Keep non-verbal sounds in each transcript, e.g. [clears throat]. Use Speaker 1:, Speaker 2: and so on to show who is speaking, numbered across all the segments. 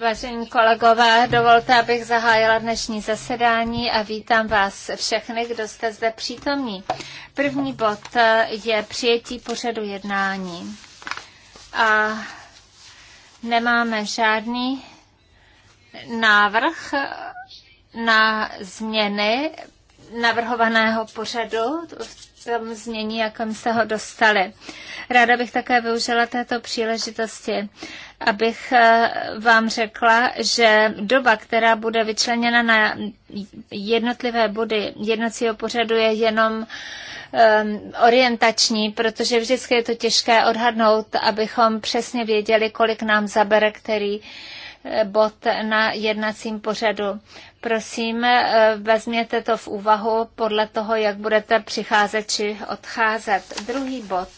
Speaker 1: Vážení kolegové, dovolte, abych zahájila dnešní zasedání a vítám vás všechny, kdo jste zde přítomní. První bod eh, je přijetí pořadu jednání. A nemáme žádný návrh na změny navrhovaného pořadu v tom znění, jakém se ho dostali. Ráda bych také využila této příležitosti, abych eh, vám řekla, že doba, která bude vyčleněna na jednotlivé body jednacího pořadu, je jenom um, orientační, protože vždycky je to těžké odhadnout, abychom přesně věděli, kolik nám zabere který eh, bod na jednacím pořadu. Prosím, eh, vezměte to v úvahu podle toho, jak budete přicházet či odcházet. Druhý bod.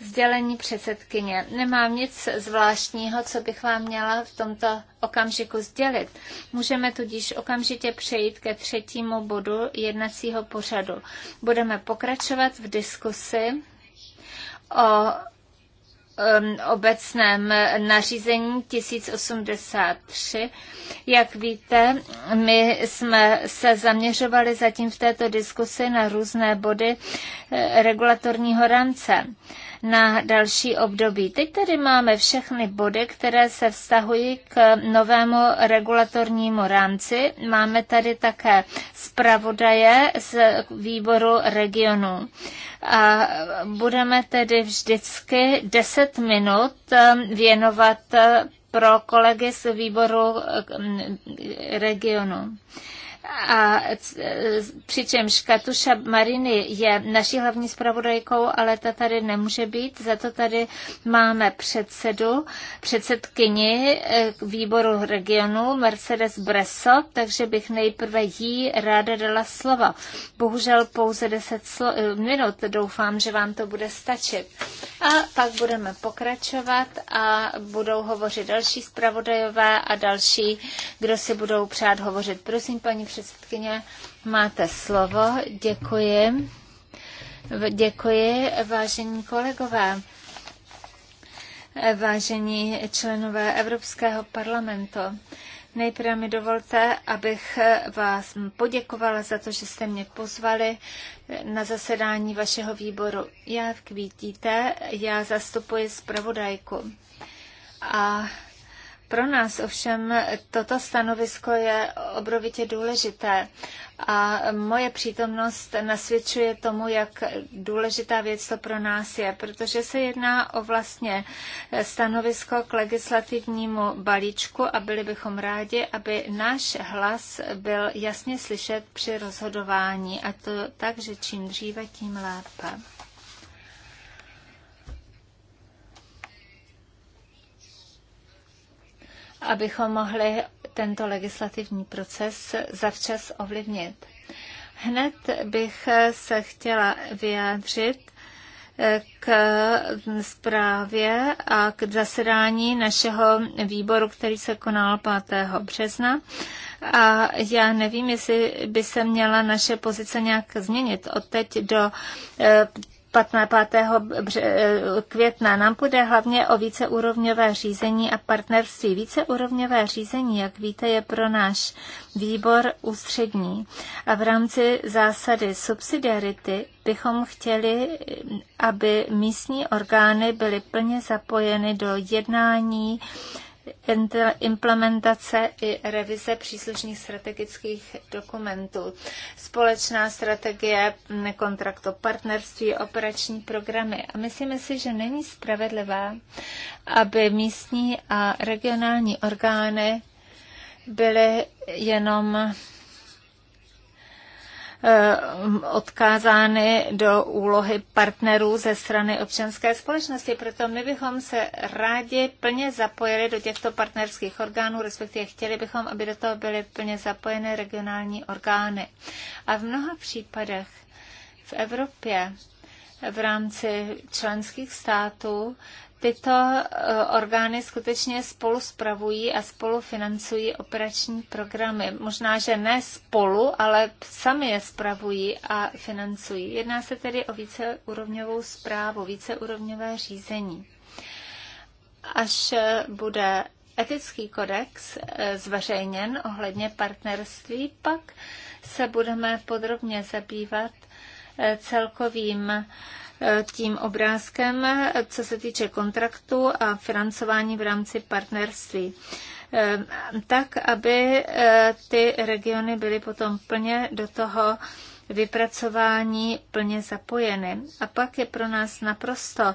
Speaker 1: Sdělení předsedkyně. Nemám nic zvláštního, co bych vám měla v tomto okamžiku sdělit. Můžeme tudíž okamžitě přejít ke třetímu bodu jednacího pořadu. Budeme pokračovat v diskusi o Um, obecném nařízení 1083. Jak víte, my jsme se zaměřovali zatím v této diskusi na různé body eh, regulatorního rámce na další období. Teď tady máme všechny body, které se vztahují k novému regulatornímu rámci. Máme tady také zpravodaje z výboru regionů a budeme tedy vždycky 10 minut um, věnovat uh, pro kolegy z výboru um, regionu a e, přičemž Katuša Mariny je naší hlavní zpravodajkou, ale ta tady nemůže být, za to tady máme předsedu, předsedkyni e, výboru regionu Mercedes Breso, takže bych nejprve jí ráda dala slova. Bohužel pouze 10 e, minut, doufám, že vám to bude stačit. A pak budeme pokračovat a budou hovořit další zpravodajové a další, kdo si budou přát hovořit. Prosím, paní předsedkyně, máte slovo. Děkuji. Děkuji, vážení kolegové, vážení členové Evropského parlamentu. Nejprve mi dovolte, abych vás poděkovala za to, že jste mě pozvali na zasedání vašeho výboru. Já v já zastupuji zpravodajku. A pro nás ovšem toto stanovisko je obrovitě důležité a moje přítomnost nasvědčuje tomu, jak důležitá věc to pro nás je, protože se jedná o vlastně stanovisko k legislativnímu balíčku a byli bychom rádi, aby náš hlas byl jasně slyšet při rozhodování a to tak, že čím dříve, tím lépe. abychom mohli tento legislativní proces zavčas ovlivnit. Hned bych se chtěla vyjádřit eh, k zprávě a k zasedání našeho výboru, který se konal 5. března. A já nevím, jestli by se měla naše pozice nějak změnit od teď do eh, 5. května. Nám půjde hlavně o víceúrovňové řízení a partnerství. Víceúrovňové řízení, jak víte, je pro náš výbor ústřední. A v rámci zásady subsidiarity bychom chtěli, aby místní orgány byly plně zapojeny do jednání implementace i revize příslušných strategických dokumentů. Společná strategie mm, o partnerství, operační programy. A myslíme si, že není spravedlivé, aby místní a regionální orgány byly jenom Eh, odkázány do úlohy partnerů ze strany občanské společnosti. Proto my bychom se rádi plně zapojili do těchto partnerských orgánů, respektive chtěli bychom, aby do toho byly plně zapojené regionální orgány. A v mnoha případech v Evropě v rámci členských států tyto eh, orgány skutečně spolu spravují a spolu financují operační programy. Možná, že ne spolu, ale sami je spravují a financují. Jedná se tedy o víceúrovňovou zprávu, víceúrovňové řízení. Až eh, bude etický kodex eh, zveřejněn ohledně partnerství, pak se budeme podrobně zabývat celkovým tím obrázkem, co se týče kontraktu a financování v rámci partnerství ehm, tak, aby eh, ty regiony byly potom plně do toho vypracování plně zapojeny. A pak je pro nás naprosto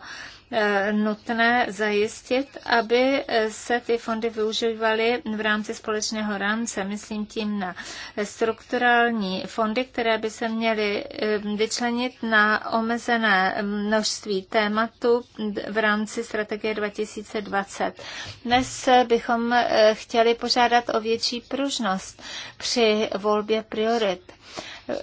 Speaker 1: eh, nutné zajistit, aby eh, se ty fondy využívaly v rámci společného rámce. Myslím tím na strukturální fondy, které by se měly eh, vyčlenit na omezené množství tématu v rámci strategie 2020. Dnes bychom chtěli požádat o větší pružnost při volbě priorit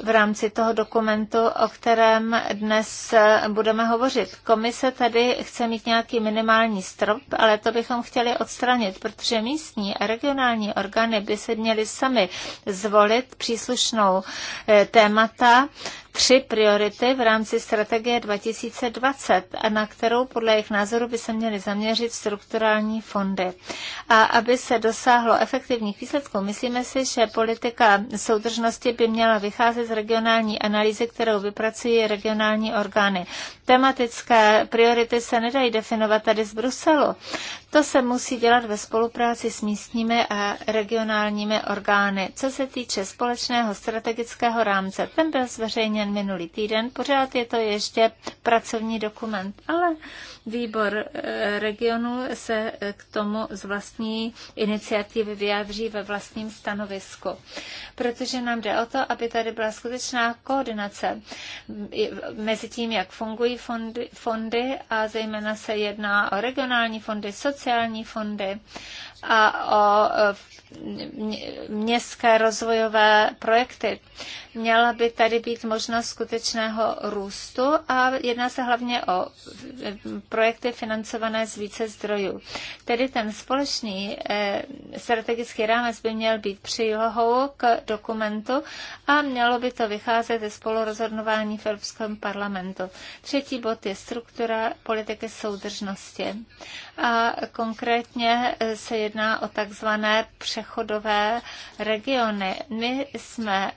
Speaker 1: v rámci toho dokumentu, o kterém dnes budeme hovořit. Komise tady chce mít nějaký minimální strop, ale to bychom chtěli odstranit, protože místní a regionální orgány by se měly sami zvolit příslušnou eh, témata, tři priority v rámci strategie 2020, na kterou podle jejich názoru by se měly zaměřit strukturální fondy. A aby se dosáhlo efektivních výsledků, myslíme si, že politika soudržnosti by měla vycházet z regionální analýzy, kterou vypracují regionální orgány tematické priority se nedají definovat tady z Bruselu. To se musí dělat ve spolupráci s místními a regionálními orgány. Co se týče společného strategického rámce, ten byl zveřejněn minulý týden, pořád je to ještě pracovní dokument, ale Výbor eh, regionu se eh, k tomu z vlastní iniciativy vyjádří ve vlastním stanovisku, protože nám jde o to, aby tady byla skutečná koordinace mezi tím, jak fungují fondy, fondy a zejména se jedná o regionální fondy, sociální fondy a o městské rozvojové projekty. Měla by tady být možnost skutečného růstu a jedná se hlavně o projekty financované z více zdrojů. Tedy ten společný eh, strategický rámec by měl být přílohou k dokumentu a mělo by to vycházet ze spolurozhodnování v Evropském parlamentu. Třetí bod je struktura politiky soudržnosti a konkrétně se jedná o takzvané přechodové regiony. My jsme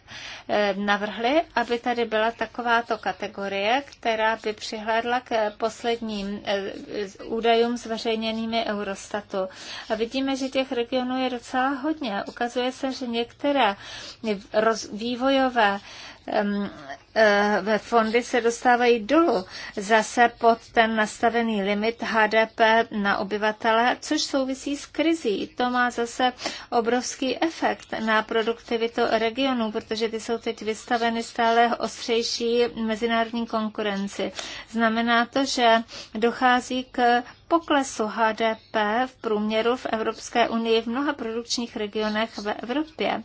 Speaker 1: eh, navrhli, aby tady byla takováto kategorie, která by přihlédla k posledním eh, údajům zveřejněnými Eurostatu. A vidíme, že těch regionů je docela hodně. Ukazuje se, že některé vývojové Eh, ve fondy se dostávají dolů, zase pod ten nastavený limit HDP na obyvatele, což souvisí s krizí. To má zase obrovský efekt na produktivitu regionů, protože ty jsou teď vystaveny stále ostřejší mezinárodní konkurenci. Znamená to, že dochází k poklesu HDP v průměru v Evropské unii v mnoha produkčních regionech v Evropě.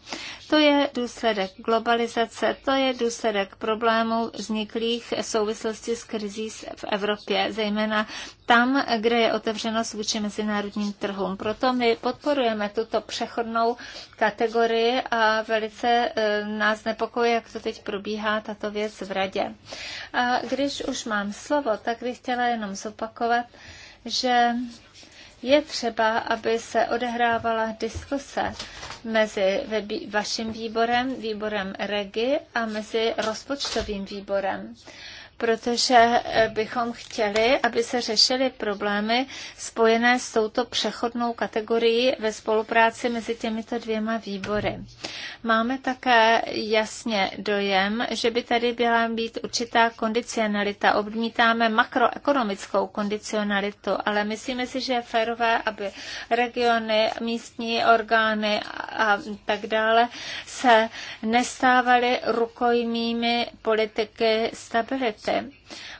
Speaker 1: To je důsledek globalizace, to je důsledek pro problémů vzniklých v souvislosti s krizí v Evropě, zejména tam, kde je otevřenost vůči mezinárodním trhům. Proto my podporujeme tuto přechodnou kategorii a velice eh, nás nepokojí, jak to teď probíhá tato věc v radě. A když už mám slovo, tak bych chtěla jenom zopakovat, že je třeba, aby se odehrávala diskuse mezi vaším výborem, výborem REGI a mezi rozpočtovým výborem protože eh, bychom chtěli, aby se řešily problémy spojené s touto přechodnou kategorií ve spolupráci mezi těmito dvěma výbory. Máme také jasně dojem, že by tady byla být určitá kondicionalita. Obmítáme makroekonomickou kondicionalitu, ale myslíme si, že je férové, aby regiony, místní orgány a tak dále se nestávaly rukojmími politiky stability státy.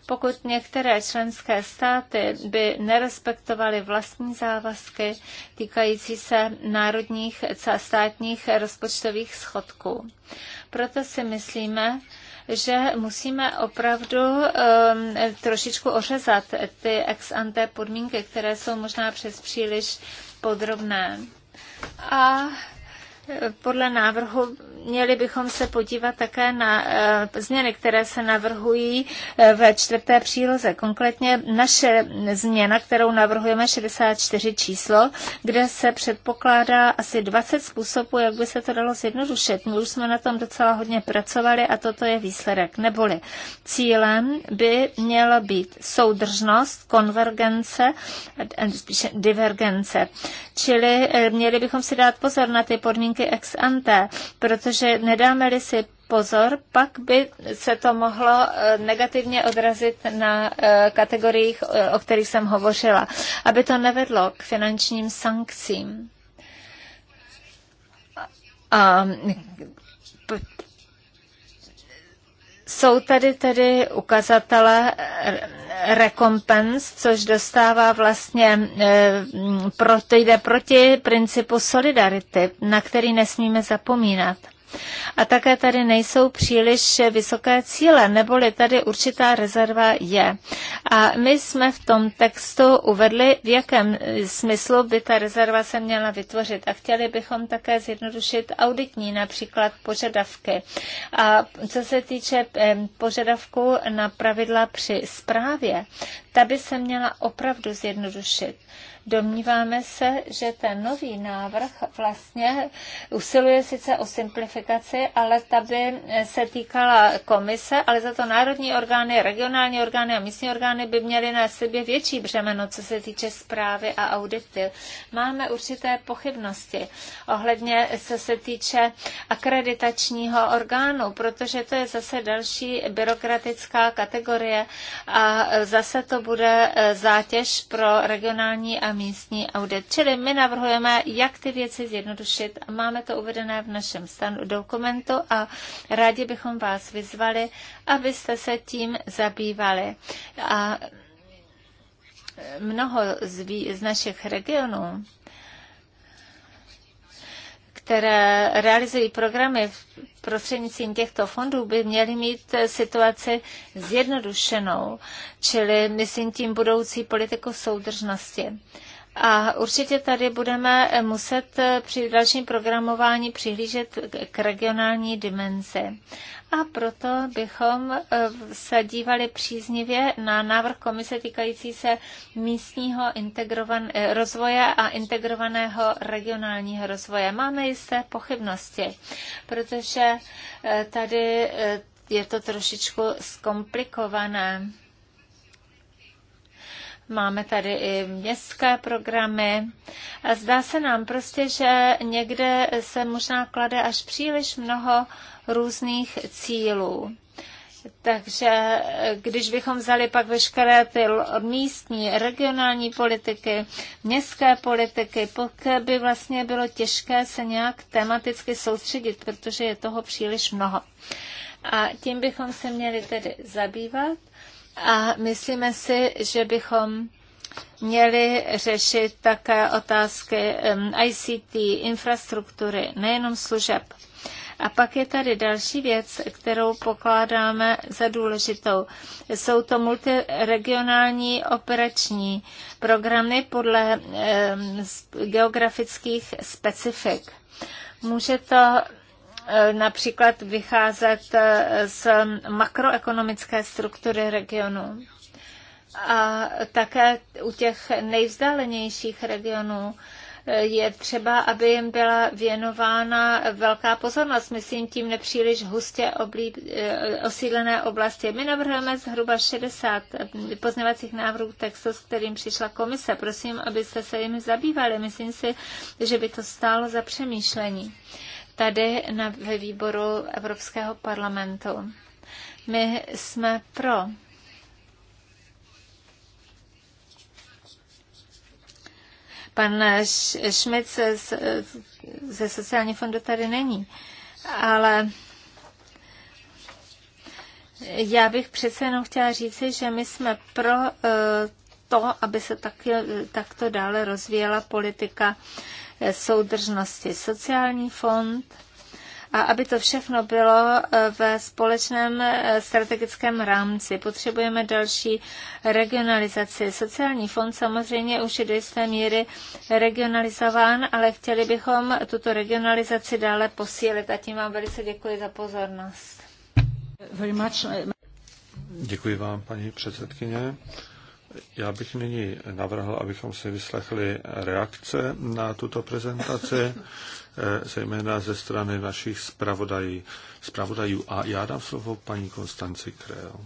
Speaker 1: Pokud některé členské státy by nerespektovaly vlastní závazky týkající se národních státních rozpočtových schodků. Proto si myslíme, že musíme opravdu um, trošičku ořezat ty ex ante podmínky, které jsou možná přes příliš podrobné. A podle návrhu měli bychom se podívat také na eh, změny, které se navrhují eh, ve čtvrté příloze. Konkrétně naše změna, kterou navrhujeme 64 číslo, kde se předpokládá asi 20 způsobů, jak by se to dalo zjednodušit. My už jsme na tom docela hodně pracovali a toto je výsledek. Neboli cílem by měla být soudržnost, konvergence, eh, spíše divergence. Čili měli bychom si dát pozor na ty podmínky, podmínky ex ante, protože nedáme-li si pozor, pak by se to mohlo eh, negativně odrazit na eh, kategoriích, o kterých jsem hovořila, aby to nevedlo k finančním sankcím. A jsou tady tedy ukazatele eh, recompense, což dostává vlastně, eh, proto jde proti principu solidarity, na který nesmíme zapomínat. A také tady nejsou příliš vysoké cíle, neboli tady určitá rezerva je. A my jsme v tom textu uvedli, v jakém smyslu by ta rezerva se měla vytvořit. A chtěli bychom také zjednodušit auditní například požadavky. A co se týče požadavku na pravidla při zprávě, ta by se měla opravdu zjednodušit. Domníváme se, že ten nový návrh vlastně usiluje sice o simplifikaci, ale ta by se týkala komise, ale za to národní orgány, regionální orgány a místní orgány by měly na sebe větší břemeno, co se týče zprávy a audity. Máme určité pochybnosti ohledně, co se týče akreditačního orgánu, protože to je zase další byrokratická kategorie a zase to bude e, zátěž pro regionální a místní audit. Čili my navrhujeme, jak ty věci zjednodušit. Máme to uvedené v našem stanu dokumentu a rádi bychom vás vyzvali, abyste se tím zabývali. A mnoho z, z našich regionů které realizují programy prostřednictvím těchto fondů, by měly mít eh, situaci zjednodušenou, čili myslím tím budoucí politiku soudržnosti. A určitě tady budeme eh, muset eh, při dalším programování přihlížet k regionální dimenzi a proto bychom eh, se dívali příznivě na návrh komise týkající se místního integrovan- eh, rozvoje a integrovaného regionálního rozvoje. Máme jisté pochybnosti, protože eh, tady je to trošičku zkomplikované. Máme tady i městské programy. A zdá se nám prostě, že někde se možná klade až příliš mnoho různých cílů. Takže když bychom vzali pak veškeré ty místní, regionální politiky, městské politiky, pak by vlastně bylo těžké se nějak tematicky soustředit, protože je toho příliš mnoho. A tím bychom se měli tedy zabývat a myslíme si, že bychom měli řešit také otázky ICT, infrastruktury, nejenom služeb. A pak je tady další věc, kterou pokládáme za důležitou. Jsou to multiregionální operační programy podle eh, geografických specifik. Může to e, například vycházet e, z makroekonomické struktury regionu. A také u těch nejvzdálenějších regionů je třeba, aby jim byla věnována velká pozornost. Myslím tím nepříliš hustě oblíb, eh, osídlené oblasti. My navrhujeme zhruba 60 eh, poznavacích návrhů textu, s kterým přišla komise. Prosím, abyste se jimi zabývali. Myslím si, že by to stálo za přemýšlení tady na, ve výboru Evropského parlamentu. My jsme pro Pan Šmit ze, ze sociální fondu tady není, ale já bych přece jenom chtěla říci, že my jsme pro eh, to, aby se taky, takto dále rozvíjela politika eh, soudržnosti. Sociální fond a aby to všechno bylo eh, ve společném eh, strategickém rámci. Potřebujeme další regionalizaci. Sociální fond samozřejmě už je do jisté míry regionalizován, ale chtěli bychom tuto regionalizaci dále posílit. A tím vám velice děkuji za pozornost.
Speaker 2: Děkuji vám, paní předsedkyně. Já bych nyní navrhl, abychom si vyslechli reakce na tuto prezentaci. Eh, zejména ze strany našich zpravodaj, zpravodajů. A já dám slovo paní Konstanci Kreo.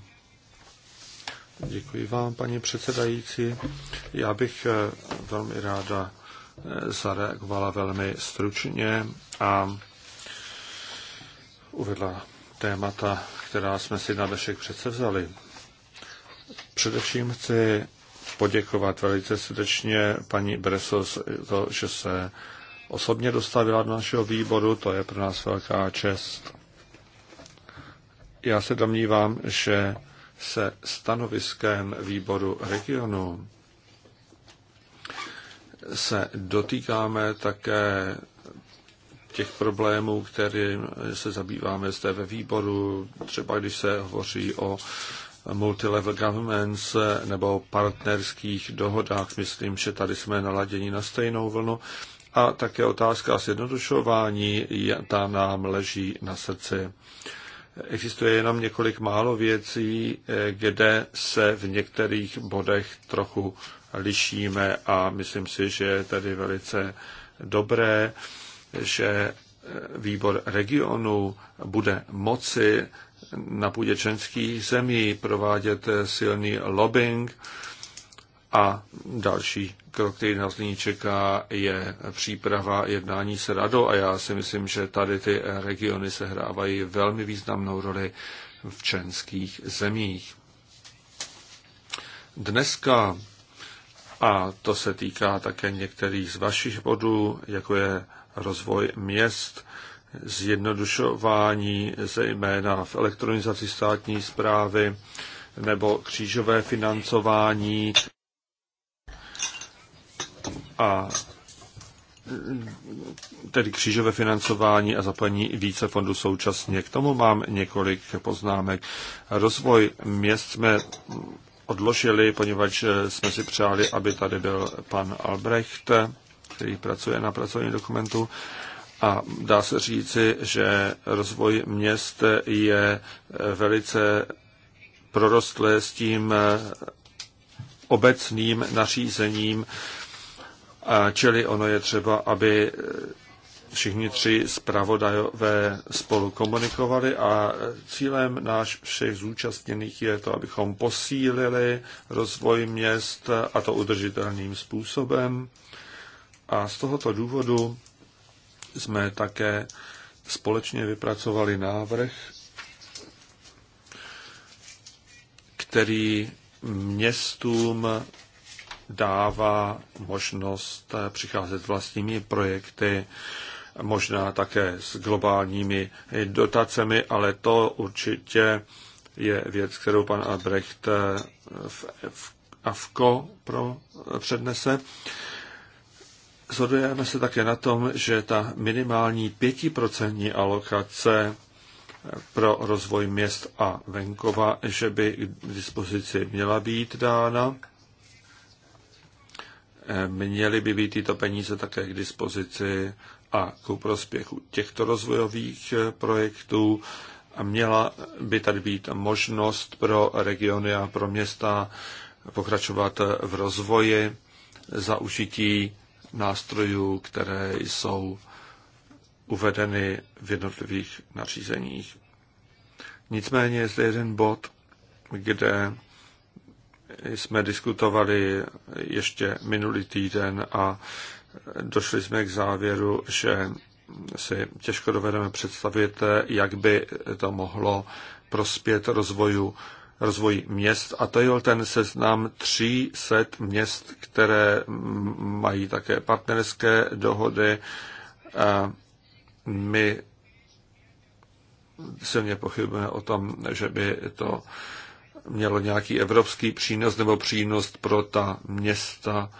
Speaker 2: Děkuji vám, paní předsedající. Já bych eh, velmi ráda eh, zareagovala velmi stručně a uvedla témata, která jsme si na dnešek předsevzali. Především chci poděkovat velice srdečně paní Bresos, to, že se osobně dostavila do našeho výboru, to je pro nás velká čest. Já se domnívám, že se stanoviskem výboru regionu se dotýkáme také těch problémů, kterým se zabýváme zde ve výboru, třeba když se hovoří o multilevel governments nebo partnerských dohodách. Myslím, že tady jsme naladěni na stejnou vlnu a také otázka zjednodušování ta nám leží na srdci. Existuje jenom několik málo věcí, kde se v některých bodech trochu lišíme a myslím si, že je tady velice dobré, že e, výbor regionu bude moci na půdě členských zemí provádět silný lobbying a další krok, který nás nyní čeká, je příprava jednání s radou a já si myslím, že tady ty regiony sehrávají velmi významnou roli v členských zemích. Dneska, a to se týká také některých z vašich bodů, jako je rozvoj měst, zjednodušování, zejména v elektronizaci státní zprávy, nebo křížové financování a tedy křížové financování a zapojení více fondů současně. K tomu mám několik poznámek. Rozvoj měst jsme odložili, poněvadž jsme si přáli, aby tady byl pan Albrecht, který pracuje na pracovním dokumentu. A dá se říci, že rozvoj měst je velice prorostlé s tím obecným nařízením Čili ono je třeba, aby eh, všichni tři zpravodajové spolu komunikovali a eh, cílem náš všech zúčastněných je to, abychom posílili rozvoj měst eh, a to udržitelným způsobem. A z tohoto důvodu jsme také společně vypracovali návrh, který městům dává možnost eh, přicházet vlastními projekty, možná také s globálními dotacemi, ale to určitě je věc, kterou pan Albrecht eh, v, v AFKO pro, eh, přednese. Zhodujeme se také na tom, že ta minimální pětiprocentní alokace pro rozvoj měst a venkova, že by k dispozici měla být dána Eh, měly by být tyto peníze také k dispozici a ku prospěchu těchto rozvojových eh, projektů. a Měla by tady být možnost pro regiony a pro města pokračovat eh, v rozvoji za užití nástrojů, které jsou uvedeny v jednotlivých nařízeních. Nicméně je zde jeden bod, kde jsme diskutovali ještě minulý týden a došli jsme k závěru, že si těžko dovedeme představit, jak by to mohlo prospět rozvoju, rozvoji měst. A to je ten seznam 300 měst, které mají také partnerské dohody. My silně pochybujeme o tom, že by to mělo nějaký evropský přínos nebo přínos pro ta města.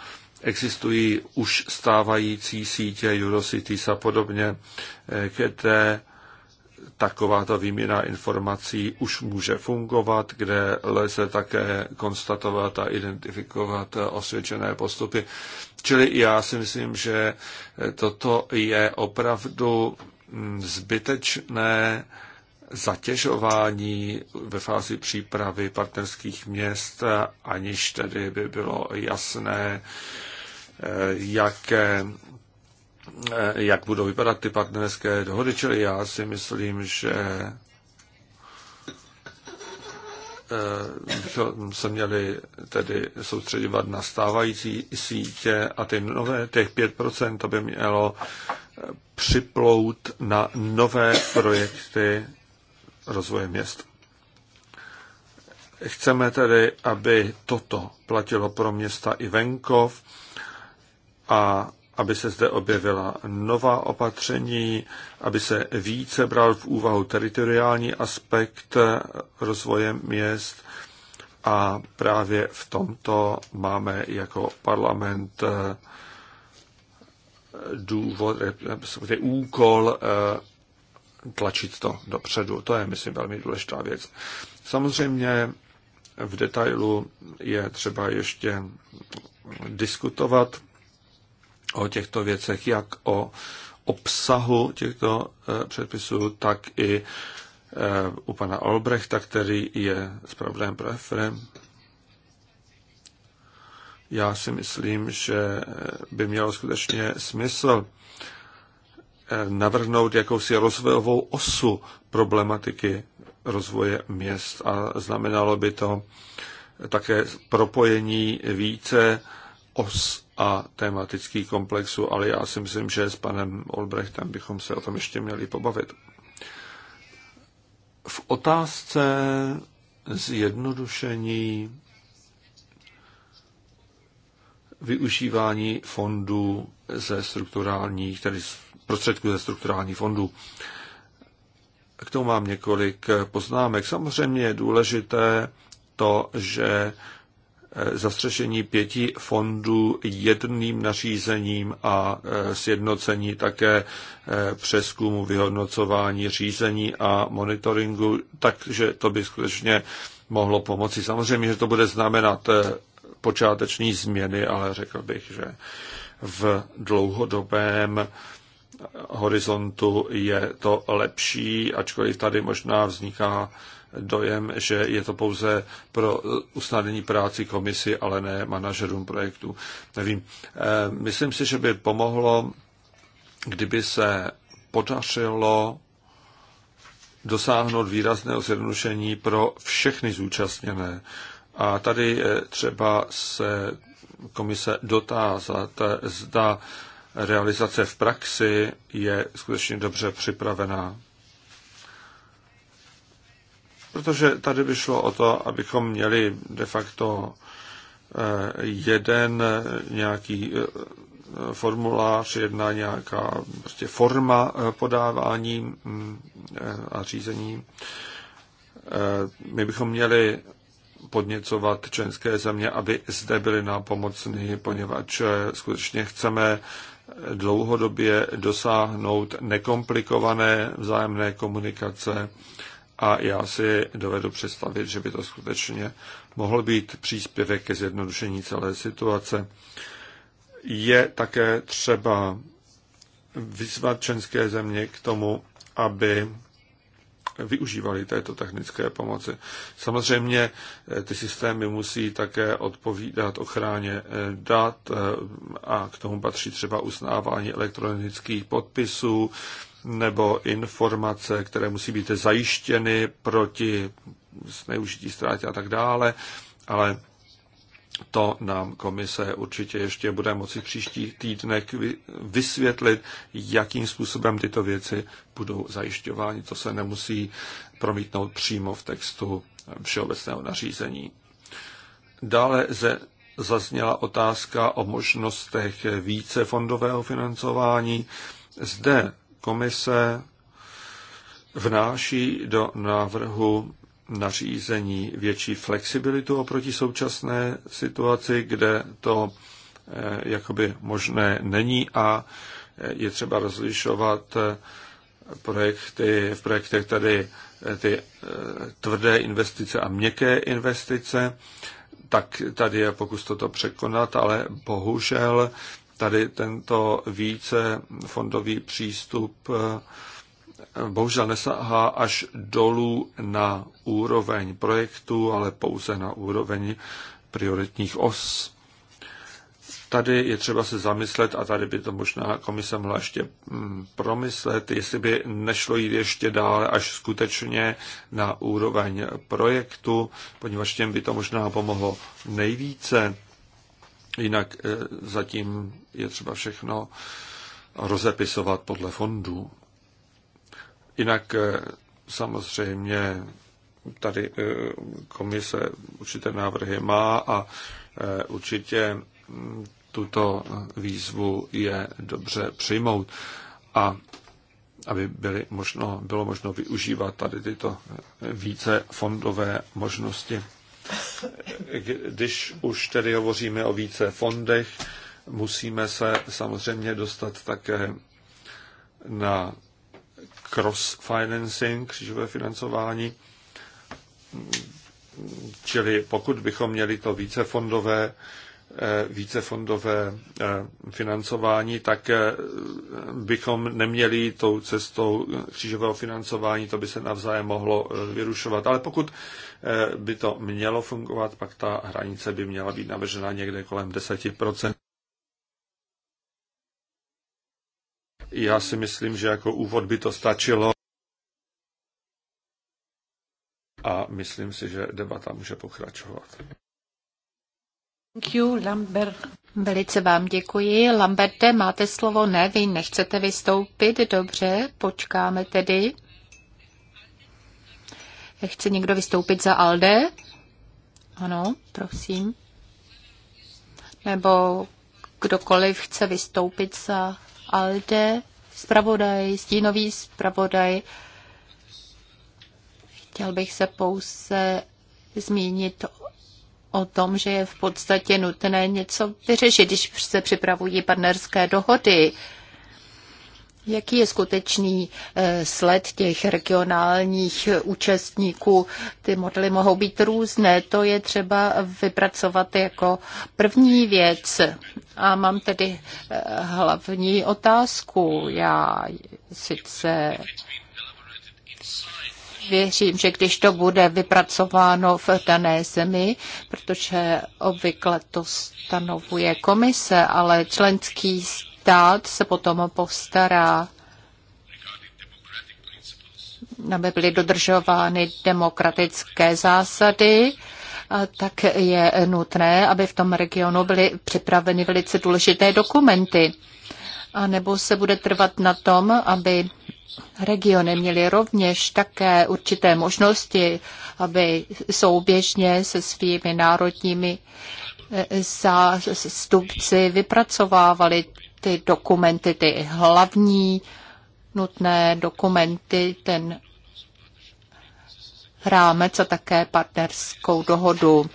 Speaker 2: Existují už stávající sítě Eurocities a podobně, eh, kde takováto výměna informací už může fungovat, kde lze také konstatovat a identifikovat eh, osvědčené postupy. Čili já si myslím, že eh, toto je opravdu mm, zbytečné zatěžování ve fázi přípravy partnerských měst, aniž tedy by bylo jasné, eh, jak eh, jak budou vypadat ty partnerské dohody, čili já si myslím, že bychom eh, se měli tedy soustředovat na stávající sítě a ty nové, těch 5% to by mělo připlout na nové projekty rozvoje měst. Chceme tedy, aby toto platilo pro města i venkov a aby se zde objevila nová opatření, aby se více bral v úvahu teritoriální aspekt rozvoje měst a právě v tomto máme jako parlament eh, důvod, eh, úkol eh, tlačit to dopředu. To je, myslím, velmi důležitá věc. Samozřejmě v detailu je třeba ještě diskutovat o těchto věcech, jak o obsahu těchto eh, předpisů, tak i eh, u pana Olbrechta, který je zpravodajem pro EFREM. Já si myslím, že by mělo skutečně smysl navrhnout jakousi rozvojovou osu problematiky rozvoje měst a znamenalo by to také propojení více os a tematických komplexů, ale já si myslím, že s panem Olbrechtem bychom se o tom ještě měli pobavit. V otázce zjednodušení využívání fondů ze strukturálních, tedy prostředků ze strukturálních fondů. K tomu mám několik poznámek. Samozřejmě je důležité to, že eh, zastřešení pěti fondů jedným nařízením a eh, sjednocení také eh, přeskumu, vyhodnocování, řízení a monitoringu, takže to by skutečně mohlo pomoci. Samozřejmě, že to bude znamenat počáteční změny, ale řekl bych, že v dlouhodobém horizontu je to lepší, ačkoliv tady možná vzniká dojem, že je to pouze pro usnadnění práci komisi, ale ne manažerům projektu. Nevím. Eh, myslím si, že by pomohlo, kdyby se podařilo dosáhnout výrazného zjednodušení pro všechny zúčastněné. A tady třeba se komise dotázat, zda realizace v praxi je skutečně dobře připravená. Protože tady by šlo o to, abychom měli de facto eh, jeden nějaký eh, formulář, jedna nějaká prostě forma eh, podávání mm, a řízení. My bychom měli podněcovat členské země, aby zde byly nápomocny, poněvadž skutečně chceme dlouhodobě dosáhnout nekomplikované vzájemné komunikace a já si dovedu představit, že by to skutečně mohl být příspěvek ke zjednodušení celé situace. Je také třeba vyzvat české země k tomu, aby využívali této technické pomoci. Samozřejmě eh, ty systémy musí také odpovídat ochráně eh, dat eh, a k tomu patří třeba uznávání elektronických podpisů nebo informace, které musí být zajištěny proti zneužití ztrátě a tak dále, ale to nám komise určitě ještě bude moci příští příštích vysvětlit, jakým způsobem tyto věci budou zajišťovány. To se nemusí promítnout přímo v textu všeobecného nařízení. Dále ze zazněla otázka o možnostech více fondového financování. Zde komise vnáší do návrhu nařízení větší flexibilitu oproti současné situaci, kde to eh, jakoby možné není a eh, je třeba rozlišovat eh, projekty, v projektech tady ty tvrdé investice a měkké investice, tak tady je pokus toto překonat, ale bohužel tady tento více fondový přístup bohužel nesahá až dolů na úroveň projektu, ale pouze na úroveň prioritních os. Tady je třeba se zamyslet, a tady by to možná komise mohla ještě mm, promyslet, jestli by nešlo jít ještě dále až skutečně na úroveň projektu, poněvadž těm by to možná pomohlo nejvíce. Jinak e, zatím je třeba všechno rozepisovat podle fondů. Jinak eh, samozřejmě tady eh, komise určité návrhy má a eh, určitě hm, tuto výzvu je dobře přijmout a aby byly možno, bylo možno využívat tady tyto více fondové možnosti. Když už tedy hovoříme o více fondech, musíme se samozřejmě dostat také na cross-financing, křížové financování. Čili pokud bychom měli to vícefondové, eh, vícefondové eh, financování, tak eh, bychom neměli tou cestou křížového financování, to by se navzájem mohlo vyrušovat. Ale pokud by to mělo fungovat, pak ta hranice by měla být navržena někde kolem 10%. Já si myslím, že jako úvod by to stačilo. A myslím si, že debata může pokračovat.
Speaker 3: Thank you, Lambert. Velice vám děkuji. Lamberte, máte slovo? Ne, vy nechcete vystoupit? Dobře, počkáme tedy. Chce někdo vystoupit za Alde? Ano, prosím. Nebo kdokoliv chce vystoupit za ALDE, zpravodaj, stínový zpravodaj. Chtěl bych se pouze zmínit o tom, že je v podstatě nutné něco vyřešit, když se připravují partnerské dohody. Jaký je skutečný eh, sled těch regionálních eh, účastníků? Ty modely mohou být různé, to je třeba vypracovat jako první věc. A mám tedy eh, hlavní otázku. Já sice věřím, že když to bude vypracováno v dané zemi, protože obvykle to stanovuje komise, ale členský stát stát se potom postará, aby byly dodržovány demokratické zásady, a tak je nutné, aby v tom regionu byly připraveny velice důležité dokumenty. A nebo se bude trvat na tom, aby regiony měly rovněž také určité možnosti, aby souběžně se svými národními e, zástupci vypracovávali ty dokumenty, ty hlavní nutné dokumenty, ten rámec a také partnerskou dohodu.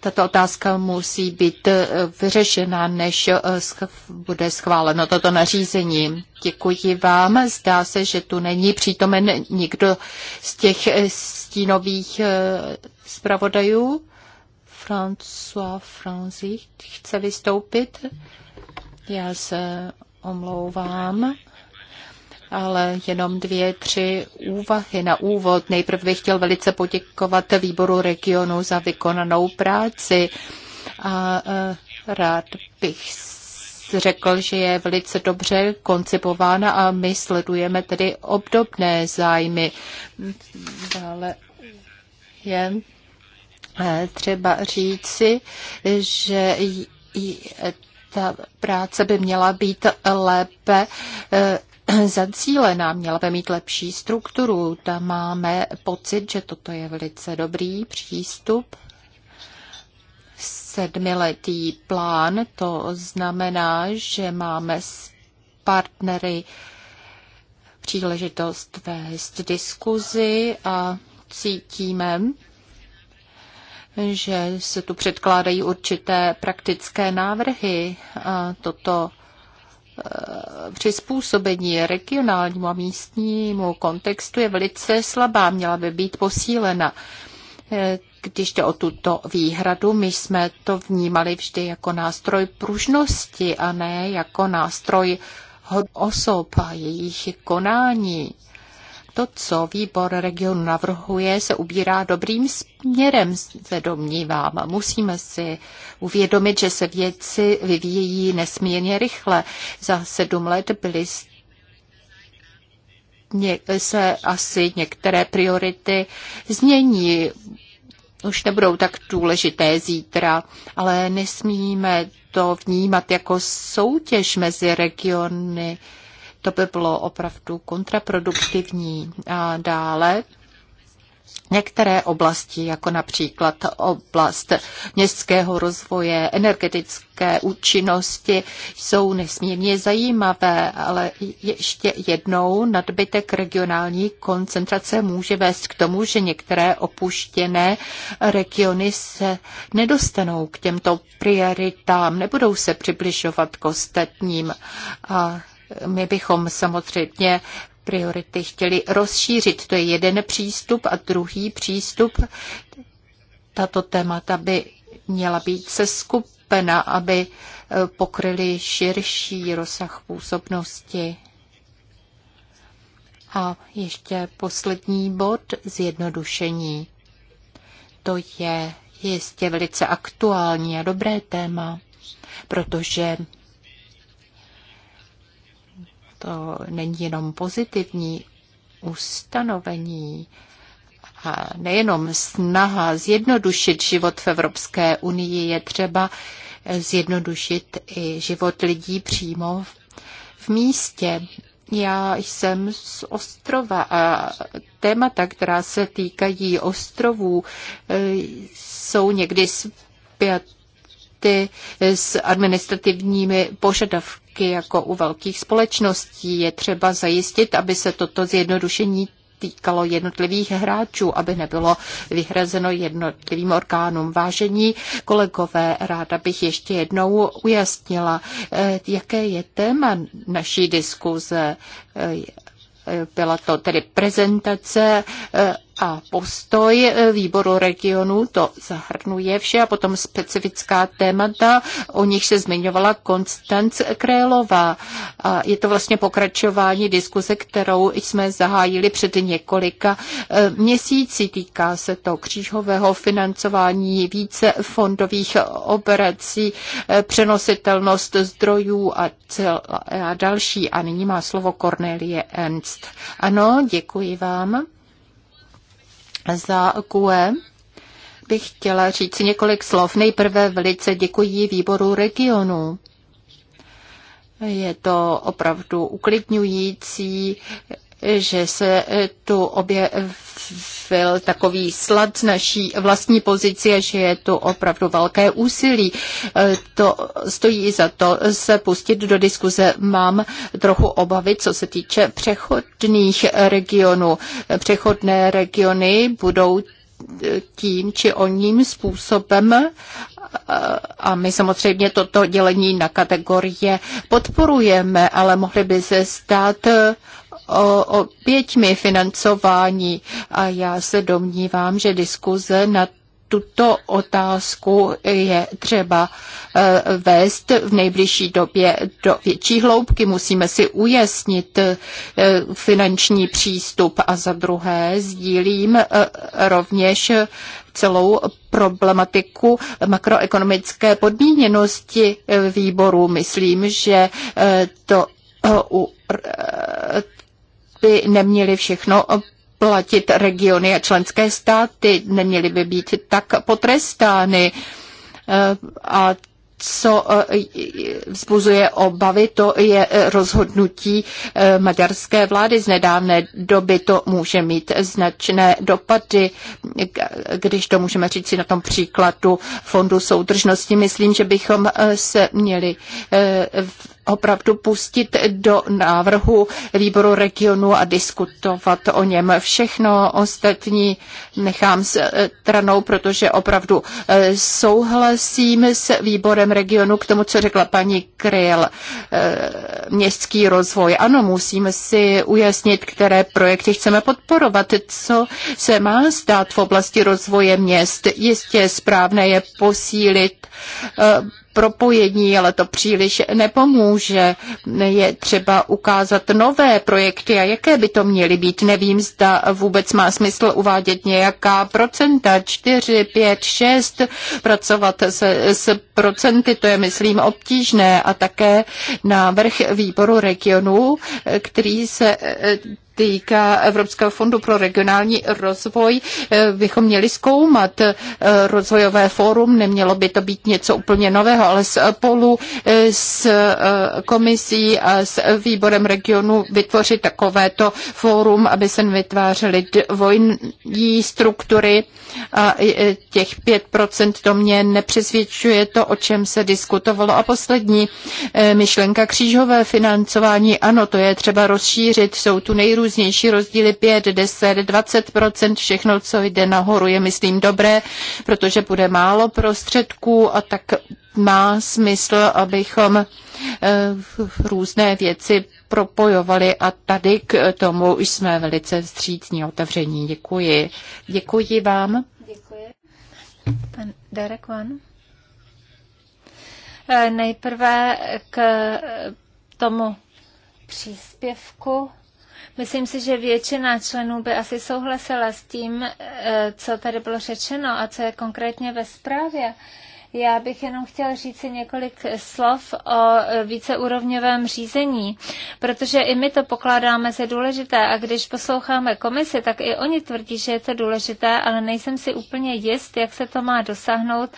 Speaker 3: Tato otázka musí být eh, vyřešena, než eh, bude schváleno toto nařízení. Děkuji vám. Zdá se, že tu není přítomen nikdo z těch eh, stínových zpravodajů. François Franzi chce vystoupit. Já se omlouvám, ale jenom dvě, tři úvahy na úvod. Nejprve bych chtěl velice poděkovat výboru regionu za vykonanou práci a e, rád bych řekl, že je velice dobře koncipována a my sledujeme tedy obdobné zájmy. Dále je e, třeba říci, že ta práce by měla být lépe eh, [clears throat] zacílená, měla by mít lepší strukturu. Tam máme pocit, že toto je velice dobrý přístup. Sedmiletý plán, to znamená, že máme s partnery příležitost vést diskuzi a cítíme, že se tu předkládají určité praktické návrhy. A toto eh, přizpůsobení regionálnímu a místnímu kontextu je velice slabá, měla by být posílena. Eh, když jde o tuto výhradu, my jsme to vnímali vždy jako nástroj pružnosti a ne jako nástroj osob a jejich konání to, co výbor regionu navrhuje, se ubírá dobrým směrem, se domnívám. Musíme si uvědomit, že se věci vyvíjí nesmírně rychle. Za sedm let byly se asi některé priority změní. Už nebudou tak důležité zítra, ale nesmíme to vnímat jako soutěž mezi regiony. To by bylo opravdu kontraproduktivní. A dále Některé oblasti, jako například oblast městského rozvoje, energetické účinnosti, jsou nesmírně zajímavé, ale ještě jednou nadbytek regionální koncentrace může vést k tomu, že některé opuštěné regiony se nedostanou k těmto prioritám, nebudou se přibližovat k ostatním. A my bychom samozřejmě priority chtěli rozšířit. To je jeden přístup a druhý přístup. Tato témata by měla být seskupena, aby eh, pokryly širší rozsah působnosti. A ještě poslední bod zjednodušení. To je jistě velice aktuální a dobré téma, protože to není jenom pozitivní ustanovení a nejenom snaha zjednodušit život v Evropské unii, je třeba zjednodušit i život lidí přímo v místě. Já jsem z ostrova a témata, která se týkají ostrovů, jsou někdy zpěty s administrativními požadavky podmínky jako u velkých společností. Je třeba zajistit, aby se toto zjednodušení týkalo jednotlivých hráčů, aby nebylo vyhrazeno jednotlivým orgánům. Vážení kolegové, ráda bych ještě jednou ujasnila, eh, jaké je téma naší diskuze. Eh, byla to tedy prezentace eh, a postoj eh, výboru regionu, to zahrnuje vše a potom specifická témata, o nich se zmiňovala Konstanc Krélová. A je to vlastně pokračování diskuze, kterou jsme zahájili před několika eh, měsíci. Týká se to křížového financování více fondových operací, eh, přenositelnost zdrojů a, cel, a další. A nyní má slovo Cornelie Ernst. Ano, děkuji vám. Za QE bych chtěla říct několik slov. Nejprve velice děkuji výboru regionu. Je to opravdu uklidňující, že se e, tu objevil takový slad naší vlastní pozici a že je tu opravdu velké úsilí. E, to stojí za to se pustit do diskuze. Mám trochu obavy, co se týče přechodných regionů. Přechodné regiony budou tím či oním způsobem e, a my samozřejmě toto dělení na kategorie podporujeme, ale mohly by se stát oběťmi financování. A já se domnívám, že diskuze na tuto otázku je třeba e, vést v nejbližší době do větší hloubky. Musíme si ujasnit e, finanční přístup a za druhé sdílím e, rovněž celou problematiku makroekonomické podmíněnosti výboru. Myslím, že to by neměly všechno platit regiony a členské státy, neměly by být tak potrestány. Eh, a co eh, vzbuzuje obavy, to je eh, rozhodnutí maďarské vlády z nedávné doby. To může mít značné dopady, když to můžeme říct si na tom příkladu Fondu soudržnosti. Myslím, že bychom se měli opravdu pustit do návrhu výboru regionu a diskutovat o něm. Všechno ostatní nechám eh, stranou, protože opravdu eh, souhlasím s výborem regionu k tomu, co řekla paní Kryl. Eh, městský rozvoj. Ano, musíme si ujasnit, které projekty chceme podporovat, co se má stát v oblasti rozvoje měst. Jistě správné je posílit propojení, ale to příliš nepomůže. Je třeba ukázat nové projekty a jaké by to měly být. Nevím, zda vůbec má smysl uvádět nějaká procenta, 4, 5, 6, pracovat se, s procenty, to je, myslím, obtížné a také návrh výboru regionu, který se týká Evropského fondu pro regionální rozvoj, eh, bychom měli zkoumat eh, rozvojové fórum. Nemělo by to být něco úplně nového, ale spolu eh, s komisí a s výborem regionu vytvořit takovéto fórum, aby se vytvářely dvojní struktury. A těch 5% to mě nepřesvědčuje to, o čem se diskutovalo. A poslední myšlenka křížové financování. Ano, to je třeba rozšířit. Jsou tu nejrůznější nejrůznější rozdíly 5, 10, 20 všechno, co jde nahoru, je myslím dobré, protože bude málo prostředků a tak má smysl, abychom eh, různé věci propojovali a tady k tomu už jsme velice vstřícní otevření. Děkuji. Děkuji vám.
Speaker 1: Děkuji. Pan Derek Van. Eh, nejprve k tomu příspěvku Myslím si, že většina členů by asi souhlasila s tím, eh, co tady bylo řečeno a co je konkrétně ve zprávě. Já bych jenom chtěla říct si několik slov o eh, víceúrovňovém řízení, protože i my to pokládáme za důležité a když posloucháme komisi, tak i oni tvrdí, že je to důležité, ale nejsem si úplně jist, jak se to má dosáhnout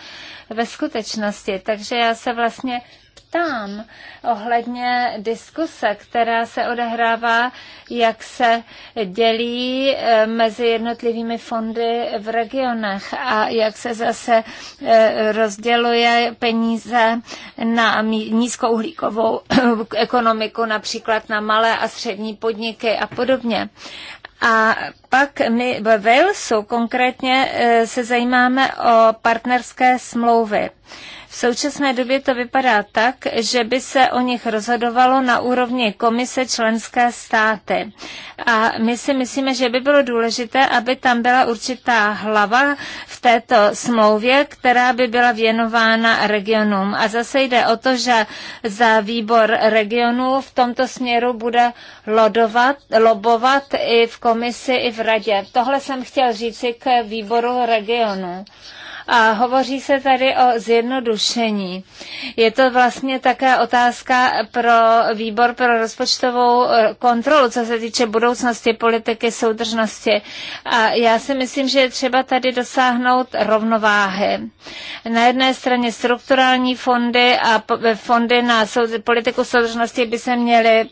Speaker 1: ve skutečnosti. Takže já se vlastně ptám ohledně diskuse, která se odehrává, jak se dělí eh, mezi jednotlivými fondy v regionech a jak se zase eh, rozděluje peníze na nízkouhlíkovou [coughs] ekonomiku, například na malé a střední podniky a podobně. A pak my ve Walesu konkrétně eh, se zajímáme o partnerské smlouvy. V současné době to vypadá tak, že by se o nich rozhodovalo na úrovni komise členské státy. A my si myslíme, že by bylo důležité, aby tam byla určitá hlava v této smlouvě, která by byla věnována regionům. A zase jde o to, že za výbor regionů v tomto směru bude lodovat, lobovat i v komisi, i v radě. Tohle jsem chtěl říci k výboru regionů. A hovoří se tady o zjednodušení. Je to vlastně také otázka pro výbor pro rozpočtovou eh, kontrolu, co se týče budoucnosti politiky soudržnosti. A já si myslím, že je třeba tady dosáhnout rovnováhy. Na jedné straně strukturální fondy a eh, fondy na politiku soudržnosti by se měly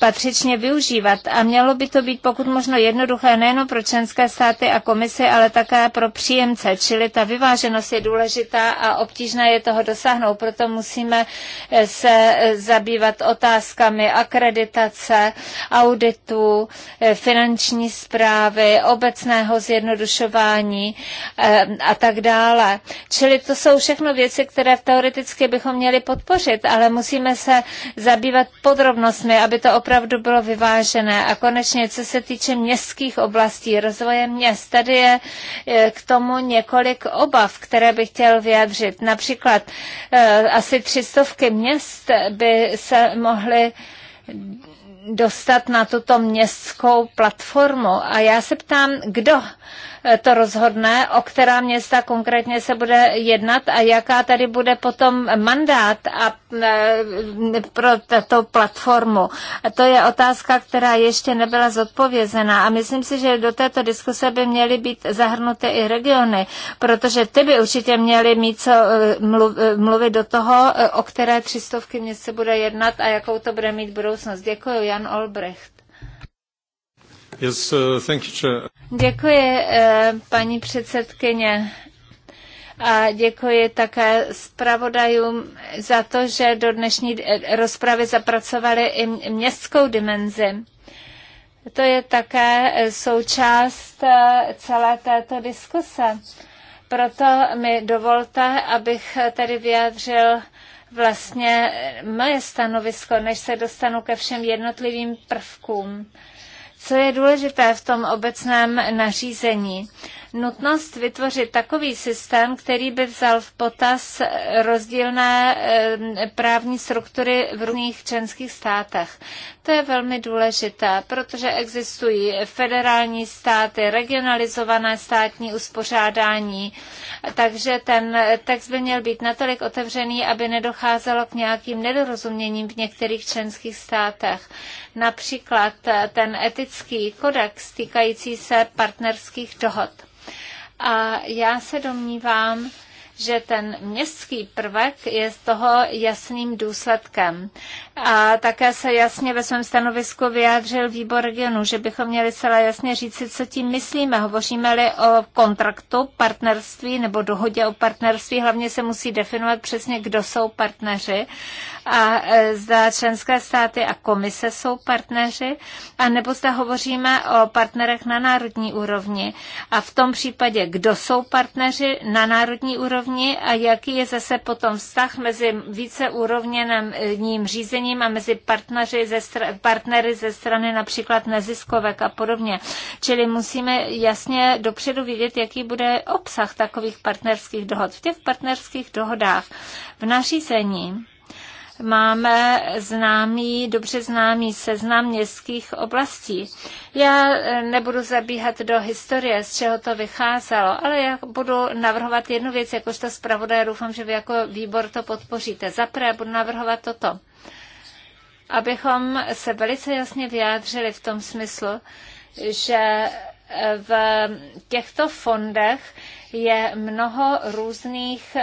Speaker 1: patřičně využívat a mělo by to být pokud možno jednoduché nejen pro členské státy a komisy, ale také pro příjemce, čili ta vyváženost je důležitá a obtížné je toho dosáhnout. Proto musíme eh, se eh, zabývat otázkami akreditace, auditu, eh, finanční zprávy, obecného zjednodušování a tak dále. Čili to jsou všechno věci, které teoreticky bychom měli podpořit, ale musíme se zabývat podrobnostmi, aby to opravdu bylo vyvážené. A konečně, co se týče městských oblastí, rozvoje měst, tady je k tomu několik obav, které bych chtěl vyjadřit. Například eh, asi stovky měst by se mohly dostat na tuto městskou platformu. A já se ptám, kdo to rozhodne, o která města konkrétně se bude jednat a jaká tady bude potom mandát a e, pro tato platformu. To je otázka, která ještě nebyla zodpovězená a myslím si, že do této diskuse by měly být zahrnuty i regiony, protože ty by určitě měly mít co e, e, mluvit do toho, o které třistovky měst se bude jednat a jakou to bude mít budoucnost. Děkuji, Jan Olbrecht.
Speaker 2: Yes, uh, thank you,
Speaker 1: Děkuji, eh, paní předsedkyně. A děkuji také zpravodajům za to, že do dnešní eh, rozpravy zapracovali i městskou dimenzi. To je také eh, součást celé této diskuse. Proto mi dovolte, abych tedy vyjádřil vlastně moje stanovisko, než se dostanu ke všem jednotlivým prvkům. Co je důležité v tom obecném nařízení? Nutnost vytvořit takový systém, který by vzal v potaz eh, rozdílné eh, právní struktury v různých členských státech. To je velmi důležité, protože existují federální státy, regionalizované státní uspořádání, takže ten text by měl být natolik otevřený, aby nedocházelo k nějakým nedorozuměním v některých členských státech. Například ten etický kodex týkající se partnerských dohod. A já se domnívám, že ten městský prvek je z toho jasným důsledkem. A také se jasně ve svém stanovisku vyjádřil výbor regionu, že bychom měli celé jasně říci, co tím myslíme. Hovoříme-li o kontraktu, partnerství nebo dohodě o partnerství, hlavně se musí definovat přesně, kdo jsou partneři a e, zda členské státy a komise jsou partneři, a nebo zda hovoříme o partnerech na národní úrovni. A v tom případě, kdo jsou partneři na národní úrovni a jaký je zase potom vztah mezi úrovněným e, řízením vzděláním a mezi partneři ze str- partnery ze strany například neziskovek a podobně. Čili musíme jasně dopředu vidět, jaký bude obsah takových partnerských dohod. V těch partnerských dohodách v nařízení máme známý, dobře známý seznam městských oblastí. Já e, nebudu zabíhat do historie, z čeho to vycházelo, ale já budu navrhovat jednu věc, jakožto zpravodaj, doufám, že vy jako výbor to podpoříte. Zaprvé budu navrhovat toto abychom se velice jasně vyjádřili v tom smyslu, že v těchto fondech je mnoho různých,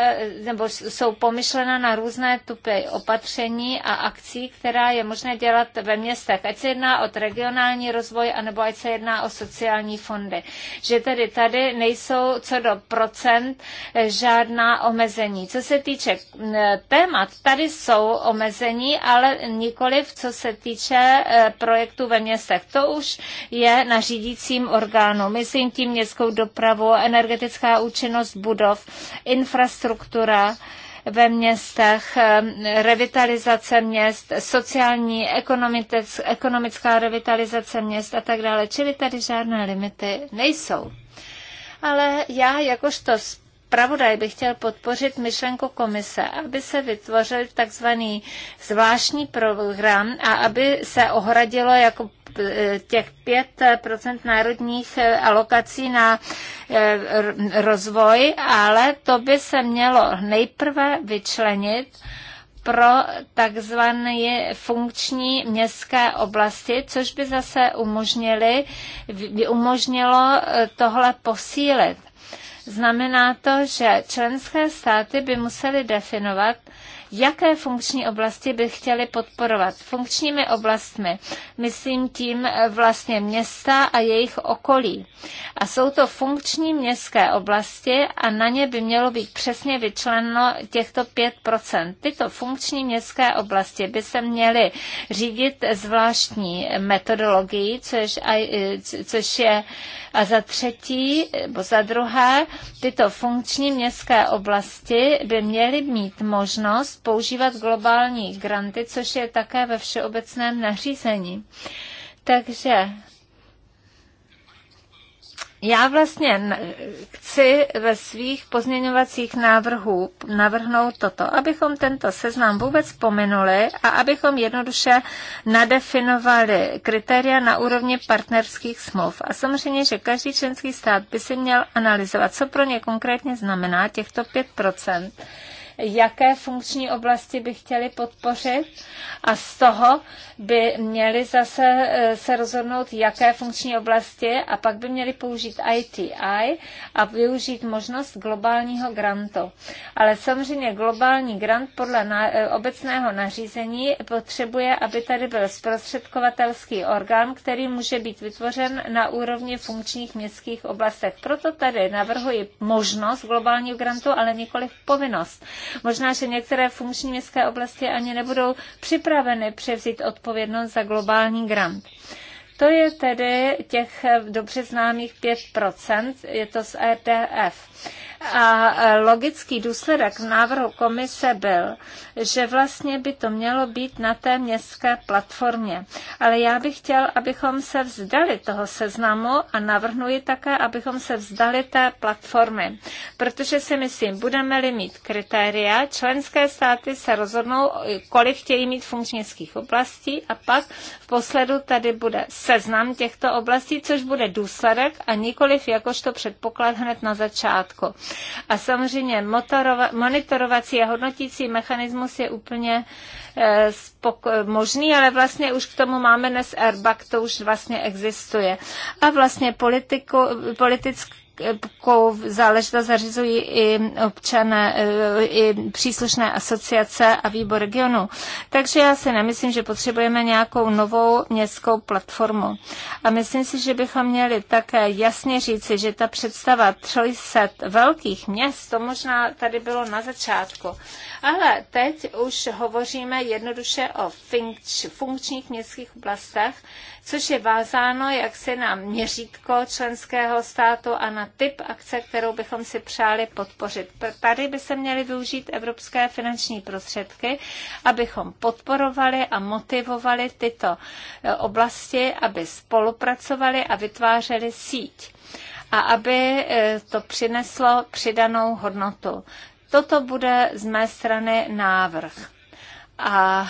Speaker 1: nebo jsou pomyšlena na různé typy opatření a akcí, která je možné dělat ve městech, ať se jedná o regionální rozvoj, anebo ať se jedná o sociální fondy. Že tedy tady nejsou co do procent eh, žádná omezení. Co se týče eh, témat, tady jsou omezení, ale nikoliv co se týče eh, projektů ve městech. To už je na řídícím orgánu. Myslím tím městskou dopravu, energetická účinnost budov, infrastruktura, ve městech, eh, revitalizace měst, sociální, ekonomická revitalizace měst a tak dále. Čili tady žádné limity nejsou. Ale já jakožto zpravodaj bych chtěl podpořit myšlenku komise, aby se vytvořil takzvaný zvláštní program a aby se ohradilo jako e, těch 5% e, národních e, alokací na rozvoj, ale to by se mělo nejprve vyčlenit pro takzvané funkční městské oblasti, což by zase umožnili, umožnilo tohle posílit. Znamená to, že členské státy by musely definovat, jaké funkční oblasti by chtěli podporovat. Funkčními oblastmi myslím tím eh, vlastně města a jejich okolí. A jsou to funkční městské oblasti a na ně by mělo být přesně vyčleno těchto 5%. Tyto funkční městské oblasti by se měly řídit zvláštní metodologií, což, eh, což je a za třetí, nebo za druhé, tyto funkční městské oblasti by měly mít možnost používat globální granty, což je také ve všeobecném nařízení. Takže já vlastně chci ve svých pozměňovacích návrhů navrhnout toto, abychom tento seznam vůbec pominuli a abychom jednoduše nadefinovali kritéria na úrovni partnerských smluv. A samozřejmě, že každý členský stát by si měl analyzovat, co pro ně konkrétně znamená těchto 5 jaké funkční oblasti by chtěli podpořit a z toho by měli zase eh, se rozhodnout, jaké funkční oblasti a pak by měli použít ITI a využít možnost globálního grantu. Ale samozřejmě globální grant podle na, eh, obecného nařízení potřebuje, aby tady byl zprostředkovatelský orgán, který může být vytvořen na úrovni funkčních městských oblastech. Proto tady navrhuji možnost globálního grantu, ale nikoli povinnost. Možná, že některé funkční městské oblasti ani nebudou připraveny převzít odpovědnost za globální grant. To je tedy těch dobře známých 5%, je to z RDF. A e, logický důsledek návrhu komise byl, že vlastně by to mělo být na té městské platformě. Ale já bych chtěl, abychom se vzdali toho seznamu a navrhnuji také, abychom se vzdali té platformy. Protože si myslím, budeme-li mít kritéria, členské státy se rozhodnou, kolik chtějí mít funkčních oblastí a pak v posledu tady bude seznam těchto oblastí, což bude důsledek a nikoliv jakožto předpoklad hned na začátku. A samozřejmě motorova, monitorovací a hodnotící mechanismus je úplně eh, možný, ale vlastně už k tomu máme dnes airbag, to už vlastně existuje. A vlastně politiku, politický záležitost zařizují i občané, e, i příslušné asociace a výbor regionu. Takže já si nemyslím, že potřebujeme nějakou novou městskou platformu. A myslím si, že bychom měli také jasně říci, že ta představa 300 velkých měst, to možná tady bylo na začátku. Ale teď už hovoříme jednoduše o funkčních městských oblastech, což je vázáno jaksi na měřítko členského státu a na typ akce, kterou bychom si přáli podpořit. Tady by se měly využít evropské finanční prostředky, abychom podporovali a motivovali tyto e, oblasti, aby spolupracovali a vytvářeli síť a aby e, to přineslo přidanou hodnotu. Toto bude z mé strany návrh. A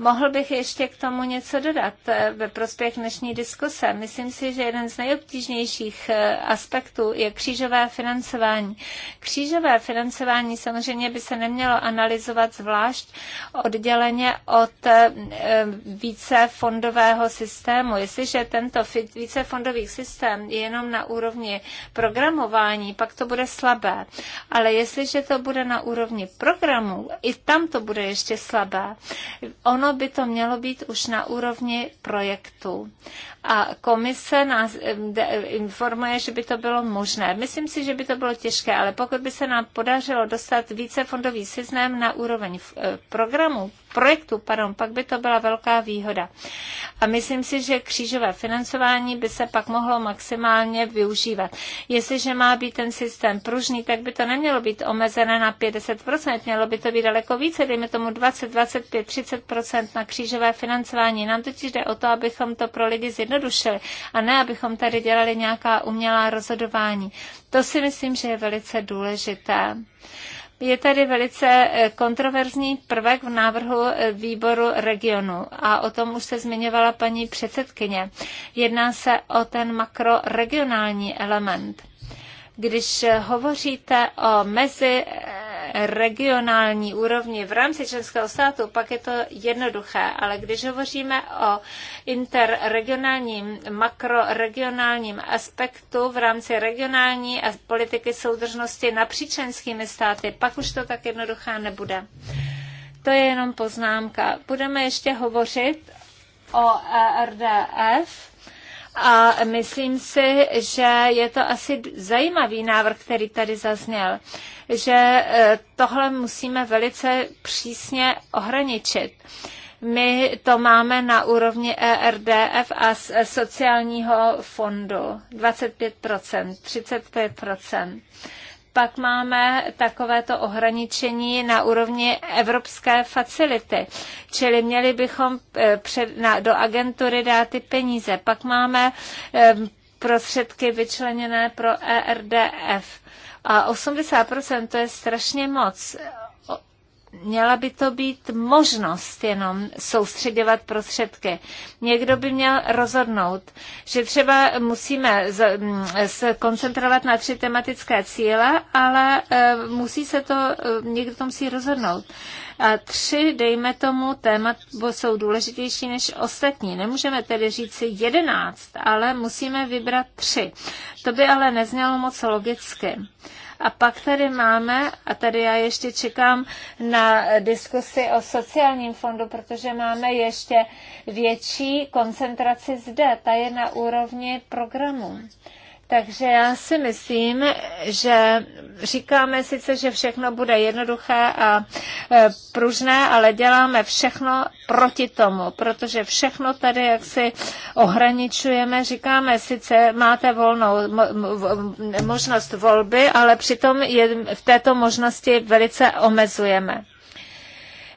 Speaker 1: Mohl bych ještě k tomu něco dodat eh, ve prospěch dnešní diskuse. Myslím si, že jeden z nejobtížnějších eh, aspektů je křížové financování. Křížové financování samozřejmě by se nemělo analyzovat zvlášť odděleně od eh, více fondového systému. Jestliže tento více fondový systém je jenom na úrovni programování, pak to bude slabé. Ale jestliže to bude na úrovni programů, i tam to bude ještě slabé. Ono by to mělo být už na úrovni projektu a komise nás informuje, že by to bylo možné. Myslím si, že by to bylo těžké, ale pokud by se nám podařilo dostat více fondový seznam na úroveň e, programu, projektu, pardon, pak by to byla velká výhoda. A myslím si, že křížové financování by se pak mohlo maximálně využívat. Jestliže má být ten systém pružný, tak by to nemělo být omezené na 50%, mělo by to být daleko více, dejme tomu 20, 25, 30% na křížové financování. Nám totiž jde o to, abychom to pro lidi zjednodušili zjednodušili a ne, abychom tady dělali nějaká umělá rozhodování. To si myslím, že je velice důležité. Je tady velice eh, kontroverzní prvek v návrhu eh, výboru regionu a o tom už se zmiňovala paní předsedkyně. Jedná se o ten makroregionální element. Když eh, hovoříte o mezi regionální úrovni v rámci členského státu, pak je to jednoduché, ale když hovoříme o interregionálním, makroregionálním aspektu v rámci regionální a politiky soudržnosti napříč členskými státy, pak už to tak jednoduché nebude. To je jenom poznámka. Budeme ještě hovořit o ARDF, e a myslím si, že je to asi zajímavý návrh, který tady zazněl, že eh, tohle musíme velice přísně ohraničit. My to máme na úrovni ERDF a eh, sociálního fondu 25%, 35%. Pak máme takovéto ohraničení na úrovni evropské facility, čili měli bychom eh, před, na, do agentury dát ty peníze. Pak máme eh, prostředky vyčleněné pro ERDF. A 80% to je strašně moc měla by to být možnost jenom soustředěvat prostředky. Někdo by měl rozhodnout, že třeba musíme mm, se koncentrovat na tři tematické cíle, ale e, musí se to, e, někdo to musí rozhodnout. A tři, dejme tomu, témat jsou důležitější než ostatní. Nemůžeme tedy říct si jedenáct, ale musíme vybrat tři. To by ale neznělo moc logicky. A pak tady máme, a tady já ještě čekám na diskusi o sociálním fondu, protože máme ještě větší koncentraci zde, ta je na úrovni programu. Takže já si myslím, že říkáme sice, že všechno bude jednoduché a e, pružné, ale děláme všechno proti tomu, protože všechno tady jaksi ohraničujeme. Říkáme sice, máte volnou možnost volby, ale přitom je, v této možnosti velice omezujeme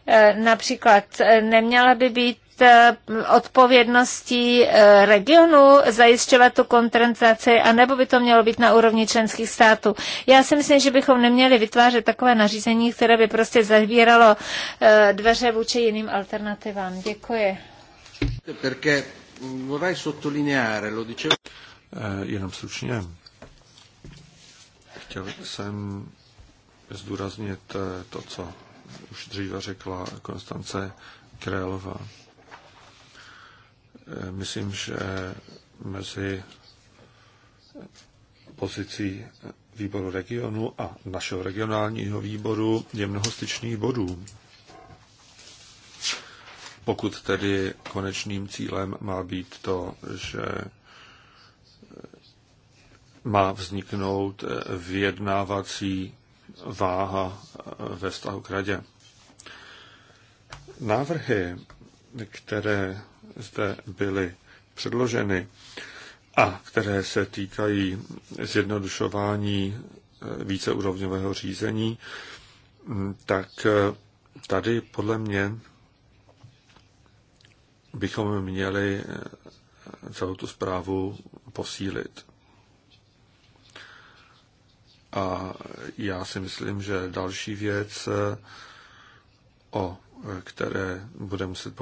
Speaker 1: e, například e, neměla by být E, odpovědností e, regionu zajišťovat tu koncentraci, anebo by to mělo být na úrovni členských států. Já si myslím, že bychom neměli vytvářet takové nařízení, které by prostě zavíralo e, dveře vůči jiným alternativám. Děkuji.
Speaker 2: Mm, eh, jenom stručně. Chtěl jsem zdůraznit eh, to, co už dříve řekla Konstance Krélová myslím, že mezi pozicí výboru regionu a našeho regionálního výboru je mnoho styčných bodů. Pokud tedy konečným cílem má být to, že má vzniknout vyjednávací váha ve vztahu k radě. Návrhy, které zde byly předloženy a které se týkají zjednodušování eh, víceúrovňového řízení, hm, tak eh, tady podle mě bychom měli eh, celou tu zprávu posílit. A já si myslím, že další věc, o které bude muset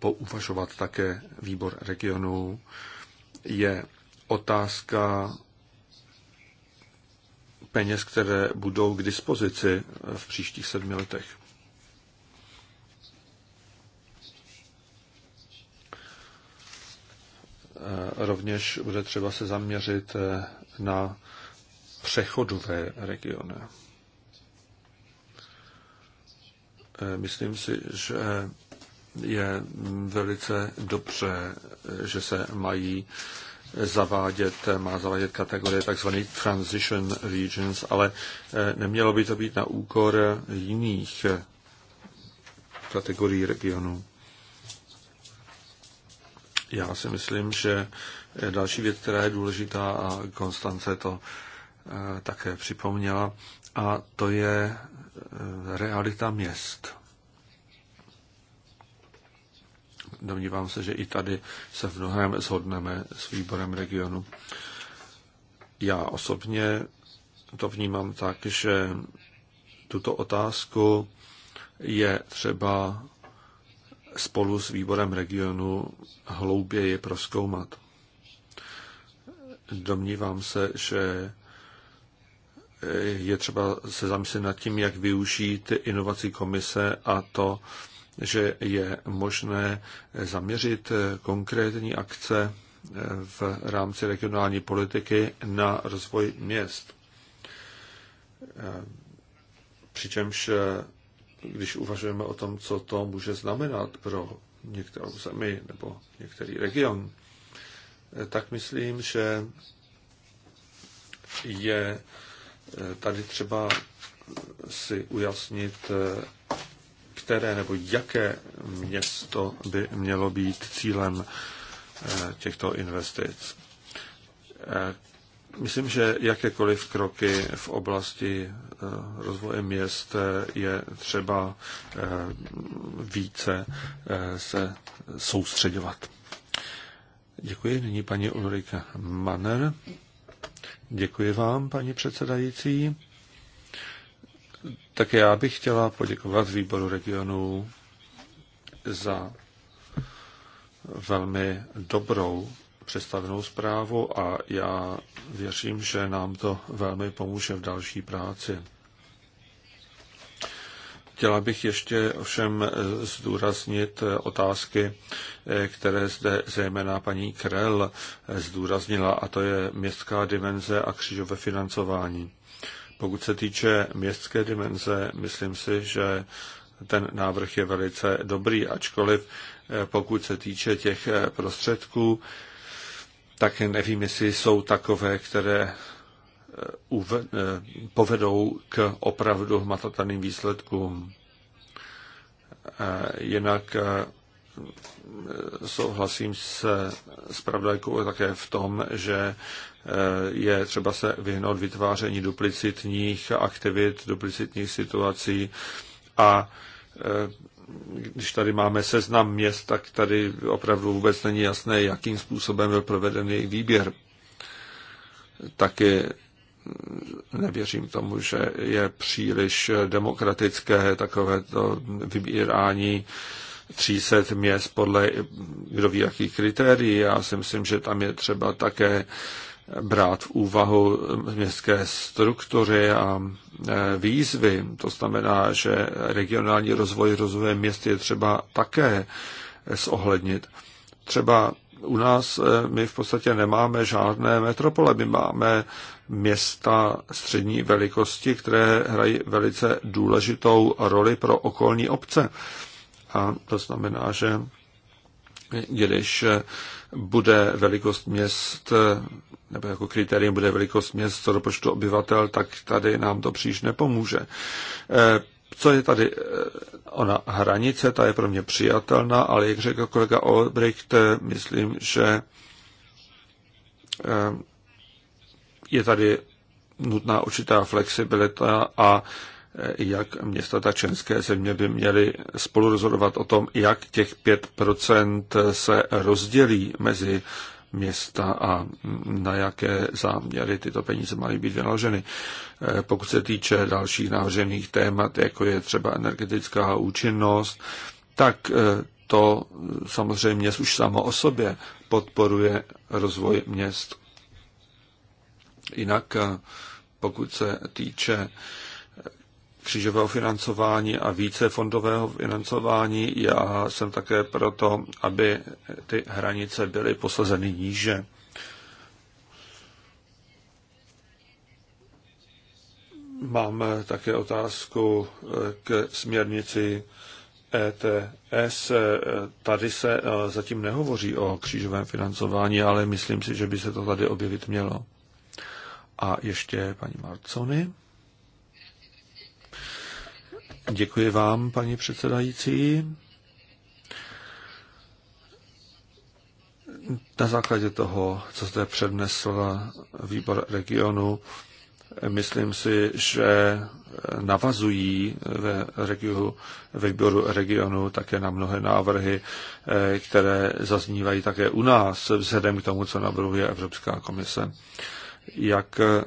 Speaker 2: pouvažovat také výbor regionů, je otázka peněz, které budou k dispozici v příštích sedmi letech. Eh, rovněž bude třeba se zaměřit eh, na přechodové regiony. Eh, myslím si, že je velice dobře, že se mají zavádět, má zavádět kategorie tzv. transition regions, ale eh, nemělo by to být na úkor jiných eh, kategorií regionů. Já si myslím, že další věc, která je důležitá a Konstance to také připomněla, a to je realita měst. Domnívám se, že i tady se v mnohem shodneme s výborem regionu. Já osobně to vnímám tak, že tuto otázku je třeba spolu s výborem regionu hlouběji proskoumat. Domnívám se, že je třeba se zamyslet nad tím, jak využít inovací komise a to, že je možné zaměřit konkrétní akce v rámci regionální politiky na rozvoj měst. Přičemž, když uvažujeme o tom, co to může znamenat pro některou zemi nebo některý region, tak myslím, že je Tady třeba si ujasnit, eh, které nebo jaké město by mělo být cílem eh, těchto investic. Eh, myslím, že jakékoliv kroky v oblasti rozvoje měst je třeba více se soustředovat. Děkuji. Nyní paní Ulrika Manner. Děkuji vám, paní předsedající. Tak já bych chtěla poděkovat výboru regionů za velmi dobrou představenou zprávu a já věřím, že nám to velmi pomůže v další práci. Chtěla bych ještě ovšem eh, zdůraznit eh, otázky, eh, které zde zejména paní Krell zdůraznila, a to je městská dimenze a křížové financování. Pokud se týče městské dimenze, myslím si, že ten návrh je velice dobrý, ačkoliv pokud se týče těch prostředků, tak nevím, jestli jsou takové, které Eh, povedou k opravdu hmatatelným výsledkům. Eh, jinak eh, souhlasím se pravdajkou také v tom, že je třeba se vyhnout vytváření duplicitních aktivit, duplicitních situací a když tady máme seznam měst, tak tady opravdu vůbec není jasné, jakým způsobem byl proveden jejich výběr. Taky nevěřím tomu, že je příliš demokratické takové to vybírání 300 měst podle kdo ví jakých kritérií. Já si myslím, že tam je třeba také brát v úvahu městské struktury a e, výzvy. To znamená, že regionální rozvoj rozvoje měst je třeba také zohlednit. Třeba u nás e, my v podstatě nemáme žádné metropole, my máme města střední velikosti, které hrají velice důležitou roli pro okolní obce. A to znamená, že když bude velikost měst, nebo jako kritérium bude velikost měst co do počtu obyvatel, tak tady nám to příliš nepomůže. Co je tady ona hranice, ta je pro mě přijatelná, ale jak řekl kolega Olbricht, myslím, že je tady nutná určitá flexibilita a e, jak města, ta členské země by měly spolu rozhodovat o tom, jak těch 5% se rozdělí mezi města a na jaké záměry tyto peníze mají být vynaloženy. E, pokud se týče dalších navržených témat, jako je třeba energetická účinnost, tak e, to samozřejmě už samo o sobě podporuje rozvoj měst. Jinak, eh, pokud se týče eh, křížového financování a více fondového financování, já jsem také proto, aby ty hranice byly posazeny níže. Máme eh, také otázku k směrnici ETS. Tady se zatím nehovoří o křížovém financování, ale myslím si, že by se to tady objevit mělo. A ještě paní Marcony. Děkuji vám, paní předsedající. Na základě toho, co zde přednesl výbor regionu, myslím si, že navazují ve, regionu, ve výboru regionu také na mnohé návrhy, eh, které zaznívají také u nás, vzhledem k tomu, co navrhuje Evropská komise jak eh,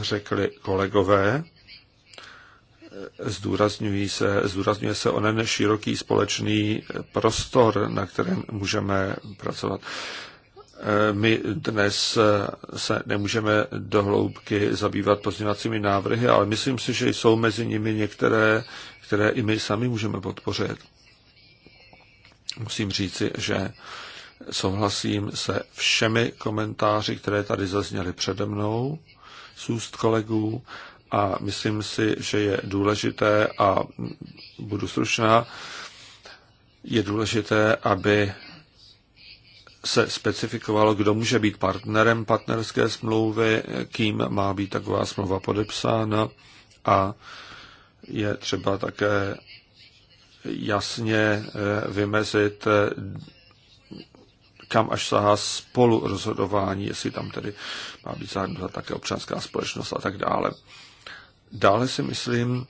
Speaker 2: řekli kolegové, zdůrazňují se, zdůrazňuje se onen široký společný eh, prostor, na kterém můžeme pracovat. Eh, my dnes se nemůžeme dohloubky zabývat pozměňovacími návrhy, ale myslím si, že jsou mezi nimi některé, které i my sami můžeme podpořit. Musím říci, že Souhlasím se všemi komentáři, které tady zazněly přede mnou z úst kolegů a myslím si, že je důležité a budu stručná, je důležité, aby se specifikovalo, kdo může být partnerem partnerské smlouvy, kým má být taková smlouva podepsána a je třeba také jasně eh, vymezit kam až sahá spolu rozhodování, jestli tam tedy má být zahrnuta také občanská společnost a tak dále. Dále si myslím,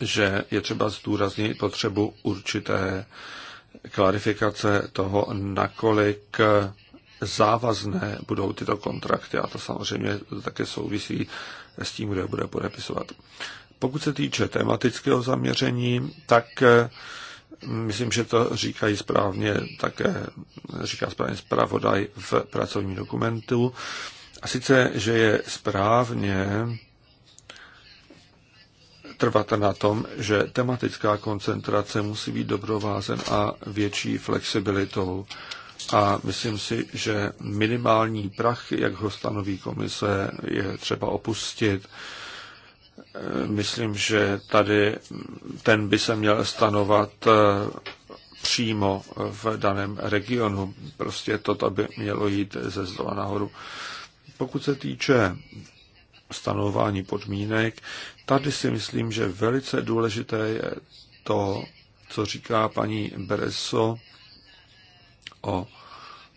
Speaker 2: že je třeba zdůraznit potřebu určité klarifikace toho, nakolik závazné budou tyto kontrakty a to samozřejmě také souvisí s tím, kde bude podepisovat. Pokud se týče tematického zaměření, tak Myslím, že to říkají správně také, říká správně zpravodaj v pracovním dokumentu. A sice, že je správně trvat na tom, že tematická koncentrace musí být dobrovázen a větší flexibilitou. A myslím si, že minimální prach, jak ho stanoví komise, je třeba opustit. Myslím, že tady ten by se měl stanovat eh, přímo v daném regionu. Prostě toto by mělo jít ze zdola nahoru. Pokud se týče stanování podmínek, tady si myslím, že velice důležité je to, co říká paní Bereso o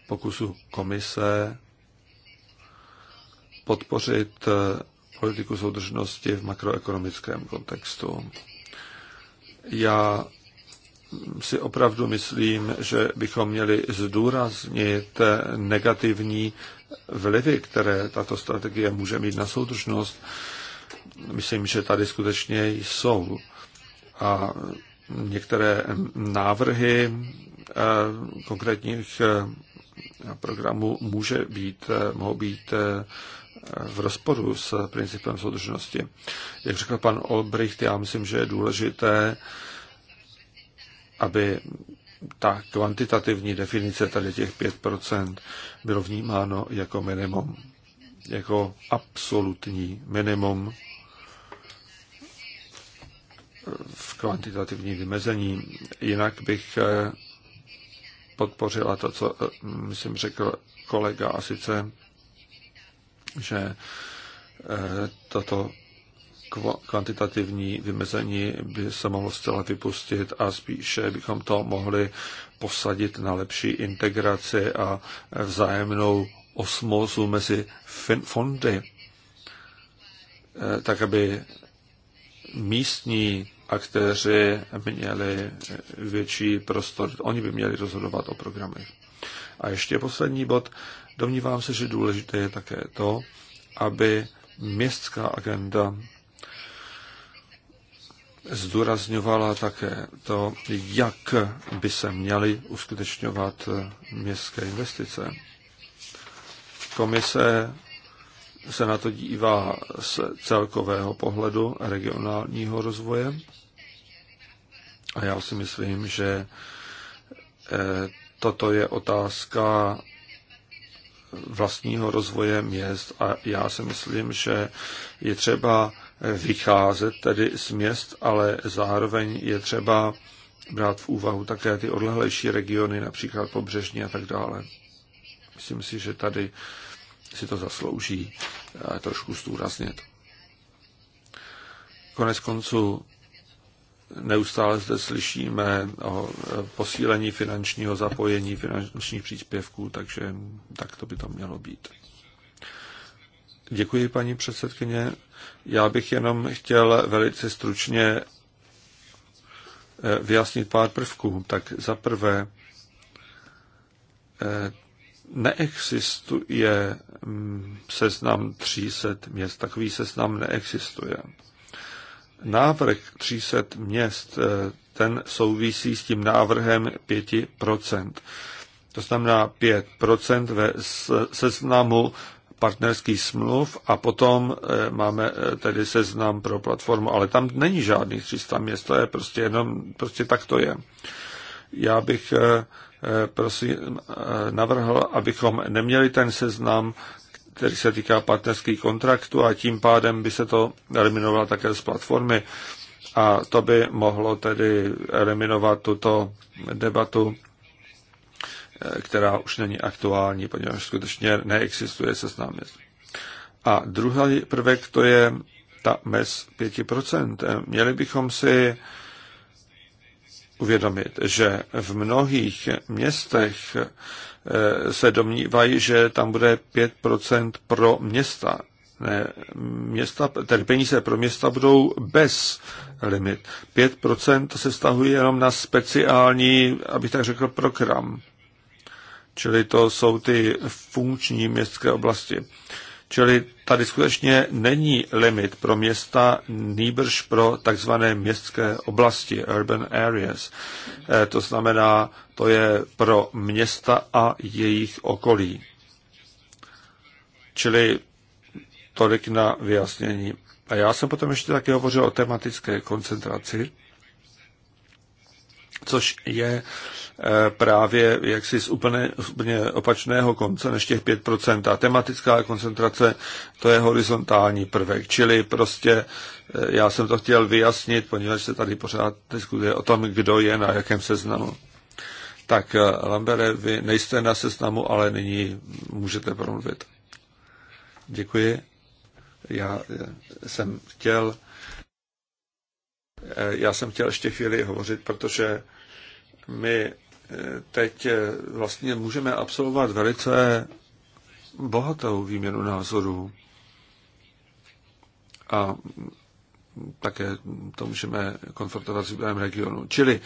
Speaker 2: pokusu komise podpořit eh, politiku soudržnosti v makroekonomickém kontextu. Já si opravdu myslím, že bychom měli zdůraznit negativní vlivy, které tato strategie může mít na soudržnost. Myslím, že tady skutečně jsou. A některé návrhy eh, konkrétních eh, programů může být, eh, mohou být v rozporu s principem soudržnosti. Jak řekl pan Olbricht, já myslím, že je důležité, aby ta kvantitativní definice tady těch 5% bylo vnímáno jako minimum, jako absolutní minimum v kvantitativní vymezení. Jinak bych eh, podpořila to, co, eh, myslím, řekl kolega, a sice že eh, toto kvantitativní vymezení by se mohlo zcela vypustit a spíše bychom to mohli posadit na lepší integraci a vzájemnou osmozu mezi fondy, eh, tak aby místní aktéři měli větší prostor, oni by měli rozhodovat o programech. A ještě poslední bod, Domnívám se, že důležité je také to, aby městská agenda zdůrazňovala také to, jak by se měly uskutečňovat městské investice. Komise se na to dívá z celkového pohledu regionálního rozvoje a já si myslím, že eh, toto je otázka vlastního rozvoje měst a já si myslím, že je třeba vycházet tedy z měst, ale zároveň je třeba brát v úvahu také ty odlehlejší regiony, například pobřežní a tak dále. Myslím si, že tady si to zaslouží eh, trošku zdůraznit. Konec konců neustále zde slyšíme o eh, posílení finančního zapojení, finančních příspěvků, takže tak to by to mělo být. Děkuji, paní předsedkyně. Já bych jenom chtěl velice stručně eh, vyjasnit pár prvků. Tak za prvé, eh, neexistuje mm, seznam 300 měst. Takový seznam neexistuje. Návrh 300 měst, eh, ten souvisí s tím návrhem 5%. To znamená 5% ve seznamu partnerských smluv a potom eh, máme eh, tedy seznam pro platformu, ale tam není žádných 300 měst, to je prostě jenom, prostě tak to je. Já bych prosím navrhl, abychom neměli ten seznam který se týká partnerských kontraktů a tím pádem by se to eliminovalo také z platformy. A to by mohlo tedy eliminovat tuto debatu, která už není aktuální, poněvadž skutečně neexistuje seznam měst. A druhý prvek to je ta mez 5%. Měli bychom si uvědomit, že v mnohých městech Eh, se domnívají, že tam bude 5% pro města. Ne, města, tedy peníze pro města budou bez limit. 5% se stahuje jenom na speciální, abych tak řekl, program. Čili to jsou ty funkční městské oblasti. Čili tady skutečně není limit pro města, nýbrž pro takzvané městské oblasti, urban areas. Eh, to znamená, to je pro města a jejich okolí. Čili tolik na vyjasnění. A já jsem potom ještě také hovořil o tematické koncentraci, což je Eh, právě jaksi z úplně, úplně opačného konce než těch 5%. A tematická koncentrace, to je horizontální prvek. Čili prostě eh, já jsem to chtěl vyjasnit, poněvadž se tady pořád diskutuje o tom, kdo je na jakém seznamu. Tak, eh, Lambere, vy nejste na seznamu, ale nyní můžete promluvit. Děkuji. Já jsem chtěl já jsem chtěl ještě chvíli hovořit, protože my teď eh, vlastně můžeme absolvovat velice bohatou výměnu názorů. A také to můžeme konfrontovat s výborem regionu. Čili,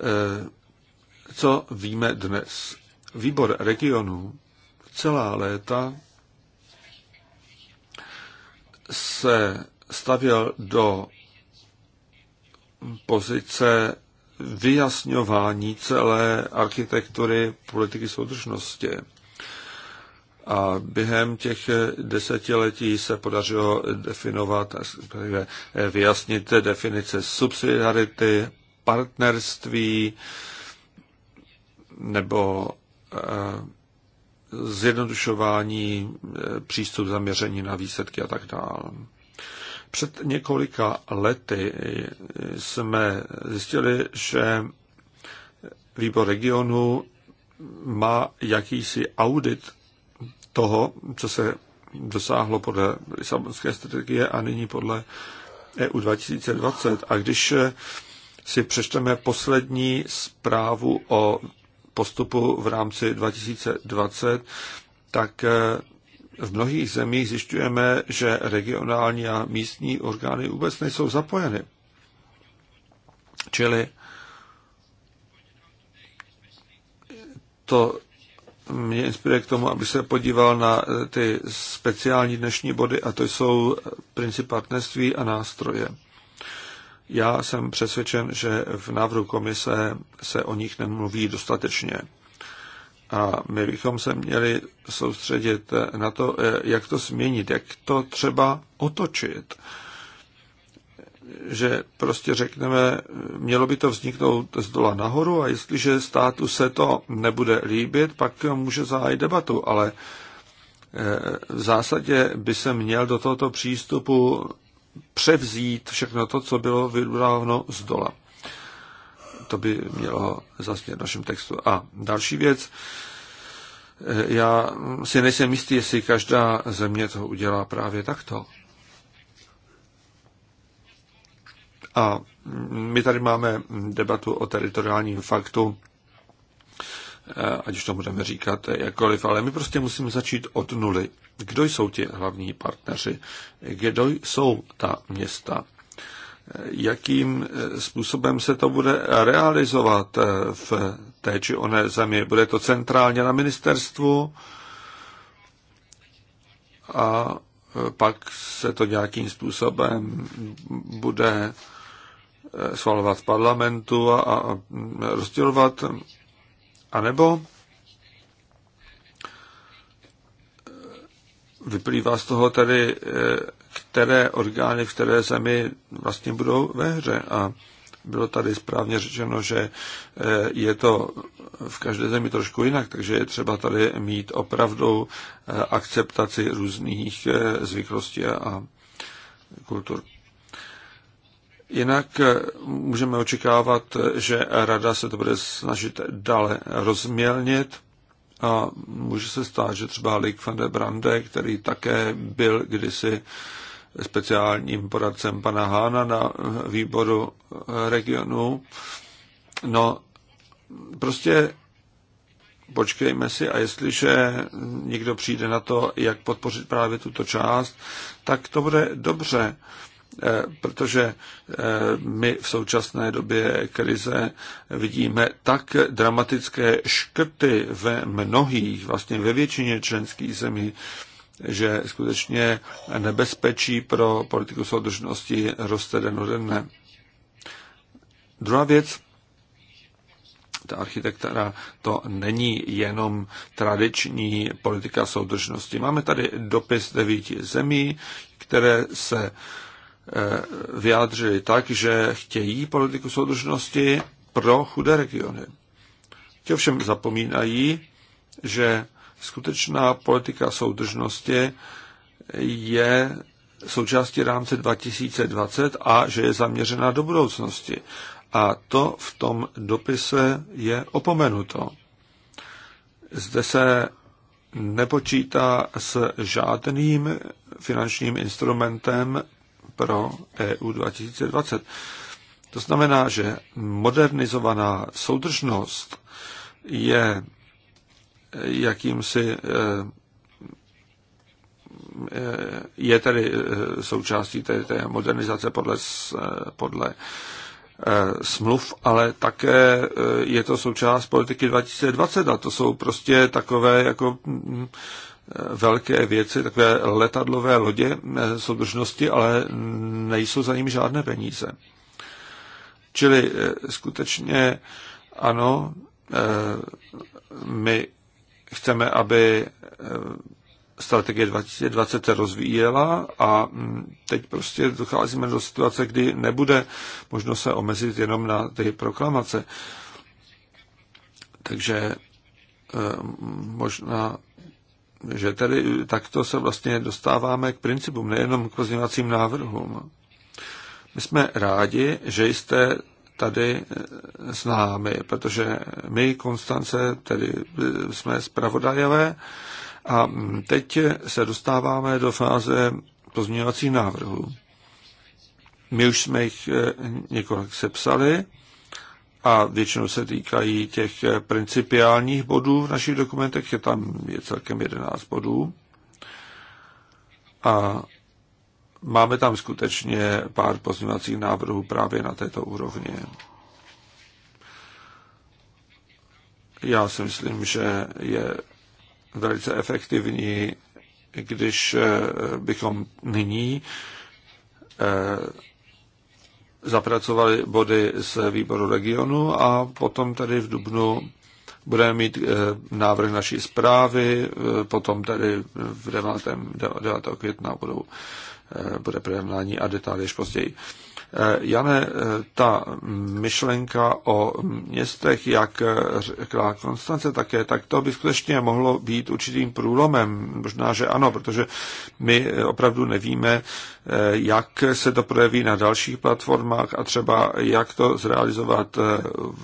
Speaker 2: eh, co víme dnes? Výbor regionu celá léta se stavěl do pozice vyjasňování celé architektury politiky soudržnosti. A během těch desetiletí se podařilo definovat, vyjasnit definice subsidiarity, partnerství nebo eh, zjednodušování, eh, přístup zaměření na výsledky a tak dále. Před několika lety jsme zjistili, že výbor regionu má jakýsi audit toho, co se dosáhlo podle Lisabonské strategie a nyní podle EU 2020. A když si přečteme poslední zprávu o postupu v rámci 2020, tak v mnohých zemích zjišťujeme, že regionální a místní orgány vůbec nejsou zapojeny. Čili to mě inspiruje k tomu, aby se podíval na ty speciální dnešní body, a to jsou princip partnerství a nástroje. Já jsem přesvědčen, že v návrhu komise se o nich nemluví dostatečně. A my bychom se měli soustředit na to, eh, jak to změnit, jak to třeba otočit. Že prostě řekneme, mělo by to vzniknout z dola nahoru a jestliže státu se to nebude líbit, pak může zahájit debatu, ale eh, v zásadě by se měl do tohoto přístupu převzít všechno to, co bylo vydáno z dola to by mělo zaznět v našem textu. A další věc, já si nejsem jistý, jestli každá země to udělá právě takto. A my tady máme debatu o teritoriálním faktu, ať už to budeme říkat jakkoliv, ale my prostě musíme začít od nuly. Kdo jsou ti hlavní partneři? Kdo jsou ta města? jakým eh, způsobem se to bude realizovat eh, v té či oné zemi. Bude to centrálně na ministerstvu a eh, pak se to nějakým způsobem bude svalovat v parlamentu a, a rozdělovat, anebo vyplývá z toho tedy které orgány v které zemi vlastně budou ve hře. A bylo tady správně řečeno, že e, je to v každé zemi trošku jinak, takže je třeba tady mít opravdu e, akceptaci různých e, zvyklostí a kultur. Jinak můžeme očekávat, že rada se to bude snažit dále rozmělnit a může se stát, že třeba Lik van der Brande, který také byl kdysi speciálním poradcem pana Hána na výboru regionu. No, prostě počkejme si a jestliže někdo přijde na to, jak podpořit právě tuto část, tak to bude dobře, eh, protože eh, my v současné době krize vidíme tak dramatické škrty ve mnohých, vlastně ve většině členských zemí, že skutečně nebezpečí pro politiku soudržnosti roste den o den. Druhá věc, ta architektura to není jenom tradiční politika soudržnosti. Máme tady dopis devíti zemí, které se eh, vyjádřili tak, že chtějí politiku soudržnosti pro chudé regiony. Ti ovšem zapomínají, že skutečná politika soudržnosti je součástí rámce 2020 a že je zaměřena do budoucnosti. A to v tom dopise je opomenuto. Zde se nepočítá s žádným finančním instrumentem pro EU 2020. To znamená, že modernizovaná soudržnost je jakýmsi eh, eh, je tedy eh, součástí té, té modernizace podle, podle smluv, ale také je to součást politiky 2020 a to jsou prostě takové jako mm, velké věci, takové letadlové lodě soudržnosti, ale nejsou za nimi žádné peníze. Čili skutečně ano, my chceme, aby eh, strategie 2020 se rozvíjela a hm, teď prostě docházíme do situace, kdy nebude možno se omezit jenom na ty proklamace. Takže eh, možná, že tedy takto se vlastně dostáváme k principům, nejenom k pozměňovacím návrhům. My jsme rádi, že jste tady eh, s námi, protože my, Konstance, tedy eh, jsme zpravodajové a hm, teď se dostáváme do fáze pozměňovací návrhu. My už jsme jich eh, několik sepsali a většinou se týkají těch principiálních bodů v našich dokumentech, je tam je celkem 11 bodů. A máme tam skutečně pár pozměňovacích návrhů právě na této úrovni. Já si myslím, že je velice efektivní, když eh, bychom nyní eh, zapracovali body z výboru regionu a potom tady v Dubnu budeme mít eh, návrh naší zprávy, potom tady v 9. 9. května budou Eh, bude projednání a detaily již později. Eh, Jane, eh, ta myšlenka o městech, jak řekla Konstance také, tak to by skutečně mohlo být určitým průlomem. Možná, že ano, protože my opravdu nevíme, jak se to projeví na dalších platformách a třeba jak to zrealizovat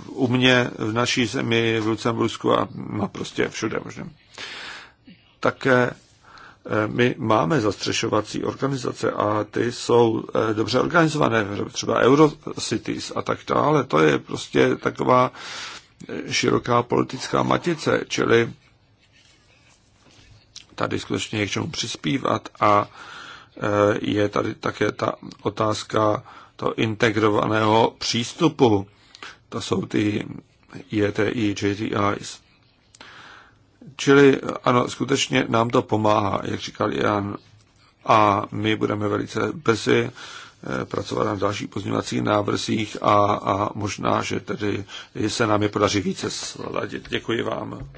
Speaker 2: u mě, v naší zemi, v Lucembursku a no, prostě všude možná. Také Eh, my máme zastřešovací organizace a ty jsou eh, dobře organizované, třeba Eurocities a tak dále. To je prostě taková eh, široká politická matice, čili tady skutečně je k čemu přispívat a je tady také ta otázka toho integrovaného přístupu. To jsou ty JTI, e JTIs. Čili ano, skutečně nám to pomáhá, jak říkal Jan, a my budeme velice brzy Eh, pracovat na dalších pozměňovacích návrzích a, a možná, že tedy se nám je podaří více sladit. Děkuji vám.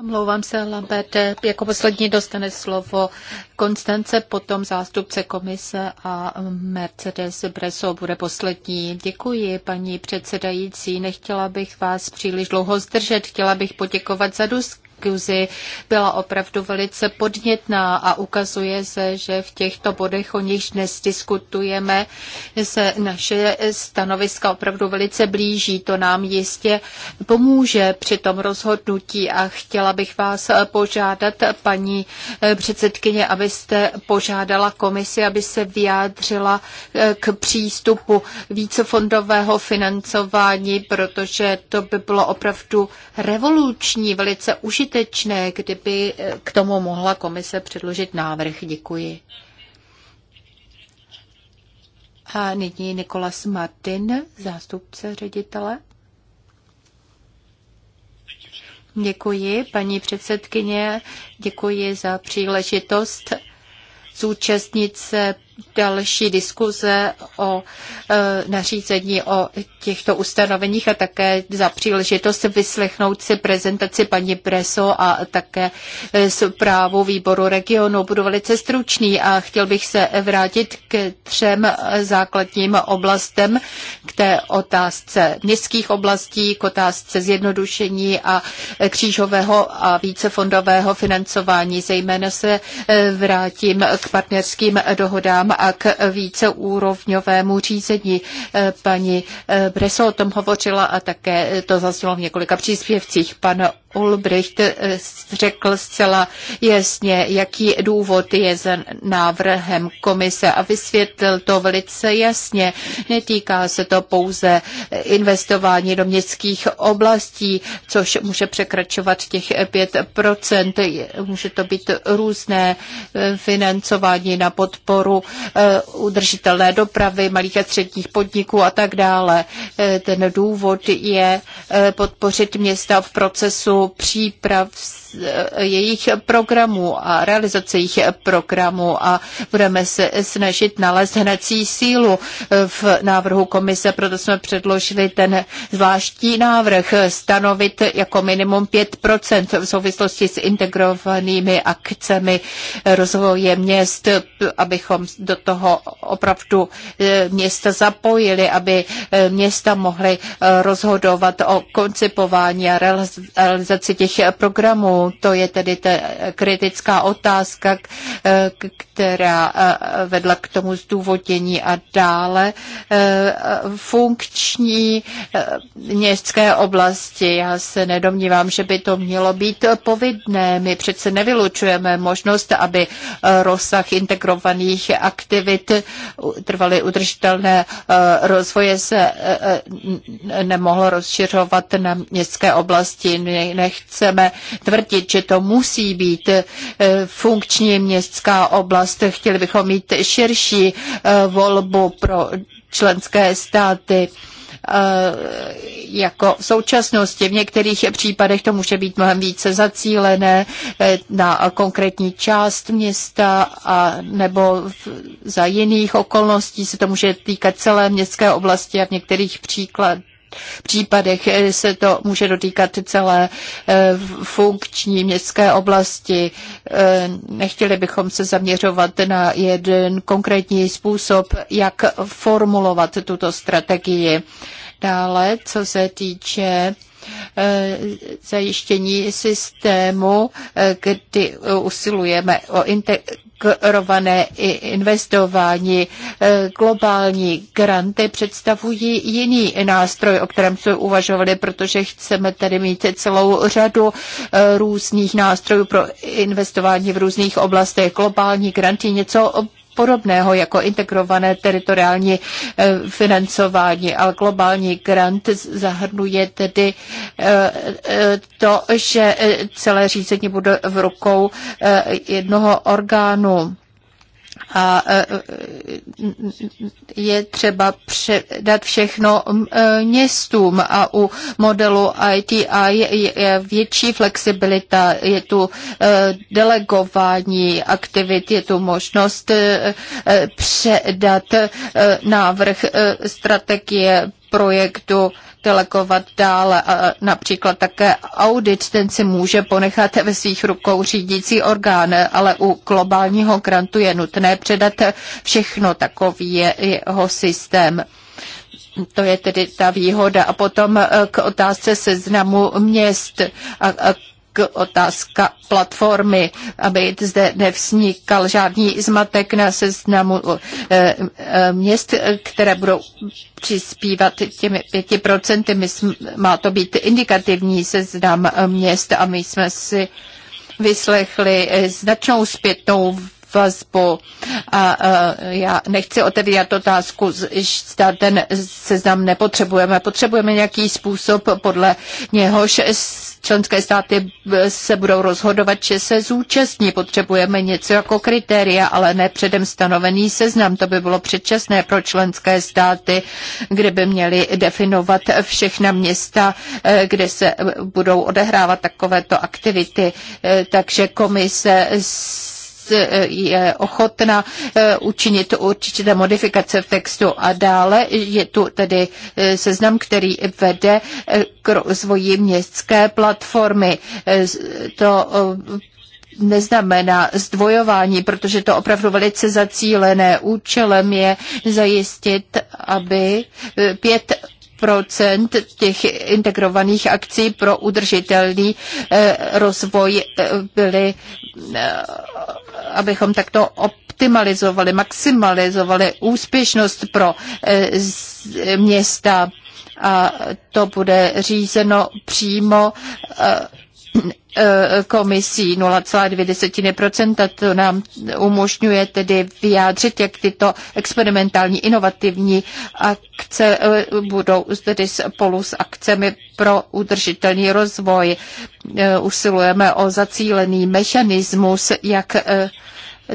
Speaker 3: Omlouvám se, Lambert. Jako poslední dostane slovo Konstance, potom zástupce komise a Mercedes Breso bude poslední. Děkuji, paní předsedající. Nechtěla bych vás příliš dlouho zdržet. Chtěla bych poděkovat za dusk diskuzi byla opravdu velice podnětná a ukazuje se, že v těchto bodech, o nichž dnes diskutujeme, se naše stanoviska opravdu velice blíží. To nám jistě pomůže při tom rozhodnutí a chtěla bych vás požádat, paní předsedkyně, abyste požádala komisi, aby se vyjádřila k přístupu vícefondového financování, protože to by bylo opravdu revoluční, velice užitečné užitečné, kdyby eh, k tomu mohla komise předložit návrh. Děkuji. A nyní Nikolas Martin, zástupce ředitele. Děkuji, paní předsedkyně, děkuji za příležitost zúčastnit se další diskuze o e, nařízení o těchto ustanoveních a také za příležitost vyslechnout si prezentaci paní Preso a také e, zprávu výboru regionu. Budu velice stručný a chtěl bych se vrátit k třem základním oblastem, k té otázce městských oblastí, k otázce zjednodušení a křížového a vícefondového financování. Zejména se e, vrátím k partnerským dohodám změnám a k víceúrovňovému řízení. Paní Breso o tom hovořila a také to zaznělo v několika příspěvcích. Pan Ulbricht eh, řekl zcela jasně, jaký důvod je za návrhem komise a vysvětlil to velice jasně. Netýká se to pouze eh, investování do městských oblastí, což může překračovat těch 5%. Může to být různé eh, financování na podporu udržitelné dopravy, malých a středních podniků a tak dále. Ten důvod je podpořit města v procesu míru příprav eh, jejich programů a realizace jejich programů a budeme se snažit nalézt hnací sílu eh, v návrhu komise, proto jsme předložili ten zvláštní návrh stanovit jako minimum 5% v souvislosti s integrovanými akcemi rozvoje měst, abychom do toho opravdu eh, města zapojili, aby města mohly rozhodovat o koncipování a realizaci realizaci těch programů. To je tedy ta kritická otázka, která e, vedla k tomu zdůvodění a dále e, funkční e, městské oblasti. Já se nedomnívám, že by to mělo být povidné. My přece nevylučujeme možnost, aby rozsah integrovaných aktivit trvaly udržitelné rozvoje se nemohl rozšiřovat na městské oblasti nechceme tvrdit, že to musí být eh, funkční městská oblast. Chtěli bychom mít širší eh, volbu pro členské státy eh, jako v současnosti. V některých případech to může být mnohem více zacílené na konkrétní část města a nebo v, za jiných okolností se to může týkat celé městské oblasti a v některých příkladech případech eh, se to může dotýkat celé eh, funkční městské oblasti. Eh, nechtěli bychom se zaměřovat na jeden konkrétní způsob, jak formulovat tuto strategii. Dále, co se týče zajištění systému, kdy usilujeme o integrované investování. E, globální granty představují jiný nástroj, o kterém jsme uvažovali, protože chceme tady mít celou řadu e, různých nástrojů pro investování v různých oblastech. Globální grant je něco podobného jako integrované teritoriální eh, financování, ale globální grant zahrnuje tedy eh, eh, to, že celé řízení bude v rukou jednoho orgánu a e, e, je třeba předat všechno e, městům a u modelu ITI je větší flexibilita, je tu delegování aktivit, je tu možnost předat návrh strategie projektu delegovat dále. A například také audit, ten si může ponechat ve svých rukou řídící orgán, ale u globálního grantu je nutné předat všechno, takový je jeho systém. To je tedy ta výhoda. A potom eh, k otázce seznamu měst a otázka platformy, aby zde nevznikal žádný zmatek na seznamu eh, eh, měst, které budou přispívat těmi pěti procenty. Má to být indikativní seznam měst a my jsme si vyslechli eh, značnou zpětnou vazbu. A já nechci otevírat otázku, zda ten seznam nepotřebujeme. Potřebujeme nějaký způsob, podle něhož členské státy se budou rozhodovat, že se zúčastní. Potřebujeme něco jako kritéria, ale ne předem stanovený seznam. To by bylo předčasné pro členské státy, kde by měli definovat všechna města, eh, kde se budou odehrávat takovéto aktivity. Eh, takže komise je ochotna eh, učinit určité modifikace v textu a dále je tu tedy eh, seznam, který vede eh, k rozvoji městské platformy. To neznamená zdvojování, protože to opravdu velice zacílené. Účelem je zajistit, aby pět procent těch integrovaných akcí pro udržitelný eh, rozvoj eh, byly, eh, abychom takto optimalizovali, maximalizovali úspěšnost pro města a to bude řízeno přímo Eh, komisí 0,2%. To nám umožňuje tedy vyjádřit, jak tyto experimentální inovativní akce eh, budou tedy spolu s akcemi pro udržitelný rozvoj. Eh, usilujeme o zacílený mechanismus, jak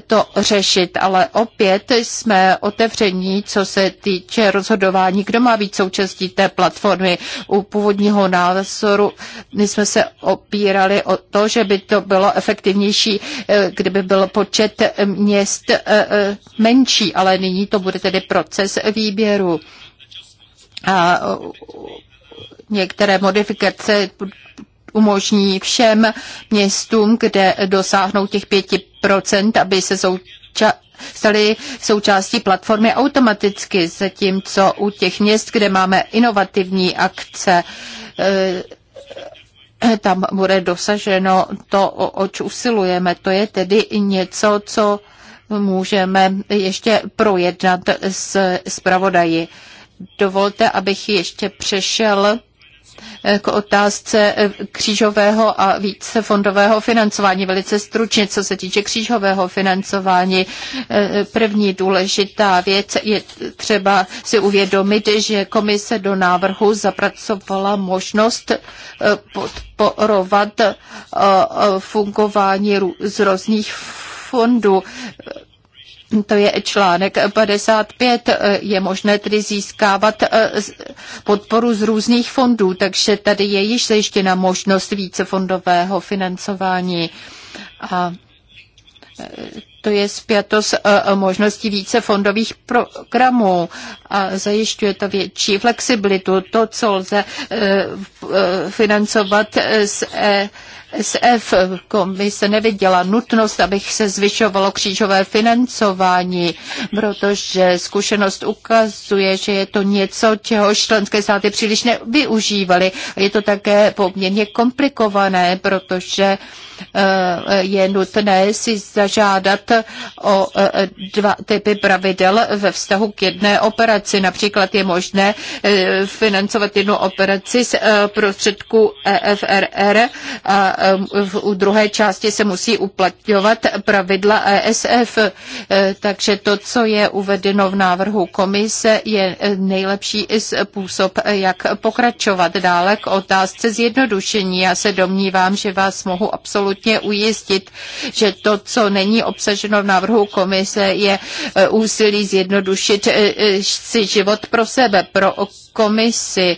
Speaker 3: to řešit, ale opět jsme otevření, co se týče rozhodování, kdo má být součástí té platformy. U původního názoru my jsme se opírali o to, že by to bylo efektivnější, eh, kdyby byl počet měst eh, eh, menší, ale nyní to bude tedy proces výběru. A některé modifikace umožní všem městům, kde dosáhnou těch 5%, aby se souča- stali součástí platformy automaticky, zatímco u těch měst, kde máme inovativní akce, eh, tam bude dosaženo to, oč usilujeme. To je tedy něco, co můžeme ještě projednat s zpravodaji. Dovolte, abych ještě přešel Eh, k otázce eh, křížového a více fondového financování. Velice stručně, co se týče křížového financování, eh, první důležitá věc je třeba si uvědomit, že komise do návrhu zapracovala možnost podporovat fungování z různých fondů to je článek 55. Je možné tedy získávat eh, podporu z různých fondů, takže tady je již zajištěna možnost vícefondového financování. A eh, to je zpěto s eh, eh, možností více fondových programů a zajišťuje to větší flexibilitu. To, co lze eh, financovat z e SF komise neviděla nutnost, abych se zvyšovalo křížové financování, protože zkušenost ukazuje, že je to něco, čeho členské státy příliš nevyužívaly. Je to také poměrně komplikované, protože je nutné si zažádat o e, dva typy pravidel ve vztahu k jedné operaci. Například je možné e, financovat jednu operaci z e, prostředku EFRR a u druhé části se musí uplatňovat pravidla ESF. Takže to, co je uvedeno v návrhu komise, je nejlepší způsob, jak pokračovat dále k otázce zjednodušení. Já se domnívám, že vás mohu absolutně ujistit, že to, co není obsaženo obsaženo v návrhu komise, je e, úsilí zjednodušit e, e, si život pro sebe, pro komisi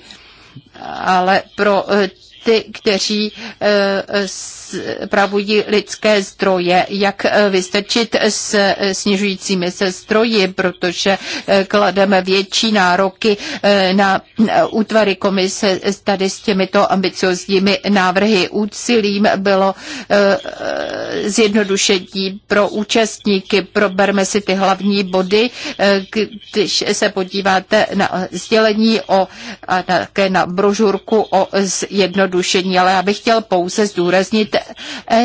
Speaker 3: ale pro ty, kteří eh, spravují lidské zdroje, jak eh, vystačit s eh, snižujícími se zdroji, protože klademe větší nároky na útvary komise tady s těmito ambiciozními návrhy. Úcilím bylo zjednodušení pro účastníky. Proberme si ty hlavní body, když se podíváte na sdělení o, a také na brožurku o zjednodušení zjednodušení, ale já bych chtěl pouze zdůraznit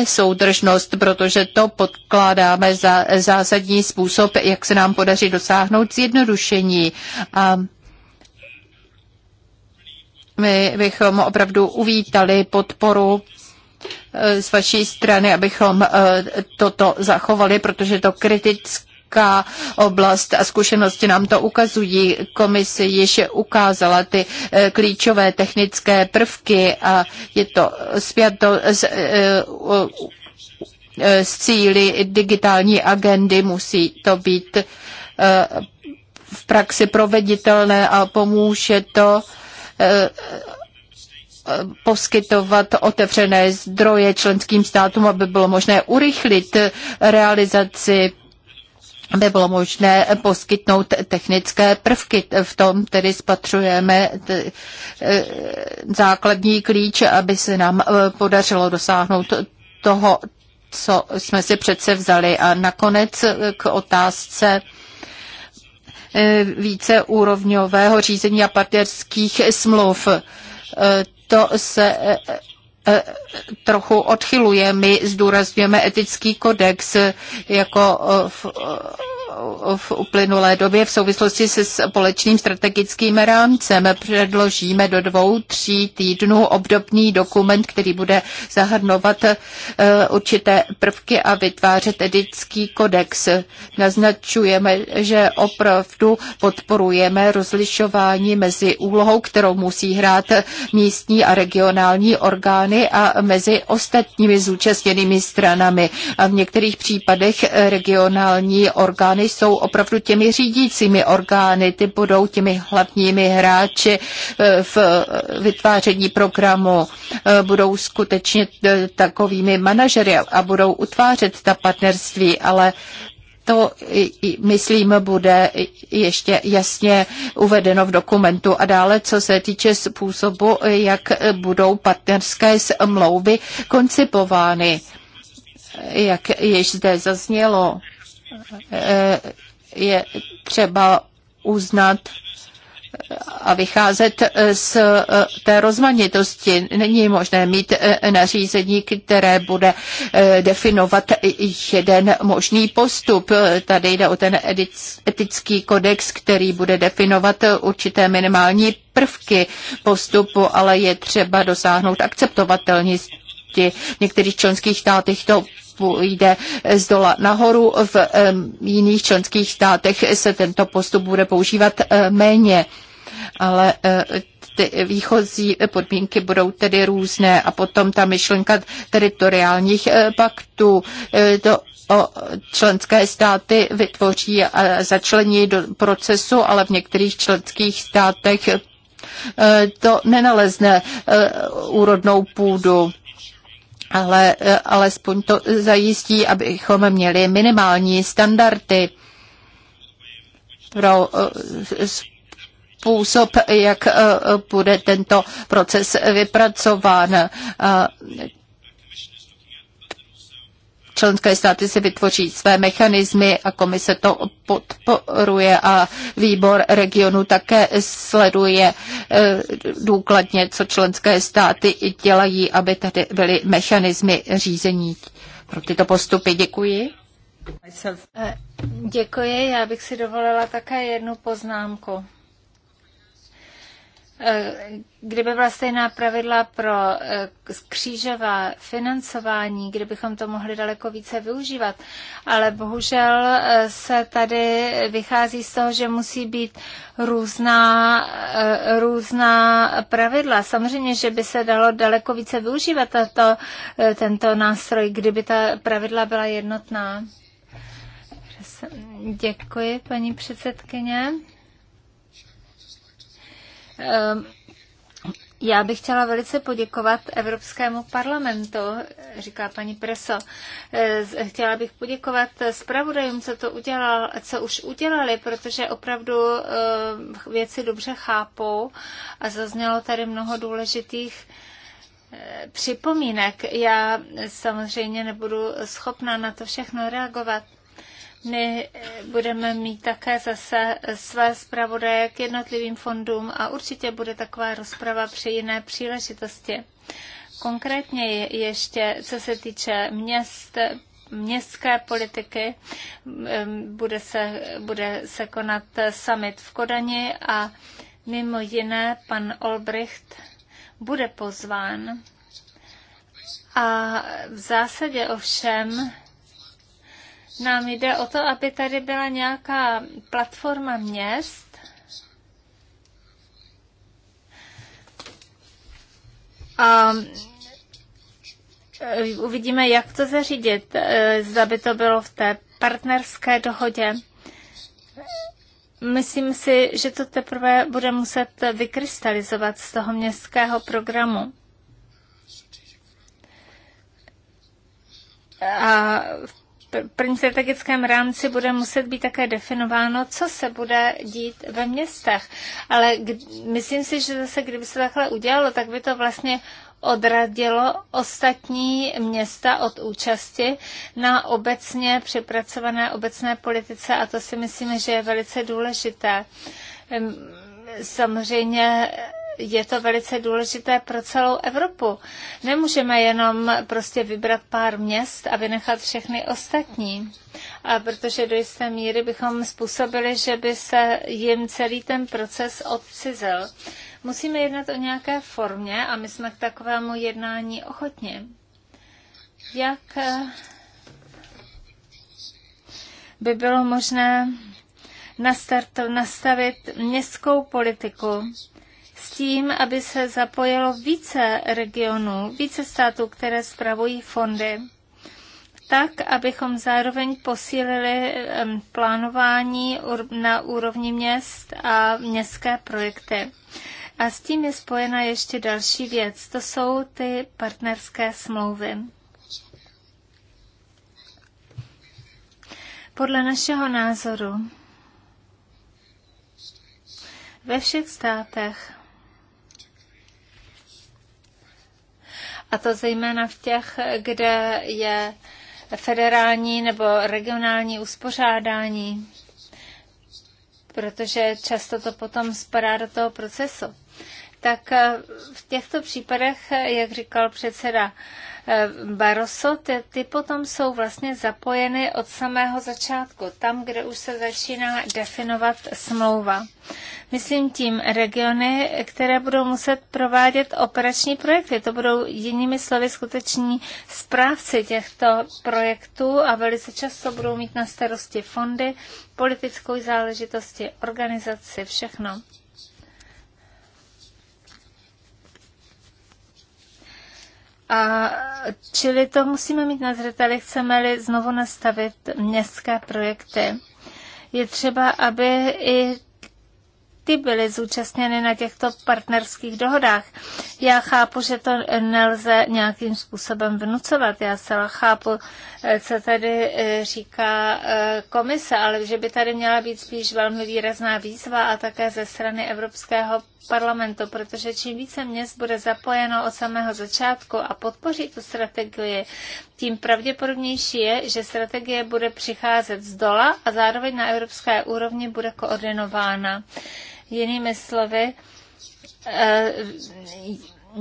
Speaker 3: soudržnost, protože to podkládáme za zásadní způsob, jak se nám podaří dosáhnout zjednodušení. A my bychom opravdu uvítali podporu e, z vaší strany, abychom e, toto zachovali, protože to kriticky velká oblast a zkušenosti nám to ukazují. Komise již ukázala ty eh, klíčové technické prvky a je to spjato s eh, eh, s cíly digitální agendy musí to být v praxi proveditelné a pomůže to poskytovat otevřené zdroje členským státům, aby bylo možné urychlit realizaci by bylo možné poskytnout technické prvky. V tom tedy spatřujeme e, základní klíč, aby se nám e, podařilo dosáhnout toho, co jsme si přece vzali. A nakonec k otázce e, více úrovňového řízení a partnerských smluv. To se Eh, trochu odchyluje. My zdůrazňujeme etický kodex jako eh, eh, v uplynulé době v souvislosti se společným strategickým rámcem. Předložíme do dvou, tří týdnů obdobný dokument, který bude zahrnovat eh, určité prvky a vytvářet etický kodex. Naznačujeme, že opravdu podporujeme rozlišování mezi úlohou, kterou musí hrát místní a regionální orgány a mezi ostatními zúčastněnými stranami. A v některých případech regionální orgány orgány jsou opravdu těmi řídícími orgány, ty budou těmi hlavními hráči eh, v vytváření programu, eh, budou skutečně eh, takovými manažery a budou utvářet ta partnerství, ale to, myslím, bude ještě jasně uvedeno v dokumentu. A dále, co se týče způsobu, jak budou partnerské smlouvy koncipovány, jak již zde zaznělo, Eh, je třeba uznat eh, a vycházet eh, z té rozmanitosti. Není možné mít nařízení, které bude definovat jeden možný postup. Tady jde o ten etický kodex, který bude definovat určité minimální prvky postupu, ale je třeba dosáhnout akceptovatelnosti. V některých členských státech to postupu jde z dola nahoru, v jiných členských státech se tento postup bude používat eh, méně. Ale eh, ty výchozí podmínky budou tedy různé a potom ta myšlenka teritoriálních eh, paktů, to o členské státy vytvoří a začlení do procesu, ale v některých členských státech to nenalezne úrodnou půdu ale eh, alespoň to zajistí, abychom měli minimální standardy pro eh, způsob, jak eh, bude tento proces vypracován. Členské státy si vytvoří své mechanismy a komise to podporuje a výbor regionu také sleduje eh, důkladně, co členské státy dělají, aby tady byly mechanismy řízení pro tyto postupy. Děkuji.
Speaker 1: Eh, děkuji, já bych si dovolila také jednu poznámku kdyby byla stejná pravidla pro eh, křížová financování, kdybychom to mohli daleko více využívat. Ale bohužel eh, se tady vychází z toho, že musí být různá, eh, různá pravidla. Samozřejmě, že by se dalo daleko více využívat tato, tento nástroj, kdyby ta pravidla byla jednotná. Děkuji, paní předsedkyně. Ehm, já bych chtěla velice poděkovat Evropskému parlamentu, říká paní Preso. Ehm, chtěla bych poděkovat zpravodajům, co to udělal, co už udělali, protože opravdu ehm, věci dobře chápou a zaznělo tady mnoho důležitých připomínek. Já samozřejmě nebudu schopna na to všechno reagovat. My eh, budeme mít také zase své zpravodaje k jednotlivým fondům a určitě bude taková rozprava při jiné příležitosti. Konkrétně ještě, co se týče měst, městské politiky, bude se, bude se konat summit v Kodani a mimo jiné pan Olbricht bude pozván. A v zásadě ovšem nám jde o to, aby tady byla nějaká platforma měst, a eh, uvidíme, jak to zařídit. Eh, zda by to bylo v té partnerské dohodě. Myslím si, že to teprve bude muset vykrystalizovat z toho městského programu. A v prvním strategickém rámci bude muset být také definováno, co se bude dít ve městech. Ale myslím si, že zase, kdyby se takhle udělalo, tak by to vlastně odradilo ostatní města od účasti na obecně přepracované obecné politice a to si myslím, že je velice důležité. Samozřejmě je to velice důležité pro celou Evropu. Nemůžeme jenom prostě vybrat pár měst a vynechat všechny ostatní. A protože do jisté míry bychom způsobili, že by se jim celý ten proces odcizel. Musíme jednat o nějaké formě a my jsme k takovému jednání ochotně. Jak eh, by bylo možné nastavit městskou politiku, s tím, aby se zapojilo více regionů, více států, které spravují fondy, tak, abychom zároveň posílili plánování na úrovni měst a městské projekty. A s tím je spojena ještě další věc, to jsou ty partnerské smlouvy. Podle našeho názoru ve všech státech a to zejména v těch, kde je federální nebo regionální uspořádání, protože často to potom spadá do toho procesu. Tak v těchto případech, jak říkal předseda Eh, Barroso, ty, ty potom jsou vlastně zapojeny od samého začátku, tam, kde už se začíná definovat smlouva. Myslím tím regiony, které budou muset provádět operační projekty. To budou jinými slovy skuteční správci těchto projektů a velice často budou mít na starosti fondy, politickou záležitosti, organizaci, všechno. A čili to musíme mít na zřeteli, chceme-li znovu nastavit městské projekty. Je třeba, aby i ty byly zúčastněny na těchto partnerských dohodách. Já chápu, že to nelze nějakým způsobem vnucovat. Já celá chápu, co tady eh, říká eh, komise, ale že by tady měla být spíš velmi výrazná výzva a také ze strany Evropského parlamentu, protože čím více měst bude zapojeno od samého začátku a podpoří tu strategii, tím pravděpodobnější je, že strategie bude přicházet z dola a zároveň na evropské úrovni bude koordinována. Jinými slovy, eh,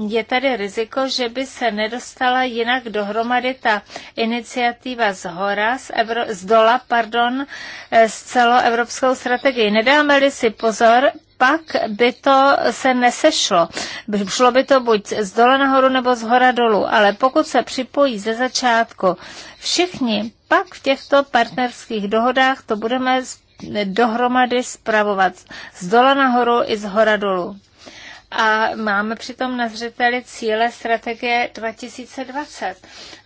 Speaker 1: je tady riziko, že by se nedostala jinak dohromady ta iniciativa z hora, z, Evro, z dola, pardon, eh, s celoevropskou strategií. Nedáme-li si pozor, pak by to se nesešlo. Šlo by to buď z dole nahoru nebo z hora dolů, ale pokud se připojí ze začátku všichni, pak v těchto partnerských dohodách to budeme dohromady spravovat z dola nahoru i z hora dolů a máme přitom na zřeteli cíle strategie 2020.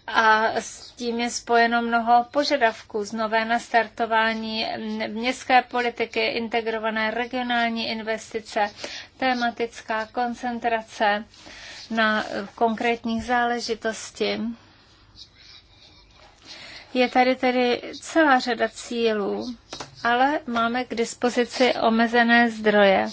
Speaker 1: A s tím je spojeno mnoho požadavků, nové nastartování městské politiky, integrované regionální investice, tematická koncentrace na konkrétních záležitosti. Je tady tedy celá řada cílů, ale máme k dispozici omezené zdroje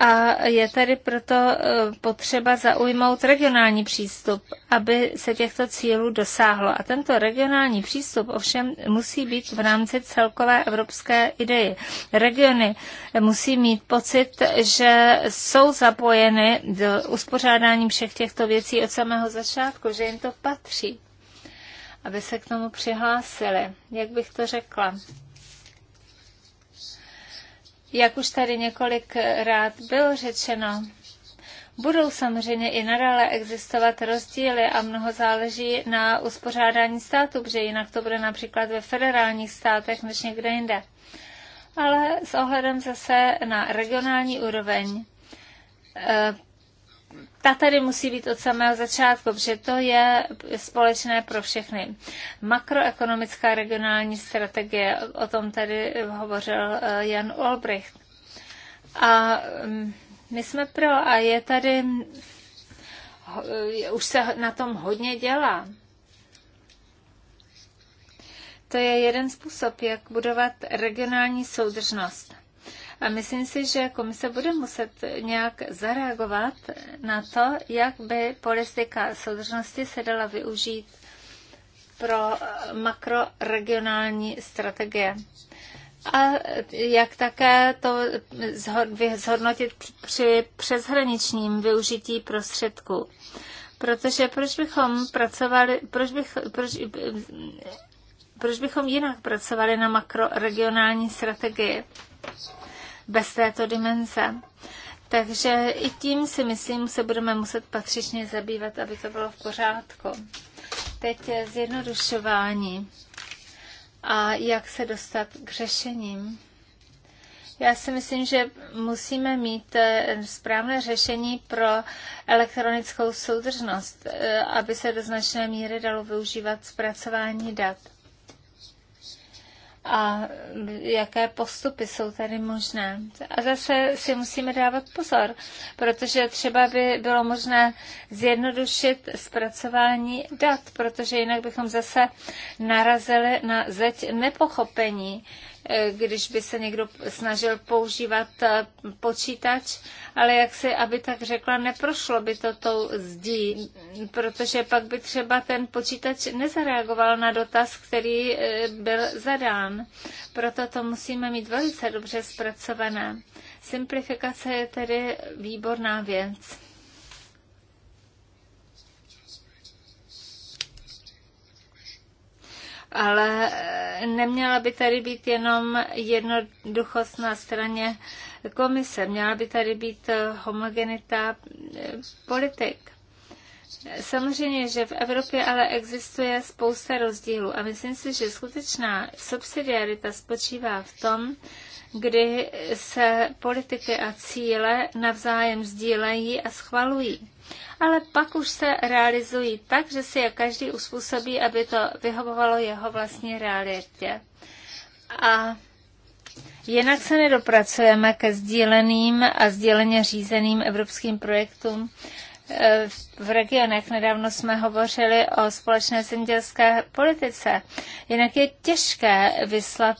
Speaker 1: a je tady proto e, potřeba zaujmout regionální přístup, aby se těchto cílů dosáhlo. A tento regionální přístup ovšem musí být v rámci celkové evropské ideje. Regiony musí mít pocit, že jsou zapojeny do uspořádání všech těchto věcí od samého začátku, že jim to patří, aby se k tomu přihlásili. Jak bych to řekla? Jak už tady několikrát bylo řečeno, Budou samozřejmě i nadále existovat rozdíly a mnoho záleží na uspořádání státu, protože jinak to bude například ve federálních státech než někde jinde. Ale s ohledem zase na regionální úroveň eh, ta tady musí být od samého začátku, protože to je společné pro všechny. Makroekonomická regionální strategie, o tom tady hovořil eh, Jan Olbricht. A mm, my jsme pro a je tady, eh, už se na tom hodně dělá. To je jeden způsob, jak budovat regionální soudržnost. A myslím si, že komise bude muset nějak zareagovat na to, jak by politika soudržnosti se dala využít pro makroregionální strategie. A jak také to zhodnotit při přeshraničním využití prostředků. Protože proč bychom pracovali, proč, bych, proč, proč bychom jinak pracovali na makroregionální strategii? bez této dimenze. Takže i tím si myslím, se budeme muset patřičně zabývat, aby to bylo v pořádku. Teď je zjednodušování a jak se dostat k řešením. Já si myslím, že musíme mít eh, správné řešení pro elektronickou soudržnost, eh, aby se do značné míry dalo využívat zpracování dat a jaké postupy jsou tady možné. A zase si musíme dávat pozor, protože třeba by bylo možné zjednodušit zpracování dat, protože jinak bychom zase narazili na zeď nepochopení Eh, když by se někdo snažil používat eh, počítač, ale jak si, aby tak řekla, neprošlo by to tou zdí, protože pak by třeba ten počítač nezareagoval na dotaz, který eh, byl zadán. Proto to musíme mít velice dobře zpracované. Simplifikace je tedy výborná věc. ale eh, neměla by tady být jenom jednoduchost na straně komise, měla by tady být eh, homogenita eh, politik. Samozřejmě, že v Evropě ale existuje spousta rozdílů a myslím si, že skutečná subsidiarita spočívá v tom, kdy se politiky a cíle navzájem sdílejí a schvalují. Ale pak už se realizují tak, že si je každý uspůsobí, aby to vyhovovalo jeho vlastní realitě. A jinak se nedopracujeme ke sdíleným a sdíleně řízeným evropským projektům, v regionech. Nedávno jsme hovořili o společné zemědělské politice. Jinak je těžké vyslat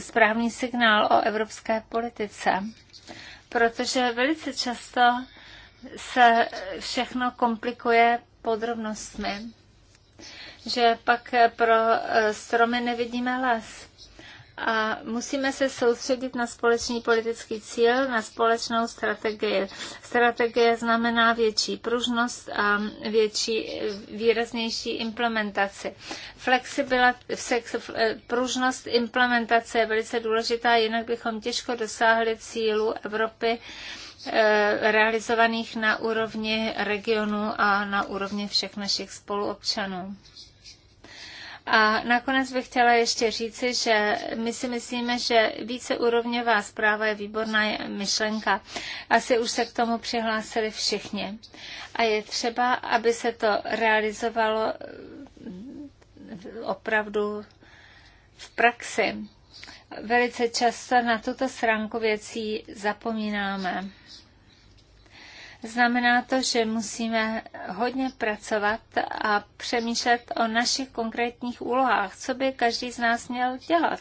Speaker 1: správný signál o evropské politice, protože velice často se všechno komplikuje podrobnostmi, že pak pro stromy nevidíme les a musíme se soustředit na společný politický cíl, na společnou strategii. Strategie znamená větší pružnost a větší, výraznější implementaci. Eh, pružnost implementace je velice důležitá, jinak bychom těžko dosáhli cílu Evropy eh, realizovaných na úrovni regionu a na úrovni všech našich spoluobčanů. A nakonec bych chtěla ještě říci, že my si myslíme, že víceúrovňová zpráva je výborná myšlenka. Asi už se k tomu přihlásili všichni. A je třeba, aby se to realizovalo opravdu v praxi. Velice často na tuto stránku věcí zapomínáme. Znamená to, že musíme hodně pracovat a přemýšlet o našich konkrétních úlohách, co by každý z nás měl dělat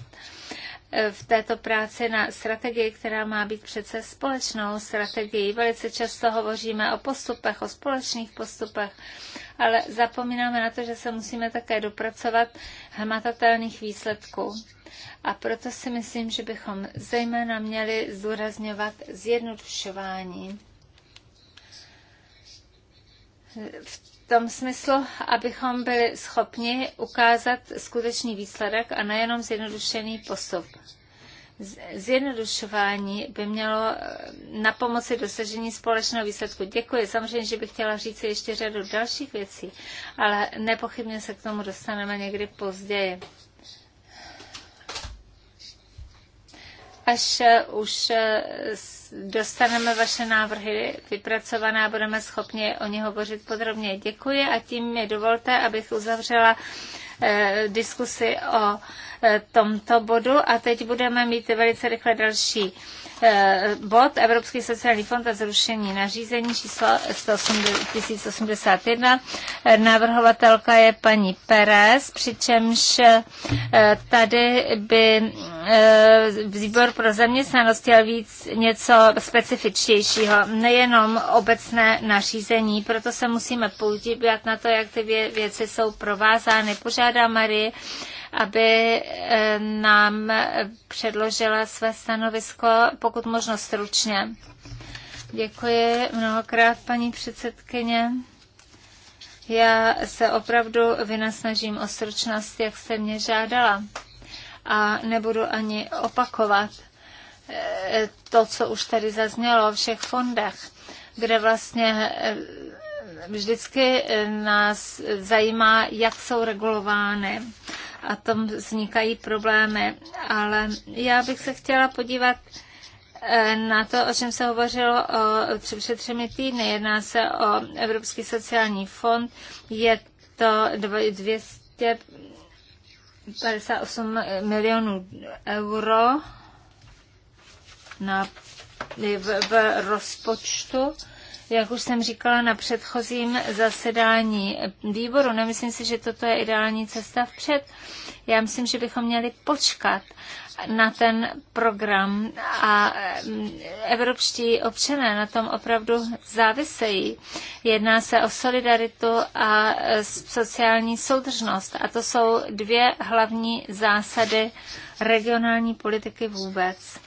Speaker 1: v této práci na strategii, která má být přece společnou strategií. Velice často hovoříme o postupech, o společných postupech, ale zapomínáme na to, že se musíme také dopracovat hmatatelných výsledků. A proto si myslím, že bychom zejména měli zdůrazňovat zjednodušování v tom smyslu, abychom byli schopni ukázat skutečný výsledek a nejenom zjednodušený postup. Zjednodušování by mělo eh, na pomoci dosažení společného výsledku. Děkuji. Samozřejmě, že bych chtěla říct ještě řadu dalších věcí, ale nepochybně se k tomu dostaneme někdy později. až eh, už eh, dostaneme vaše návrhy vypracované a budeme schopni o ně hovořit podrobně. Děkuji a tím mi dovolte, abych uzavřela eh, diskusi o tomto bodu a teď budeme mít velice rychle další Eh, bod Evropský sociální fond a zrušení nařízení číslo 1081. Eh, navrhovatelka je paní Perez, přičemž eh, tady by výbor pro zaměstnanost chtěl víc něco specifičtějšího, nejenom obecné nařízení, proto se musíme podívat na to, jak ty věci jsou provázány. Požádá Marie, aby eh, nám předložila své stanovisko, pokud možno stručně. Děkuji mnohokrát, paní předsedkyně. Já se opravdu vynasnažím o stručnost, jak jste mě žádala. A nebudu ani opakovat eh, to, co už tady zaznělo o všech fondech, kde vlastně eh, vždycky nás zajímá, jak jsou regulovány a tam vznikají problémy. Ale já bych se chtěla podívat eh, na to, o čem se hovořilo o, tři, před třemi týdny. Jedná se o Evropský sociální fond. Je to 258 milionů euro na, v, v rozpočtu jak už jsem říkala na předchozím zasedání výboru, nemyslím si, že toto je ideální cesta vpřed. Já myslím, že bychom měli počkat na ten program a mm, evropští občané na tom opravdu závisejí. Jedná se o solidaritu a e, sociální soudržnost a to jsou dvě hlavní zásady regionální politiky vůbec.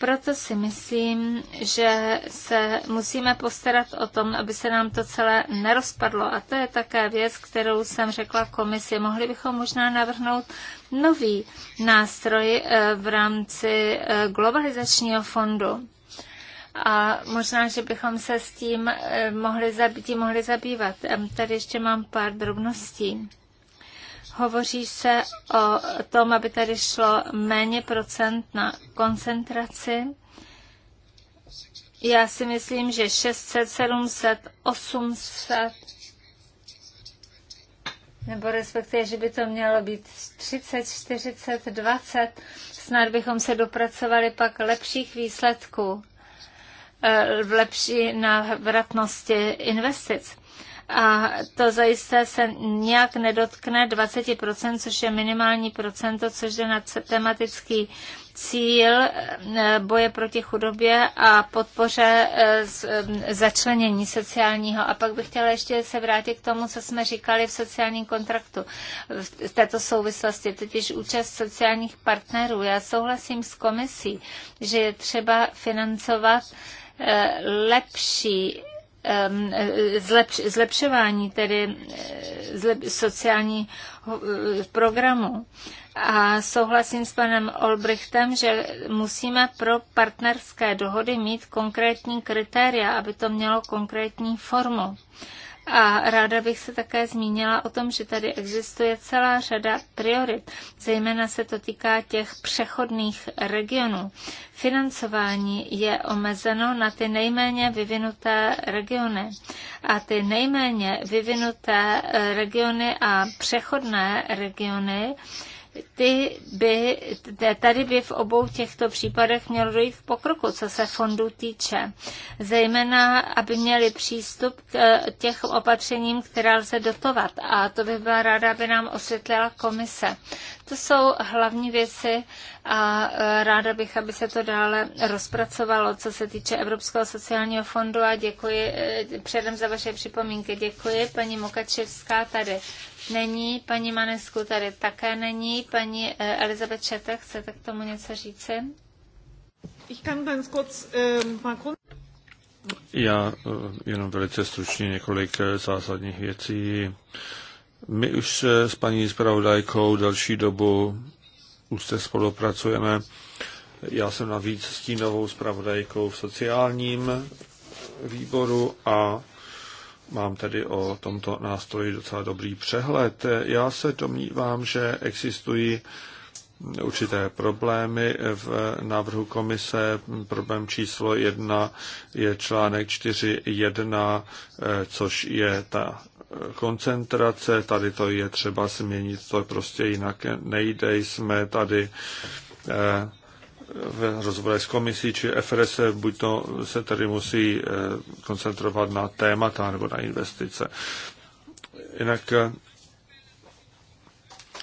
Speaker 1: Proto si myslím, že se musíme postarat o tom, aby se nám to celé nerozpadlo. A to je také věc, kterou jsem řekla komisi. Mohli bychom možná navrhnout nový nástroj eh, v rámci eh, globalizačního fondu. A možná, že bychom se s tím eh, mohli, tím mohli zabývat. Tady ještě mám pár drobností. Hovoří se o tom, aby tady šlo méně procent na koncentraci. Já si myslím, že 600, 700, 800 nebo respektive, že by to mělo být 30, 40, 20. Snad bychom se dopracovali pak lepších výsledků, eh, v lepší návratnosti investic a to zajisté se nějak nedotkne 20%, což je minimální procento, což je na tematický cíl eh, boje proti chudobě a podpoře eh, eh, začlenění sociálního. A pak bych chtěla ještě se vrátit k tomu, co jsme říkali v sociálním kontraktu v této souvislosti, totiž účast sociálních partnerů. Já souhlasím s komisí, že je třeba financovat lepší Ehm, e, zlepš, zlepšování tedy e, zlep, sociální e, programu. A souhlasím s panem Olbrichtem, že musíme pro partnerské dohody mít konkrétní kritéria, aby to mělo konkrétní formu. A ráda bych se také zmínila o tom, že tady existuje celá řada priorit, zejména se to týká těch přechodných regionů. Financování je omezeno na ty nejméně vyvinuté regiony. A ty nejméně vyvinuté regiony a přechodné regiony ty by, tady by v obou těchto případech mělo dojít v pokroku, co se fondů týče. Zejména, aby měli přístup k těch opatřením, která lze dotovat. A to bych byla ráda, aby nám osvětlila komise. To jsou hlavní věci a e, ráda bych, aby se to dále rozpracovalo, co se týče Evropského sociálního fondu a děkuji e, předem za vaše připomínky. Děkuji, paní Mokačevská tady není, paní Manesku tady také není, paní eh, Elizabeth Čete, chcete k tomu něco říci? Ähm,
Speaker 2: Já eh, jenom velice stručně několik eh, zásadních věcí. My už s paní zpravodajkou další dobu už se spolupracujeme. Já jsem navíc novou zpravodajkou v sociálním výboru a Mám tedy o tomto nástroji docela dobrý přehled. Já se domnívám, že existují určité problémy v návrhu komise. Problém číslo jedna je článek 4.1, což je ta koncentrace. Tady to je třeba změnit, to prostě jinak nejde. Jsme tady eh, v rozhovorech s komisí či FRS buď to se tady musí eh, koncentrovat na témata nebo na investice. Jinak eh,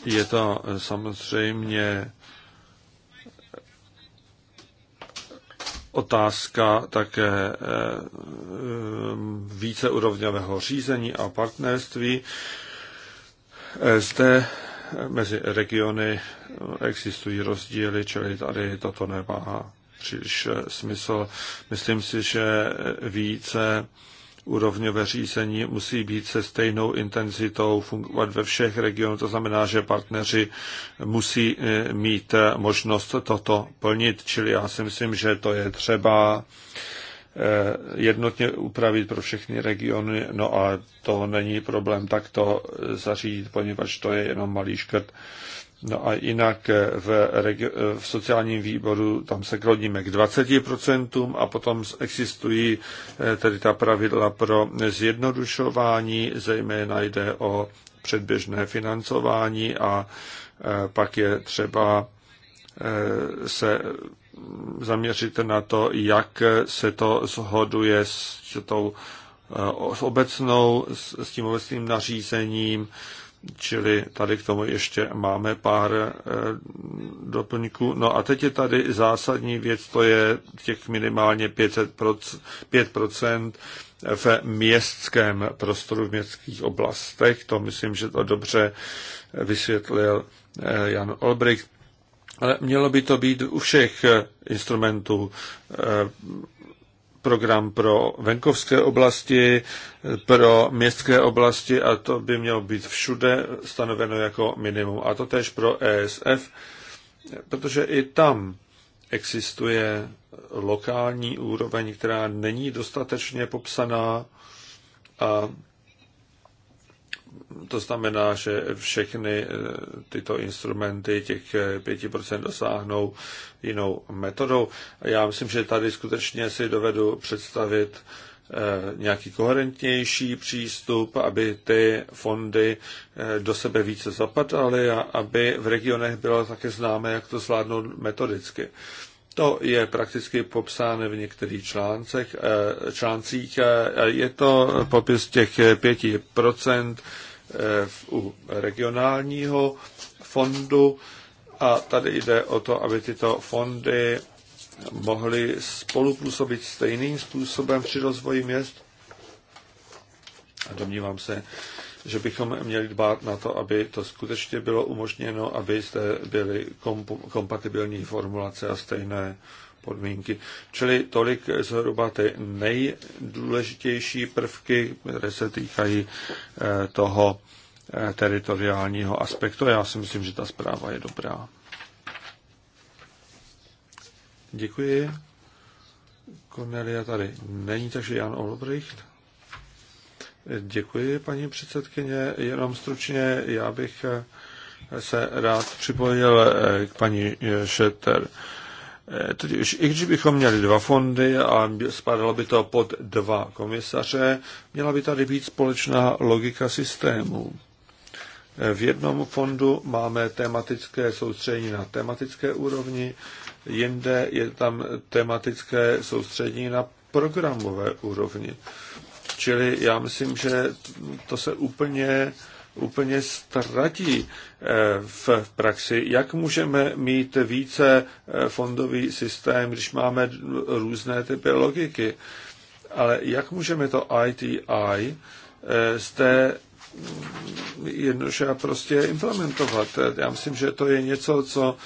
Speaker 2: je to eh, samozřejmě otázka také víceúrovňového řízení a partnerství. Zde mezi regiony existují rozdíly, čili tady toto nemá příliš eh, smysl. Myslím si, že více úrovňové řízení musí být se stejnou intenzitou fungovat ve všech regionech. To znamená, že partneři musí eh, mít eh, možnost toto plnit, čili já si myslím, že to je třeba Eh, jednotně upravit pro všechny regiony, no a to není problém takto zařídit, poněvadž to je jenom malý škrt. No a jinak eh, v, eh, v sociálním výboru tam se kloníme k 20% a potom existují tedy ta pravidla pro zjednodušování, zejména jde o předběžné financování a pak je třeba se zaměřit na to, jak se to shoduje s, tou, eh, s obecnou, s, s tím obecným nařízením, čili tady k tomu ještě máme pár eh, doplňků. No a teď je tady zásadní věc, to je těch minimálně 500%, 5% v městském prostoru, v městských oblastech. To myslím, že to dobře vysvětlil eh, Jan Olbricht. Ale mělo by to být u všech eh, instrumentů eh, program pro venkovské oblasti, eh, pro městské oblasti a to by mělo být všude stanoveno jako minimum. A to tež pro ESF, protože i tam existuje lokální úroveň, která není dostatečně popsaná a to znamená, že všechny eh, tyto instrumenty těch 5% eh, dosáhnou jinou metodou. Já myslím, že tady skutečně si dovedu představit eh, nějaký koherentnější přístup, aby ty fondy do sebe více zapadaly a aby v regionech bylo také známé, jak to zvládnout metodicky. To je prakticky popsáno v některých článcích. článcích. Je to popis těch 5%, u regionálního fondu a tady jde o to, aby tyto fondy mohly spolupůsobit stejným způsobem při rozvoji měst. A domnívám se, že bychom měli dbát na to, aby to skutečně bylo umožněno, aby zde byly kompatibilní formulace a stejné podmínky. Čili tolik zhruba ty nejdůležitější prvky, které se týkají eh, toho eh, teritoriálního aspektu. Já si myslím, že ta zpráva je dobrá. Děkuji. Cornelia tady není, takže Jan Olbricht. Děkuji, paní předsedkyně. Jenom stručně, já bych eh, se rád připojil k paní Šeter. Eh, totiž i když bychom měli dva fondy a spadalo by to pod dva komisaře, měla by tady být společná logika systému. Eh, v jednom fondu máme tematické soustředění na tematické úrovni, jinde je tam tematické soustředění na programové úrovni. Čili já myslím, že to se úplně úplně ztratí eh, v praxi. Jak můžeme mít více eh, fondový systém, když máme různé typy logiky? Ale jak můžeme to ITI eh, z té mm, jednoduše a prostě implementovat. Já myslím, že to je něco, co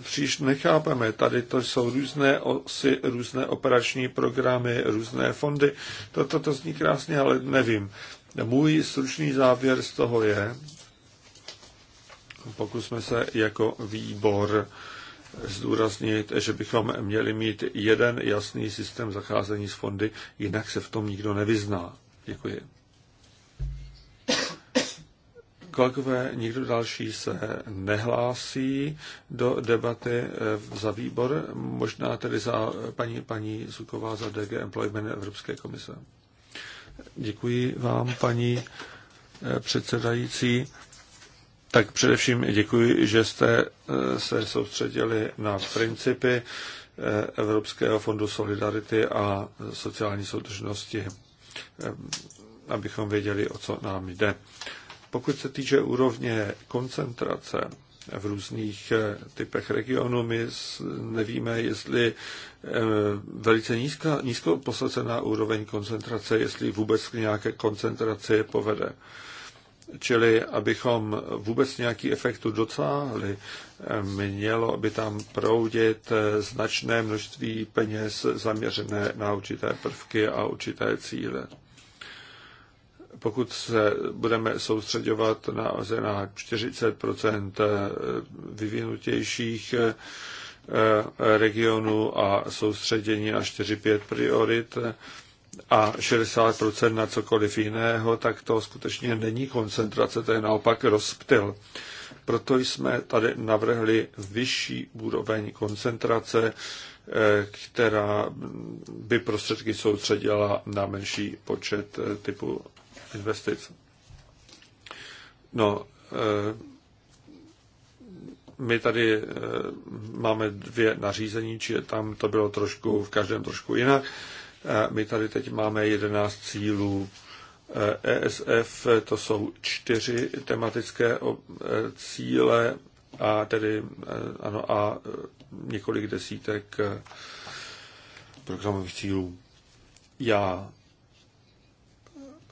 Speaker 2: příliš nechápeme. Tady to jsou různé osy, různé operační programy, různé fondy. Toto to, to zní krásně, ale nevím. Můj stručný závěr z toho je, pokusme se jako výbor zdůraznit, že bychom měli mít jeden jasný systém zacházení s fondy, jinak se v tom nikdo nevyzná. Děkuji. Kolegové, nikdo další se nehlásí do debaty eh, za výbor, možná tedy za paní, paní Zuková za DG Employment Evropské komise. Děkuji vám, paní eh, předsedající. Tak především děkuji, že jste eh, se soustředili na principy eh, Evropského fondu solidarity a sociální soudržnosti, abychom věděli, o co nám jde. Pokud se týče úrovně koncentrace, v různých eh, typech regionů. My nevíme, jestli eh, velice nízká, nízko posazená úroveň koncentrace, jestli vůbec k nějaké koncentraci povede. Čili abychom vůbec nějaký efektu docáhli, eh, mělo by tam proudit značné množství peněz zaměřené na určité prvky a určité cíle pokud se budeme soustředovat na, na 40 eh, vyvinutějších eh, eh, regionů a soustředění na 4-5 priorit a 60 na cokoliv jiného, tak to skutečně není koncentrace, to je naopak rozptyl. Proto jsme tady navrhli vyšší úroveň koncentrace, která by prostředky soustředila na menší počet typu investic. No, eh, my tady eh, máme dvě nařízení, či tam to bylo trošku, v každém trošku jinak. Eh, my tady teď máme 11 cílů ESF, e to jsou čtyři tematické cíle a tedy ano, a několik desítek programových cílů. Já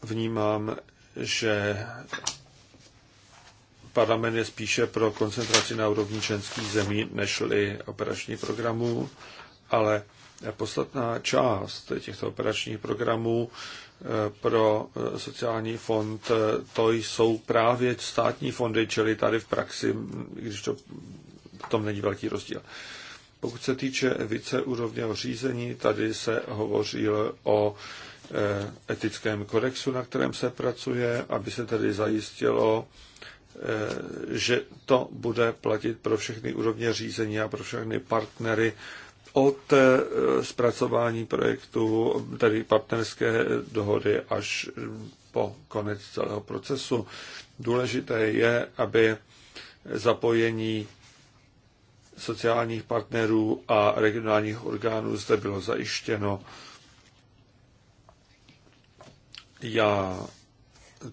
Speaker 2: vnímám, že parlament je spíše pro koncentraci na úrovni členských zemí, nežli operační programů, ale podstatná část těchto operačních programů eh, pro eh, sociální fond, eh, to jsou právě státní fondy, čili tady v praxi, když to v tom není velký rozdíl. Pokud se týče úrovně řízení, tady se hovoří o Eh, etickém kodexu, na kterém se pracuje, aby se tedy zajistilo, eh, že to bude platit pro všechny úrovně řízení a pro všechny partnery od eh, zpracování projektu, tedy partnerské dohody, až po konec celého procesu. Důležité je, aby zapojení sociálních partnerů a regionálních orgánů zde bylo zajištěno já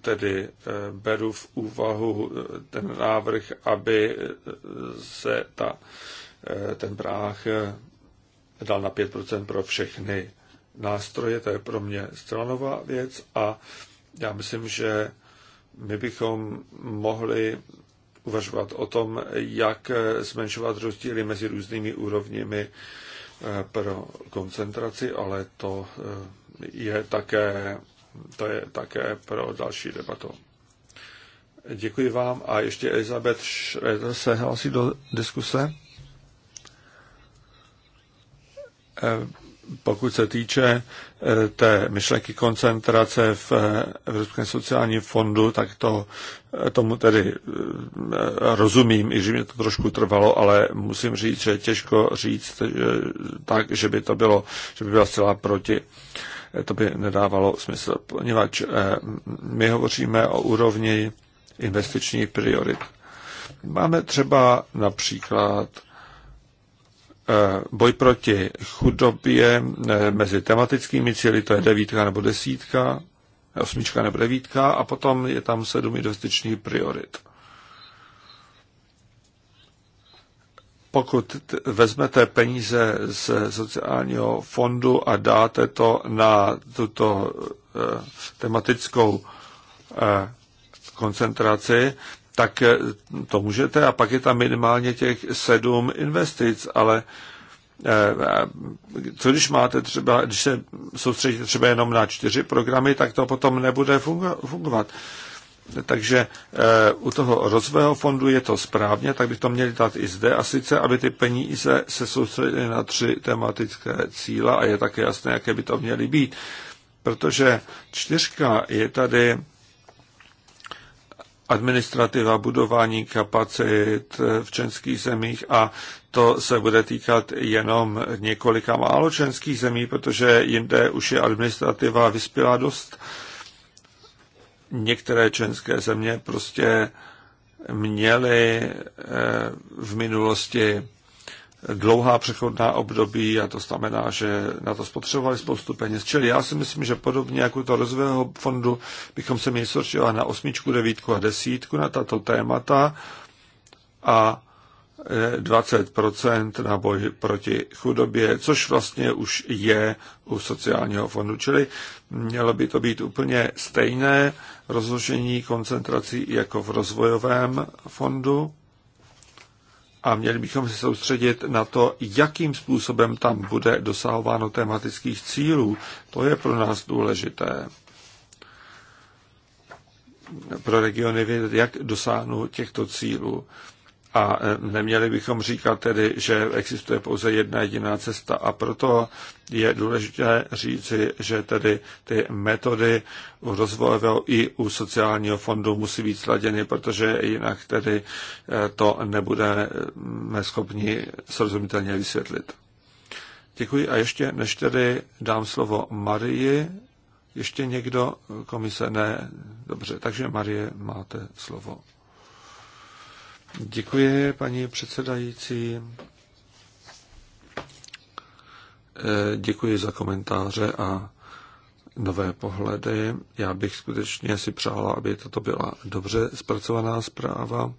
Speaker 2: tedy eh, beru v úvahu eh, ten návrh, aby eh, se ta, ten práh dal na 5% pro všechny nástroje, to je pro mě stranová věc a já myslím, že my bychom mohli uvažovat o tom, jak zmenšovat rozdíly mezi různými úrovněmi pro koncentraci, ale to je také to je také pro další debatu. Děkuji vám a ještě Elizabeth Schroeder se hlásí do diskuse. Eh, pokud se týče eh, té myšlenky koncentrace v eh, Evropském sociálním fondu, tak to, tomu tedy rozumím, i že mě to trošku trvalo, ale musím říct, že je těžko říct tak, že by to bylo, že by byla zcela proti to by nedávalo smysl, poněvadž eh, my hovoříme o úrovni investičních priorit. Máme třeba například eh, boj proti chudobě eh, mezi tematickými cíly, to je devítka nebo desítka, osmička nebo devítka, a potom je tam sedm investičních priorit. pokud vezmete peníze z sociálního fondu a dáte to na tuto eh, tematickou eh, koncentraci, tak eh, to můžete a pak je tam minimálně těch sedm investic, ale co když máte třeba, když se soustředíte třeba jenom na čtyři programy, tak to potom nebude fungovat. Takže eh, u toho rozvého fondu je to správně, tak by to měli dát i zde. A sice, aby ty peníze se soustředily na tři tematické cíle a je také jasné, jaké by to měly být. Protože čtyřka je tady administrativa, budování kapacit eh, v členských zemích a to se bude týkat jenom několika málo členských zemí, protože jinde už je administrativa vyspělá dost. E, některé členské země prostě měly eh, v minulosti dlouhá přechodná období a to znamená, že na to spotřebovali spoustu peněz. Čili já si myslím, že podobně jako to rozvojového fondu bychom se měli soustředovat na osmičku, devítku a desítku na tato témata a 20 na boj proti chudobě, což vlastně už je u sociálního fondu. Čili mělo by to být úplně stejné rozložení koncentrací jako v rozvojovém fondu. A měli bychom se soustředit na to, jakým způsobem tam bude dosahováno tematických cílů. To je pro nás důležité pro regiony vědět, jak dosáhnout těchto cílů. A e, neměli bychom říkat tedy, že existuje pouze jedna jediná cesta a proto je důležité říci, že tedy ty metody u rozvojového i u sociálního fondu musí být sladěny, protože jinak tedy e, to nebudeme schopni srozumitelně vysvětlit. Děkuji a ještě, než tedy dám slovo Marii, ještě někdo, komise ne, dobře, takže Marie, máte slovo. Děkuji, paní předsedající. Eh, děkuji za komentáře a nové pohledy. Já bych skutečně si přála, aby toto byla dobře zpracovaná zpráva.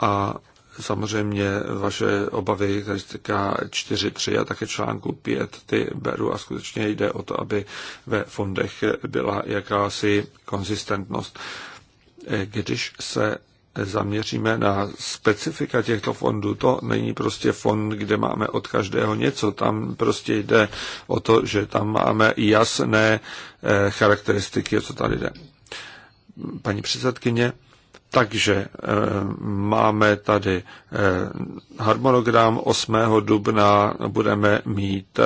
Speaker 2: A samozřejmě vaše obavy, které se týká 4.3 a také článku 5, ty beru a skutečně jde o to, aby ve fondech byla jakási konzistentnost. Eh, když se zaměříme na specifika těchto fondů, to není prostě fond, kde máme od každého něco. Tam prostě jde o to, že tam máme jasné eh, charakteristiky, co tady jde. Paní předsedkyně, takže eh, máme tady eh, harmonogram 8. dubna, budeme mít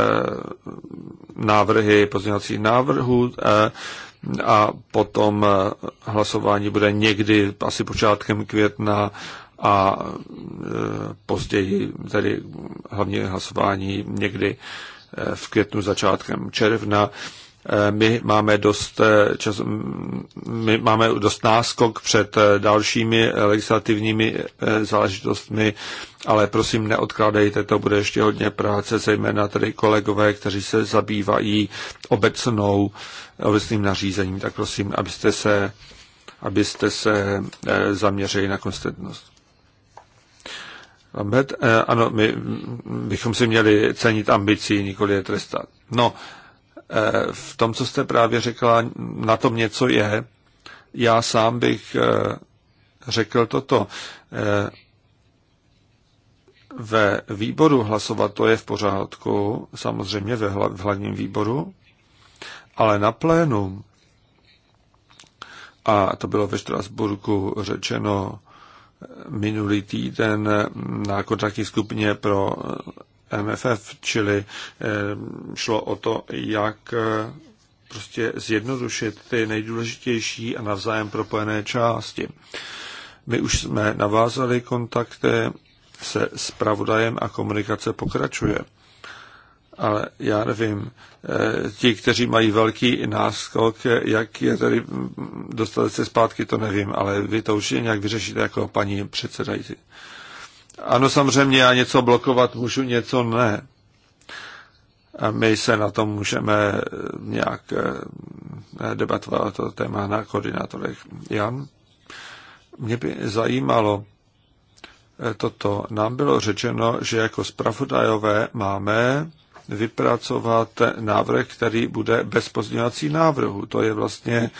Speaker 2: návrhy pozměňovacích návrhů a potom eh, hlasování bude někdy asi počátkem května a eh, později, tedy hlavně hlasování někdy eh, v květnu začátkem června. Eh, my máme dost, eh, čas, my máme dost náskok před eh, dalšími legislativními záležitostmi, ale prosím neodkládejte, to bude ještě hodně práce, zejména tady kolegové, kteří se zabývají obecnou, obecným nařízením, tak prosím, abyste se, abyste se zaměřili na konstantnost. ano, my bychom si měli cenit ambicí, nikoli je trestat. No, Eh, v tom, co jste právě řekla, na tom něco je. Já sám bych eh, řekl toto. Eh, ve výboru hlasovat to je v pořádku, samozřejmě ve hlavním výboru, ale na plénu, a to bylo ve Štrasburku řečeno minulý týden na kontaktní skupině pro MFF, čili eh, šlo o to, jak eh, prostě zjednodušit ty nejdůležitější a navzájem propojené části. My už jsme navázali kontakty se spravodajem a komunikace pokračuje. Ale já nevím, eh, ti, kteří mají velký náskok, jak je tady mm, dostat se zpátky, to nevím, ale vy to určitě nějak vyřešíte jako paní předsedající. Ano, samozřejmě já něco blokovat můžu, něco ne. A my se na tom můžeme nějak eh, debatovat o to téma na koordinátorech. Jan, mě by zajímalo eh, toto. Nám bylo řečeno, že jako zpravodajové máme vypracovat návrh, který bude bez pozměňovací návrhu. To je vlastně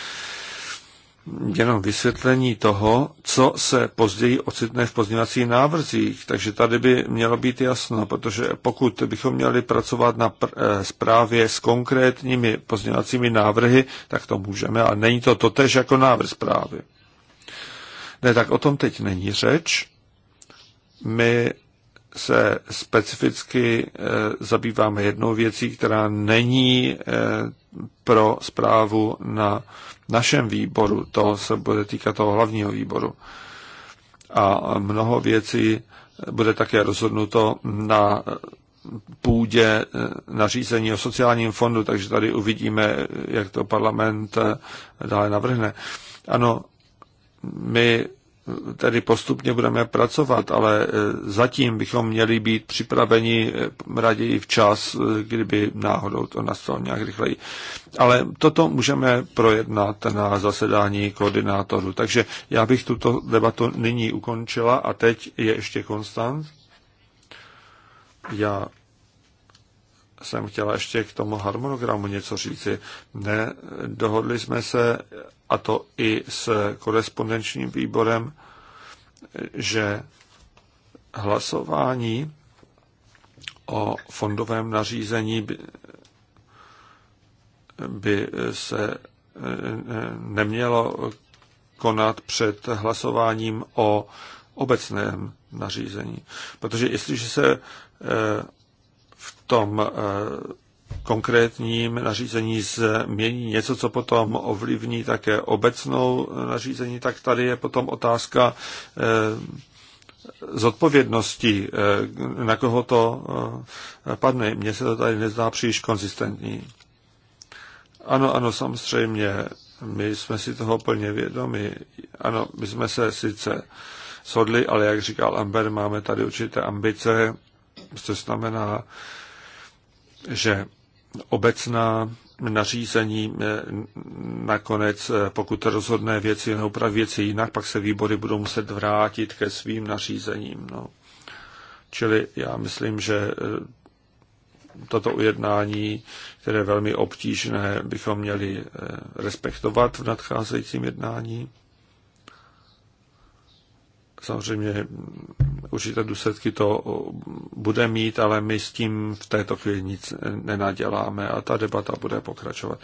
Speaker 2: jenom vysvětlení toho, co se později ocitne v pozměňovacích návrzích. Takže tady by mělo být jasno, protože pokud bychom měli pracovat na pr- eh, zprávě s konkrétními pozměňovacími návrhy, tak to můžeme, ale není to totež jako návrh zprávy. Ne, tak o tom teď není řeč. My se specificky e, zabýváme jednou věcí, která není e, pro zprávu na našem výboru, toho se bude týkat toho hlavního výboru. A mnoho věcí bude také rozhodnuto na půdě eh, nařízení o sociálním fondu, takže tady uvidíme, eh, jak to parlament eh, dále navrhne. Ano, my tedy postupně budeme pracovat, ale eh, zatím bychom měli být připraveni eh, raději včas, eh, kdyby náhodou to nastalo nějak rychleji. Ale toto můžeme projednat na zasedání koordinátorů. Takže já bych tuto debatu nyní ukončila a teď je ještě Konstant. Já jsem chtěla ještě k tomu harmonogramu něco říci. Ne, dohodli jsme se, a to i s korespondenčním výborem, že hlasování o fondovém nařízení by, by se e, nemělo konat před hlasováním o obecném nařízení. Protože jestliže se e, tom eh, konkrétním nařízení změní něco, co potom ovlivní také obecnou nařízení, tak tady je potom otázka eh, zodpovědnosti, eh, na koho to padne. Mně se to tady nezdá příliš konzistentní. Ano, ano, samozřejmě, my jsme si toho plně vědomi. Ano, my jsme se sice shodli, ale jak říkal Amber, máme tady určité ambice, což znamená, že obecná nařízení eh, nakonec, eh, pokud rozhodné věci neupraví věci jinak, pak se výbory budou muset vrátit ke svým nařízením. No. Čili já myslím, že eh, toto ujednání, které je velmi obtížné, bychom měli respektovat v nadcházejícím jednání. Samozřejmě určité důsledky to bude mít, ale my s tím v této chvíli nic nenaděláme a ta debata bude pokračovat.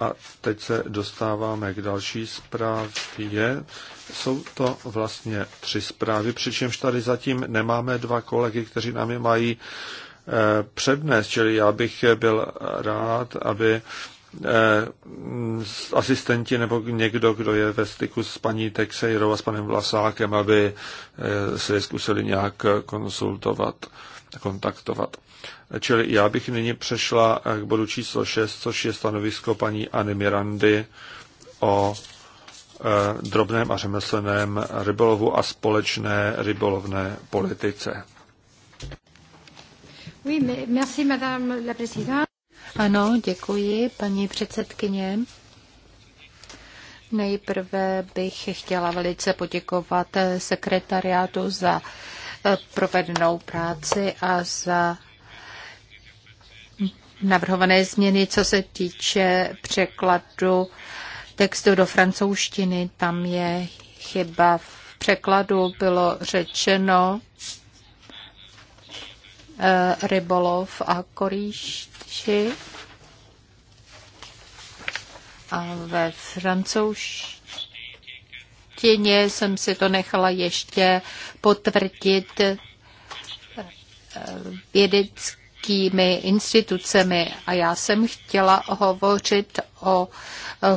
Speaker 2: A teď se dostáváme k další zprávě. Jsou to vlastně tři zprávy, přičemž tady zatím nemáme dva kolegy, kteří nám je mají eh, přednést, čili já bych byl rád, aby Eh, asistenti nebo někdo, kdo je ve styku s paní Texejrou a s panem Vlasákem, aby eh, se je zkusili nějak konsultovat, kontaktovat. Čili já bych nyní přešla eh, k bodu číslo 6, což je stanovisko paní Anny Mirandy o drobném a řemeslném rybolovu a společné rybolovné politice.
Speaker 3: Oui, merci, madame la présidente. Ano, děkuji, paní předsedkyně. Nejprve bych chtěla velice poděkovat sekretariátu za eh, provedenou práci a za navrhované změny, co se týče překladu textu do francouzštiny. Tam je chyba v překladu, bylo řečeno eh, rybolov a korýš řeči a ve francouzštině jsem si to nechala ještě potvrdit eh, vědeckými institucemi a já jsem chtěla hovořit o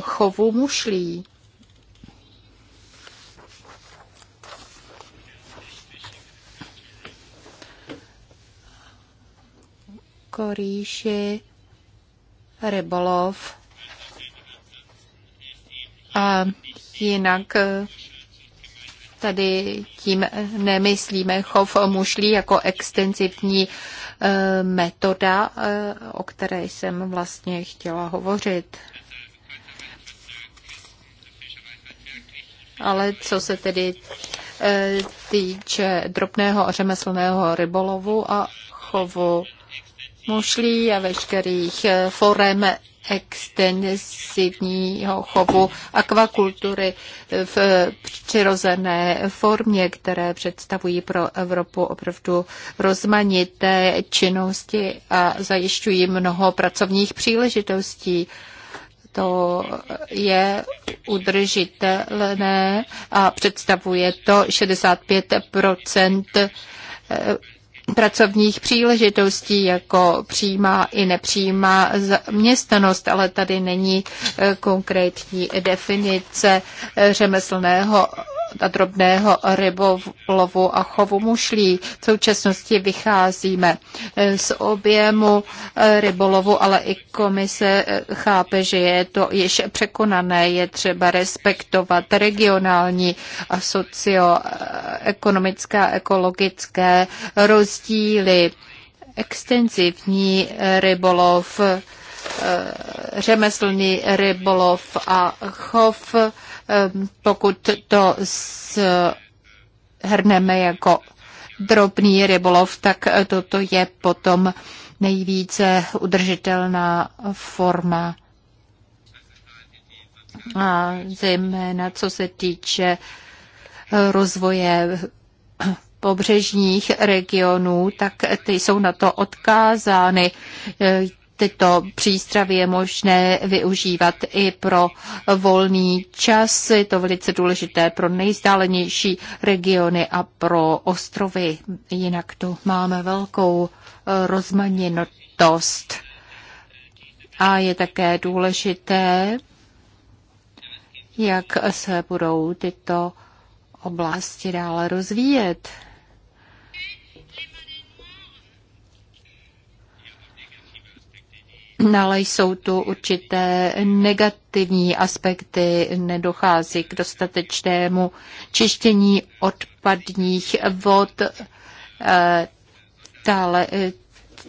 Speaker 3: chovu mušlí. Jako rýši, rybolov a jinak eh, tady tím nemyslíme chov mušlí jako extenzivní eh, metoda, eh, o které jsem vlastně chtěla hovořit. Ale co se tedy týče drobného a řemeslného rybolovu a chovu mušlí a veškerých eh, forem extenzivního chovu akvakultury eh, v eh, přirozené formě, které představují pro Evropu opravdu rozmanité činnosti a zajišťují mnoho pracovních příležitostí. To je udržitelné a představuje to 65 pracovních příležitostí, jako přímá i nepřímá zaměstnanost, ale tady není eh, konkrétní definice eh, řemeslného a drobného rybolovu a chovu mušlí. V současnosti vycházíme eh, z objemu eh, rybolovu, ale i komise eh, chápe, že je to již překonané. Je třeba respektovat regionální a socioekonomické a ekologické rozdíly. Extenzivní rybolov, řemeslný rybolov a chov Ehm, pokud to shrneme jako drobný rybolov, tak eh, toto je potom nejvíce udržitelná forma. A zejména co se týče eh, rozvoje [clears throat] pobřežních regionů, tak ty jsou na to odkázány. Eh, tyto přístravy je možné využívat i pro volný čas. Je to velice důležité pro nejzdálenější regiony a pro ostrovy. Jinak tu máme velkou eh, rozmanitost. A je také důležité, jak se budou tyto oblasti dále rozvíjet. ale jsou tu určité negativní aspekty, nedochází k dostatečnému čištění odpadních vod, eh, dále eh,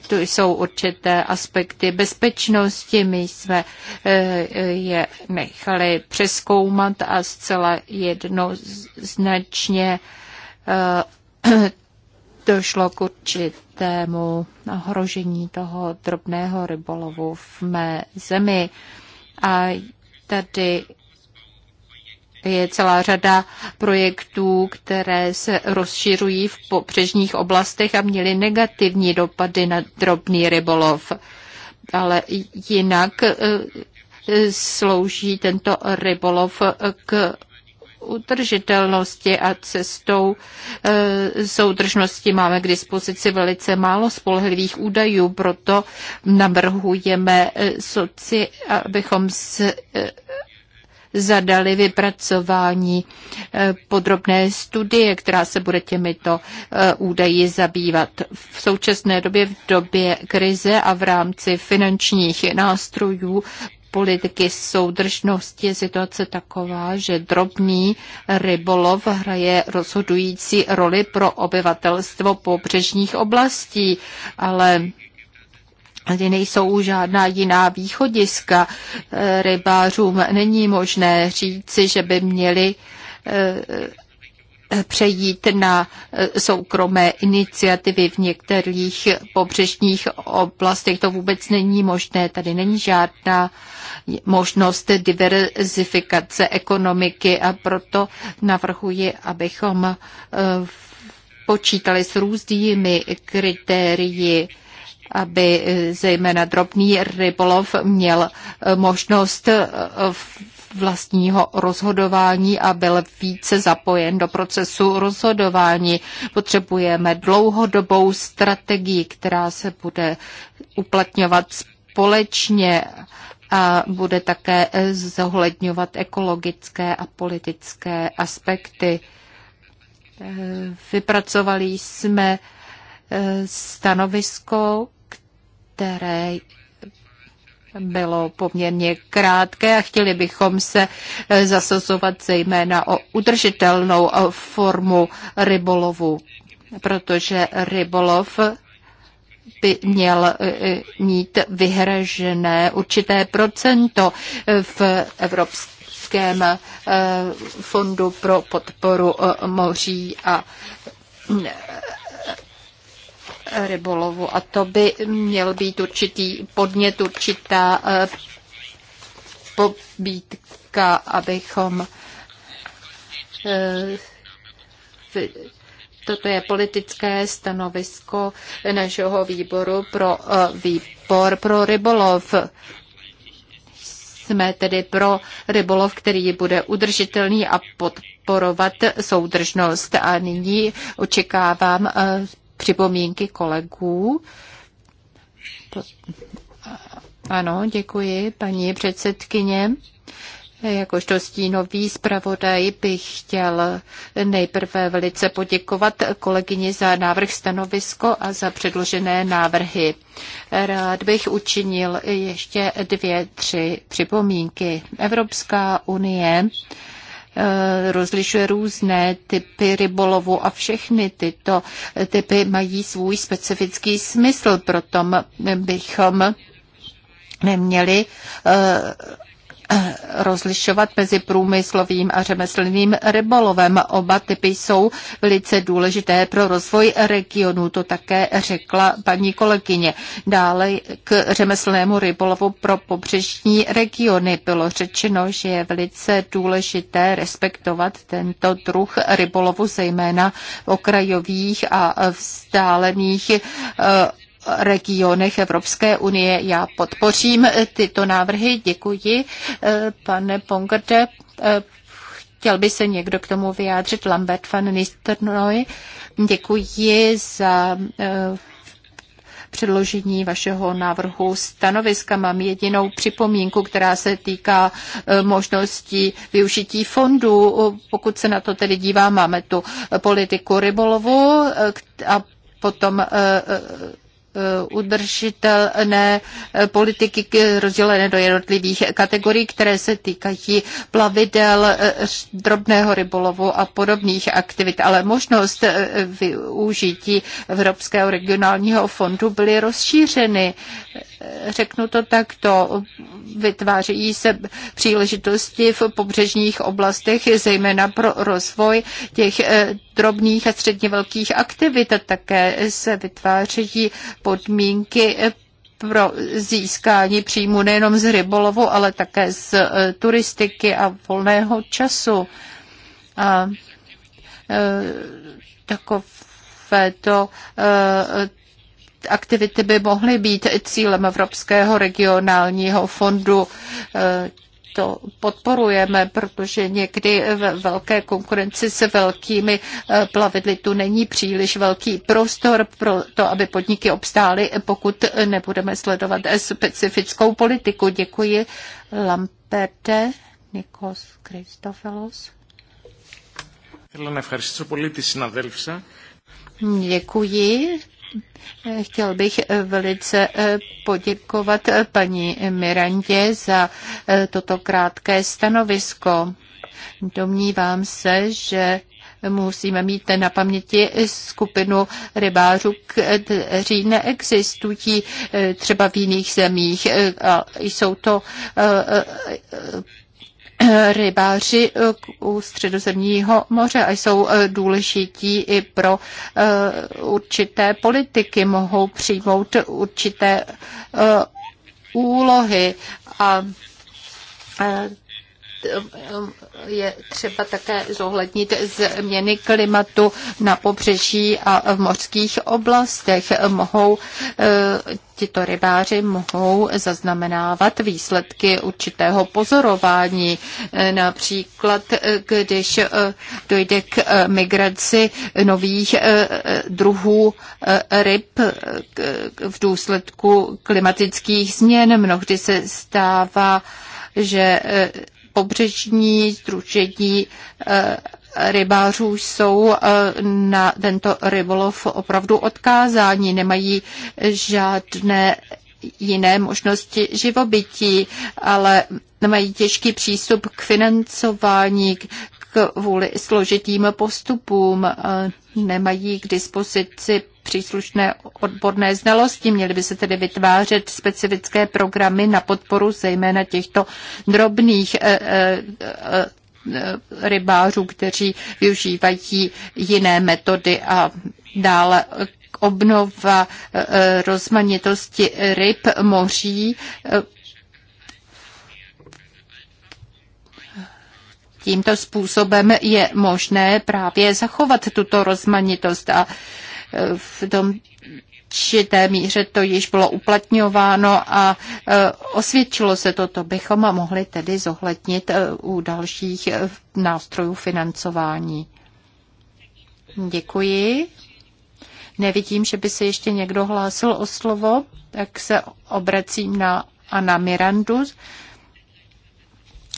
Speaker 3: tu jsou určité aspekty bezpečnosti. My jsme eh, je nechali přeskoumat a zcela jednoznačně došlo k určitému ohrožení toho drobného rybolovu v mé zemi. A tady je celá řada projektů, které se rozšiřují v popřežních oblastech a měly negativní dopady na drobný rybolov. Ale jinak eh, slouží tento rybolov k udržitelnosti a cestou e, soudržnosti máme k dispozici velice málo spolehlivých údajů, proto navrhujeme, e, soci, abychom s, e, zadali vypracování podrobné studie, která se bude těmito údaji zabývat. V současné době, v době krize a v rámci finančních nástrojů politiky soudržnosti je situace taková, že drobný rybolov hraje rozhodující roli pro obyvatelstvo pobřežních oblastí, ale kdy nejsou žádná jiná východiska. Rybářům není možné říci, že by měli eh, přejít na eh, soukromé iniciativy v některých pobřežních oblastech. To vůbec není možné. Tady není žádná možnost diverzifikace ekonomiky a proto navrhuji, abychom eh, počítali s různými kritérii aby eh, zejména drobný rybolov měl možnost vlastního rozhodování a byl více zapojen do procesu rozhodování. Potřebujeme dlouhodobou strategii, která se bude uplatňovat společně a bude také zohledňovat ekologické a politické aspekty. Vypracovali jsme eh, stanovisko, které bylo poměrně krátké a chtěli bychom se eh, zasazovat zejména o udržitelnou eh, formu rybolovu, protože rybolov by měl eh, mít vyhražené určité procento v Evropském fondu pro podporu moří a rybolovu. A to by měl být určitý podnět, určitá eh, pobítka, abychom eh, toto je politické stanovisko našeho výboru pro eh, výbor pro rybolov. Jsme tedy pro rybolov, který bude udržitelný a podporovat soudržnost. A nyní očekávám připomínky kolegů. Ano, děkuji, paní předsedkyně. Jakožto stínový zpravodaj bych chtěl nejprve velice poděkovat kolegyni za návrh stanovisko a za předložené návrhy. Rád bych učinil ještě dvě, tři připomínky. Evropská unie Eh, rozlišuje různé typy rybolovu a všechny tyto typy mají svůj specifický smysl, proto bychom neměli eh, Eh, rozlišovat mezi průmyslovým a řemeslným rybolovem. Oba typy jsou velice důležité pro rozvoj regionu, to také řekla paní kolegyně. Dále k řemeslnému rybolovu pro pobřežní regiony bylo řečeno, že je velice důležité respektovat tento druh rybolovu, zejména v okrajových a vzdálených eh, regionech Evropské unie. Já podpořím eh, tyto návrhy. Děkuji, eh, pane Pongrde. Eh, chtěl by se někdo k tomu vyjádřit? Lambert van Nistelrooy. Děkuji za předložení vašeho návrhu stanoviska. Mám jedinou připomínku, která se týká možnosti využití fondů. Pokud se na to tedy dívá, máme tu politiku rybolovu a potom udržitelné politiky rozdělené do jednotlivých kategorií, které se týkají plavidel, eh, drobného rybolovu a podobných aktivit. Ale možnost eh, využití Evropského regionálního fondu byly rozšířeny Řeknu to takto, vytvářejí se příležitosti v pobřežních oblastech, zejména pro rozvoj těch eh, drobných a středně velkých aktivit. a Také se vytvářejí podmínky eh, pro získání příjmu nejenom z rybolovu, ale také z eh, turistiky a volného času. A, takové to aktivity by mohly být cílem Evropského regionálního fondu e, to podporujeme, protože někdy ve velké konkurenci se velkými e, plavidly tu není příliš velký prostor pro to, aby podniky obstály, pokud nebudeme sledovat specifickou politiku. Děkuji. Lamperte, Nikos Kristofelos. Děkuji. Chtěl bych velice eh, poděkovat eh, paní Mirandě za eh, toto krátké stanovisko. Domnívám se, že musíme mít na paměti skupinu rybářů, kteří neexistují třeba v jiných zemích. Jsou to rybáři eh, u středozemního moře a jsou eh, důležití i pro eh, určité politiky, mohou přijmout určité úlohy a je třeba také zohlednit změny klimatu na pobřeží a v mořských oblastech. Mohou eh, tito rybáři mohou zaznamenávat výsledky určitého pozorování. Eh, například, eh, když dojde k migraci nových druhů ryb v důsledku klimatických změn, mnohdy se stává, že pobřežní združení eh, rybářů jsou eh, na tento rybolov opravdu odkázáni, nemají žádné jiné možnosti živobytí, ale mají těžký přístup k financování, vůli složitým postupům, eh, nemají k dispozici příslušné odborné znalosti. Měly by se tedy vytvářet specifické programy na podporu zejména těchto drobných eh, eh, eh, rybářů, kteří využívají jiné metody a dále obnova rozmanitosti ryb moří tímto způsobem je možné právě zachovat tuto rozmanitost a v tom určité míře to již bylo uplatňováno a e, osvědčilo se to, to bychom mohli tedy zohlednit e, u dalších e, nástrojů financování. Děkuji. Nevidím, že by se ještě někdo hlásil o slovo, tak se obracím na Ana Mirandu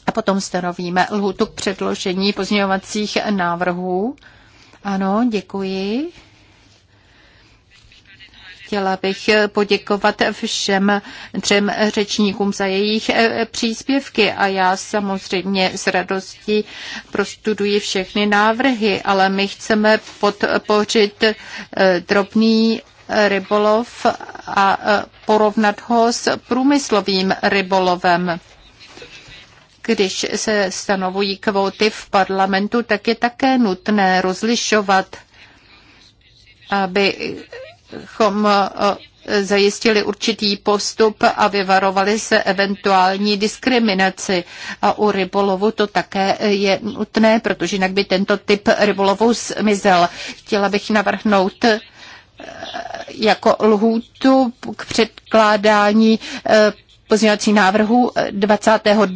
Speaker 3: a potom stanovíme lhutu k předložení pozměňovacích návrhů. Ano, děkuji. Chtěla bych eh, poděkovat všem třem řečníkům za jejich eh, příspěvky a já samozřejmě s radostí prostuduji všechny návrhy, ale my chceme podpořit eh, drobný rybolov a porovnat ho s průmyslovým rybolovem když se stanovují kvóty v parlamentu, tak je také nutné rozlišovat, aby abychom eh, zajistili určitý postup a vyvarovali se eventuální diskriminaci. A u rybolovu to také eh, je nutné, protože jinak by tento typ rybolovu zmizel. Chtěla bych navrhnout eh, jako lhůtu k předkládání pozměňovací návrhu 29.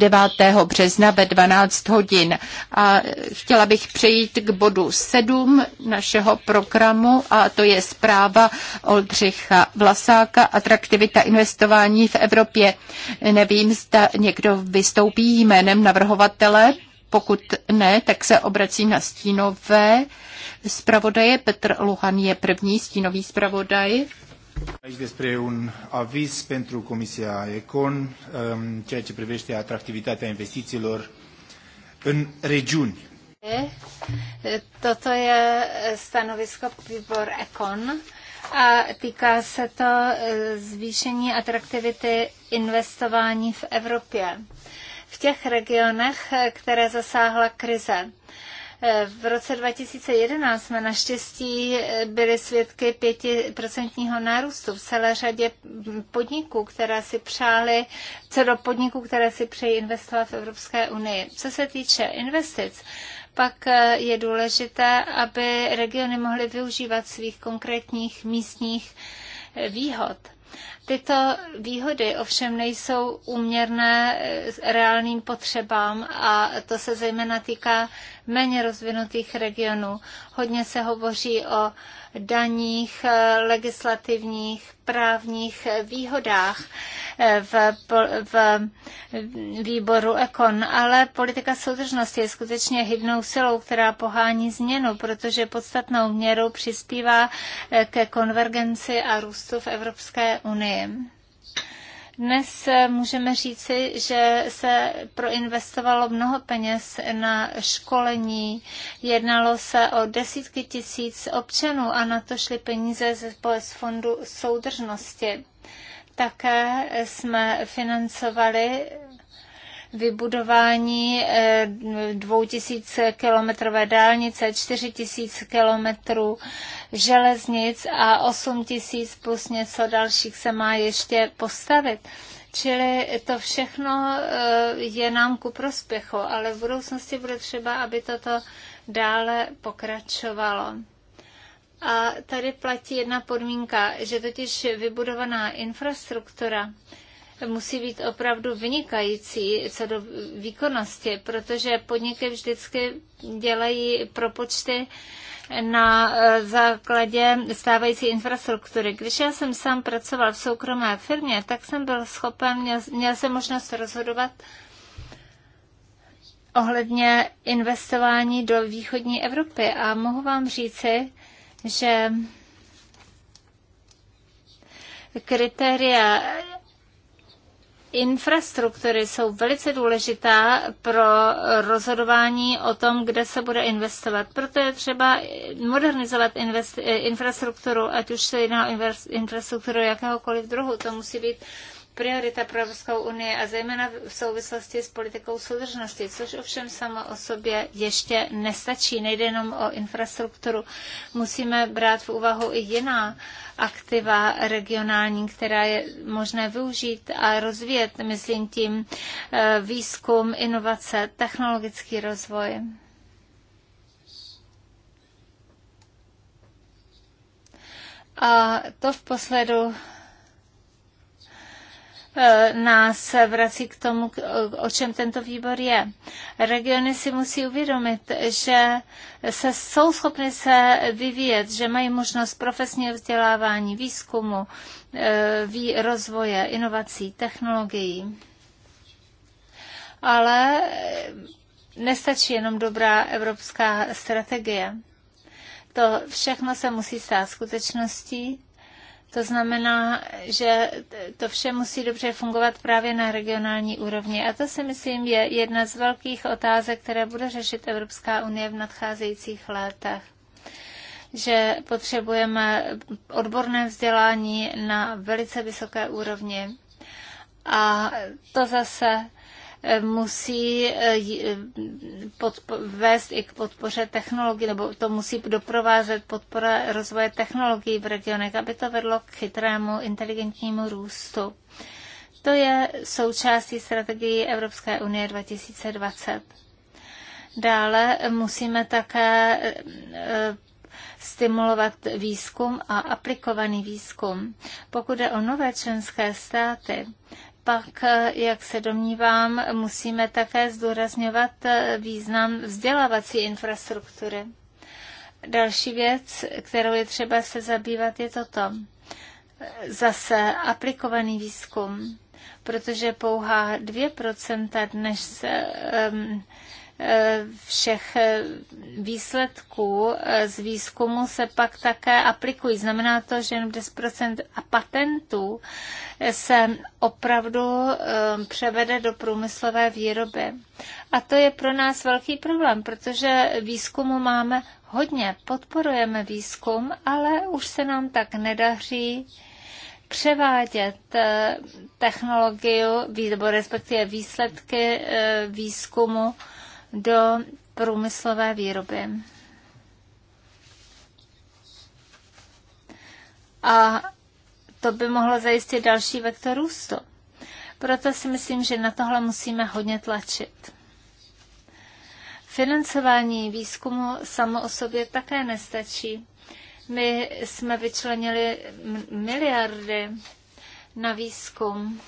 Speaker 3: Eh, března ve 12 hodin. A chtěla bych přejít k bodu 7 našeho programu a to je zpráva Oldřicha Vlasáka Atraktivita investování v Evropě. Nevím, zda někdo vystoupí jménem navrhovatele. Pokud ne, tak se obracím na stínové zpravodaje. Petr Luhan je první stínový zpravodaj.
Speaker 2: Aici despre un aviz pentru Comisia Econ, um, ceea ce privește
Speaker 1: atractivitatea investițiilor în regiuni. Toto je stanovisko výbor Econ a týká se to eh, zvýšení atraktivity investování v Evropě, v těch regionech, eh, které zasáhla krize. Eh, v roce 2011 jsme naštěstí eh, byli svědky 5% nárůstu v celé řadě podniků, které si přáli, co do podniků, které si přejí investovat v Evropské unii. Co se týče investic, pak eh, je důležité, aby regiony mohly využívat svých konkrétních místních výhod Tyto výhody ovšem nejsou úměrné eh, reálným potřebám a to se zejména týká méně rozvinutých regionů. Hodně se hovoří o daních, eh, legislativních, právních výhodách eh, v, v výboru Ekon, ale politika soudržnosti je skutečně hybnou silou, která pohání změnu, protože podstatnou měrou přispívá eh, ke konvergenci a růstu v Evropské unii. Dnes můžeme říci, že se proinvestovalo mnoho peněz na školení. Jednalo se o desítky tisíc občanů a na to šly peníze z fondu soudržnosti. Také jsme financovali vybudování 2000 eh, kilometrové dálnice, 4000 kilometrů železnic a 8000 plus něco dalších se má ještě postavit. Čili to všechno eh, je nám ku prospěchu, ale v budoucnosti bude třeba, aby toto dále pokračovalo. A tady platí jedna podmínka, že totiž vybudovaná infrastruktura musí být opravdu vynikající co do výkonnosti, protože podniky vždycky dělají propočty na eh, základě stávající infrastruktury. Když já jsem sám pracoval v soukromé firmě, tak jsem byl schopen, měl, měl jsem možnost rozhodovat ohledně investování do východní Evropy a mohu vám říci, že kritéria infrastruktury jsou velice důležitá pro rozhodování o tom, kde se bude investovat. Proto je třeba modernizovat eh, infrastrukturu, ať už se jedná o infrastrukturu jakéhokoliv druhu. To musí být priorita pro Evropskou unii a zejména v souvislosti s politikou soudržnosti, což ovšem samo o sobě ještě nestačí. Nejde jenom o infrastrukturu. Musíme brát v úvahu i jiná aktiva regionální, která je možné využít a rozvíjet, myslím tím eh, výzkum, inovace, technologický rozvoj. A to v posledu E, nás vrací k tomu, o čem tento výbor je. Regiony si musí uvědomit, že se, jsou schopny se vyvíjet, že mají možnost profesního vzdělávání, výzkumu, e, rozvoje, inovací, technologií. Ale nestačí jenom dobrá evropská strategie. To všechno se musí stát skutečností to znamená, že to vše musí dobře fungovat právě na regionální úrovni. A to si myslím je jedna z velkých otázek, které bude řešit Evropská unie v nadcházejících letech že potřebujeme odborné vzdělání na velice vysoké úrovni. A to zase musí eh, eh, vést i k podpoře technologií, nebo to musí doprovázet podpora rozvoje technologií v regionech, aby to vedlo k chytrému, inteligentnímu růstu. To je součástí strategii Evropské unie 2020. Dále musíme také eh, stimulovat výzkum a aplikovaný výzkum. Pokud je o nové členské státy, pak, eh, jak se domnívám, musíme také zdůrazňovat eh, význam vzdělávací infrastruktury. Další věc, kterou je třeba se zabývat, je toto. Zase aplikovaný výzkum, protože pouhá 2% dnes um, všech eh, výsledků eh, z výzkumu se pak také aplikují. Znamená to, že jenom 10% patentů eh, se opravdu převede do průmyslové výroby. A to je pro nás velký problém, protože výzkumu máme hodně, podporujeme výzkum, ale už se nám tak nedaří převádět technologii, nebo respektive výsledky výzkumu do průmyslové výroby. A to by mohlo zajistit další vektor růstu. Proto si myslím, že na tohle musíme hodně tlačit. Financování výzkumu samo o sobě také nestačí. My jsme vyčlenili miliardy na výzkum.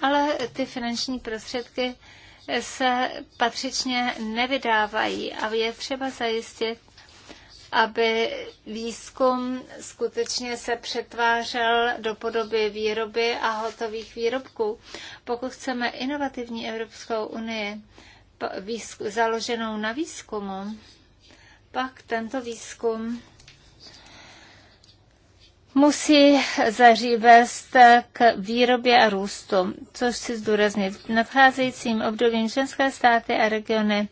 Speaker 1: ale ty finanční prostředky se patřičně nevydávají a je třeba zajistit, aby výzkum skutečně se přetvářel do podoby výroby a hotových výrobků. Pokud chceme inovativní Evropskou unii založenou na výzkumu, pak tento výzkum musí zaří vést k výrobě a růstu, což si zdůraznit. V nadcházejícím období členské státy a regiony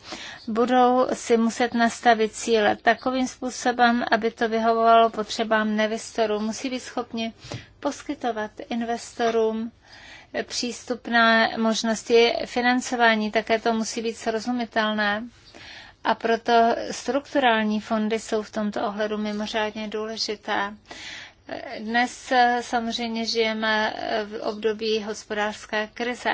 Speaker 1: budou si muset nastavit cíle takovým způsobem, aby to vyhovovalo potřebám investorů. Musí být schopni poskytovat investorům přístupné možnosti financování, také to musí být srozumitelné. A proto strukturální fondy jsou v tomto ohledu mimořádně důležité. Dnes samozřejmě žijeme v období hospodářské krize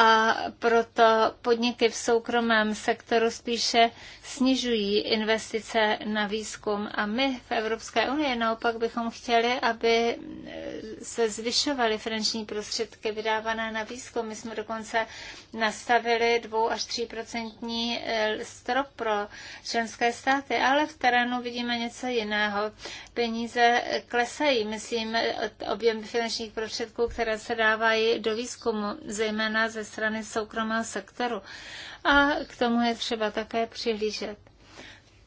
Speaker 1: a proto podniky v soukromém sektoru spíše snižují investice na výzkum. A my v Evropské unii naopak bychom chtěli, aby se zvyšovaly finanční prostředky vydávané na výzkum. My jsme dokonce nastavili 2 až 3 eh, strop pro členské státy, ale v terénu vidíme něco jiného. Peníze klesají, myslím, eh, objem finančních prostředků, které se dávají do výzkumu, zejména ze strany soukromého sektoru. A k tomu je třeba také přihlížet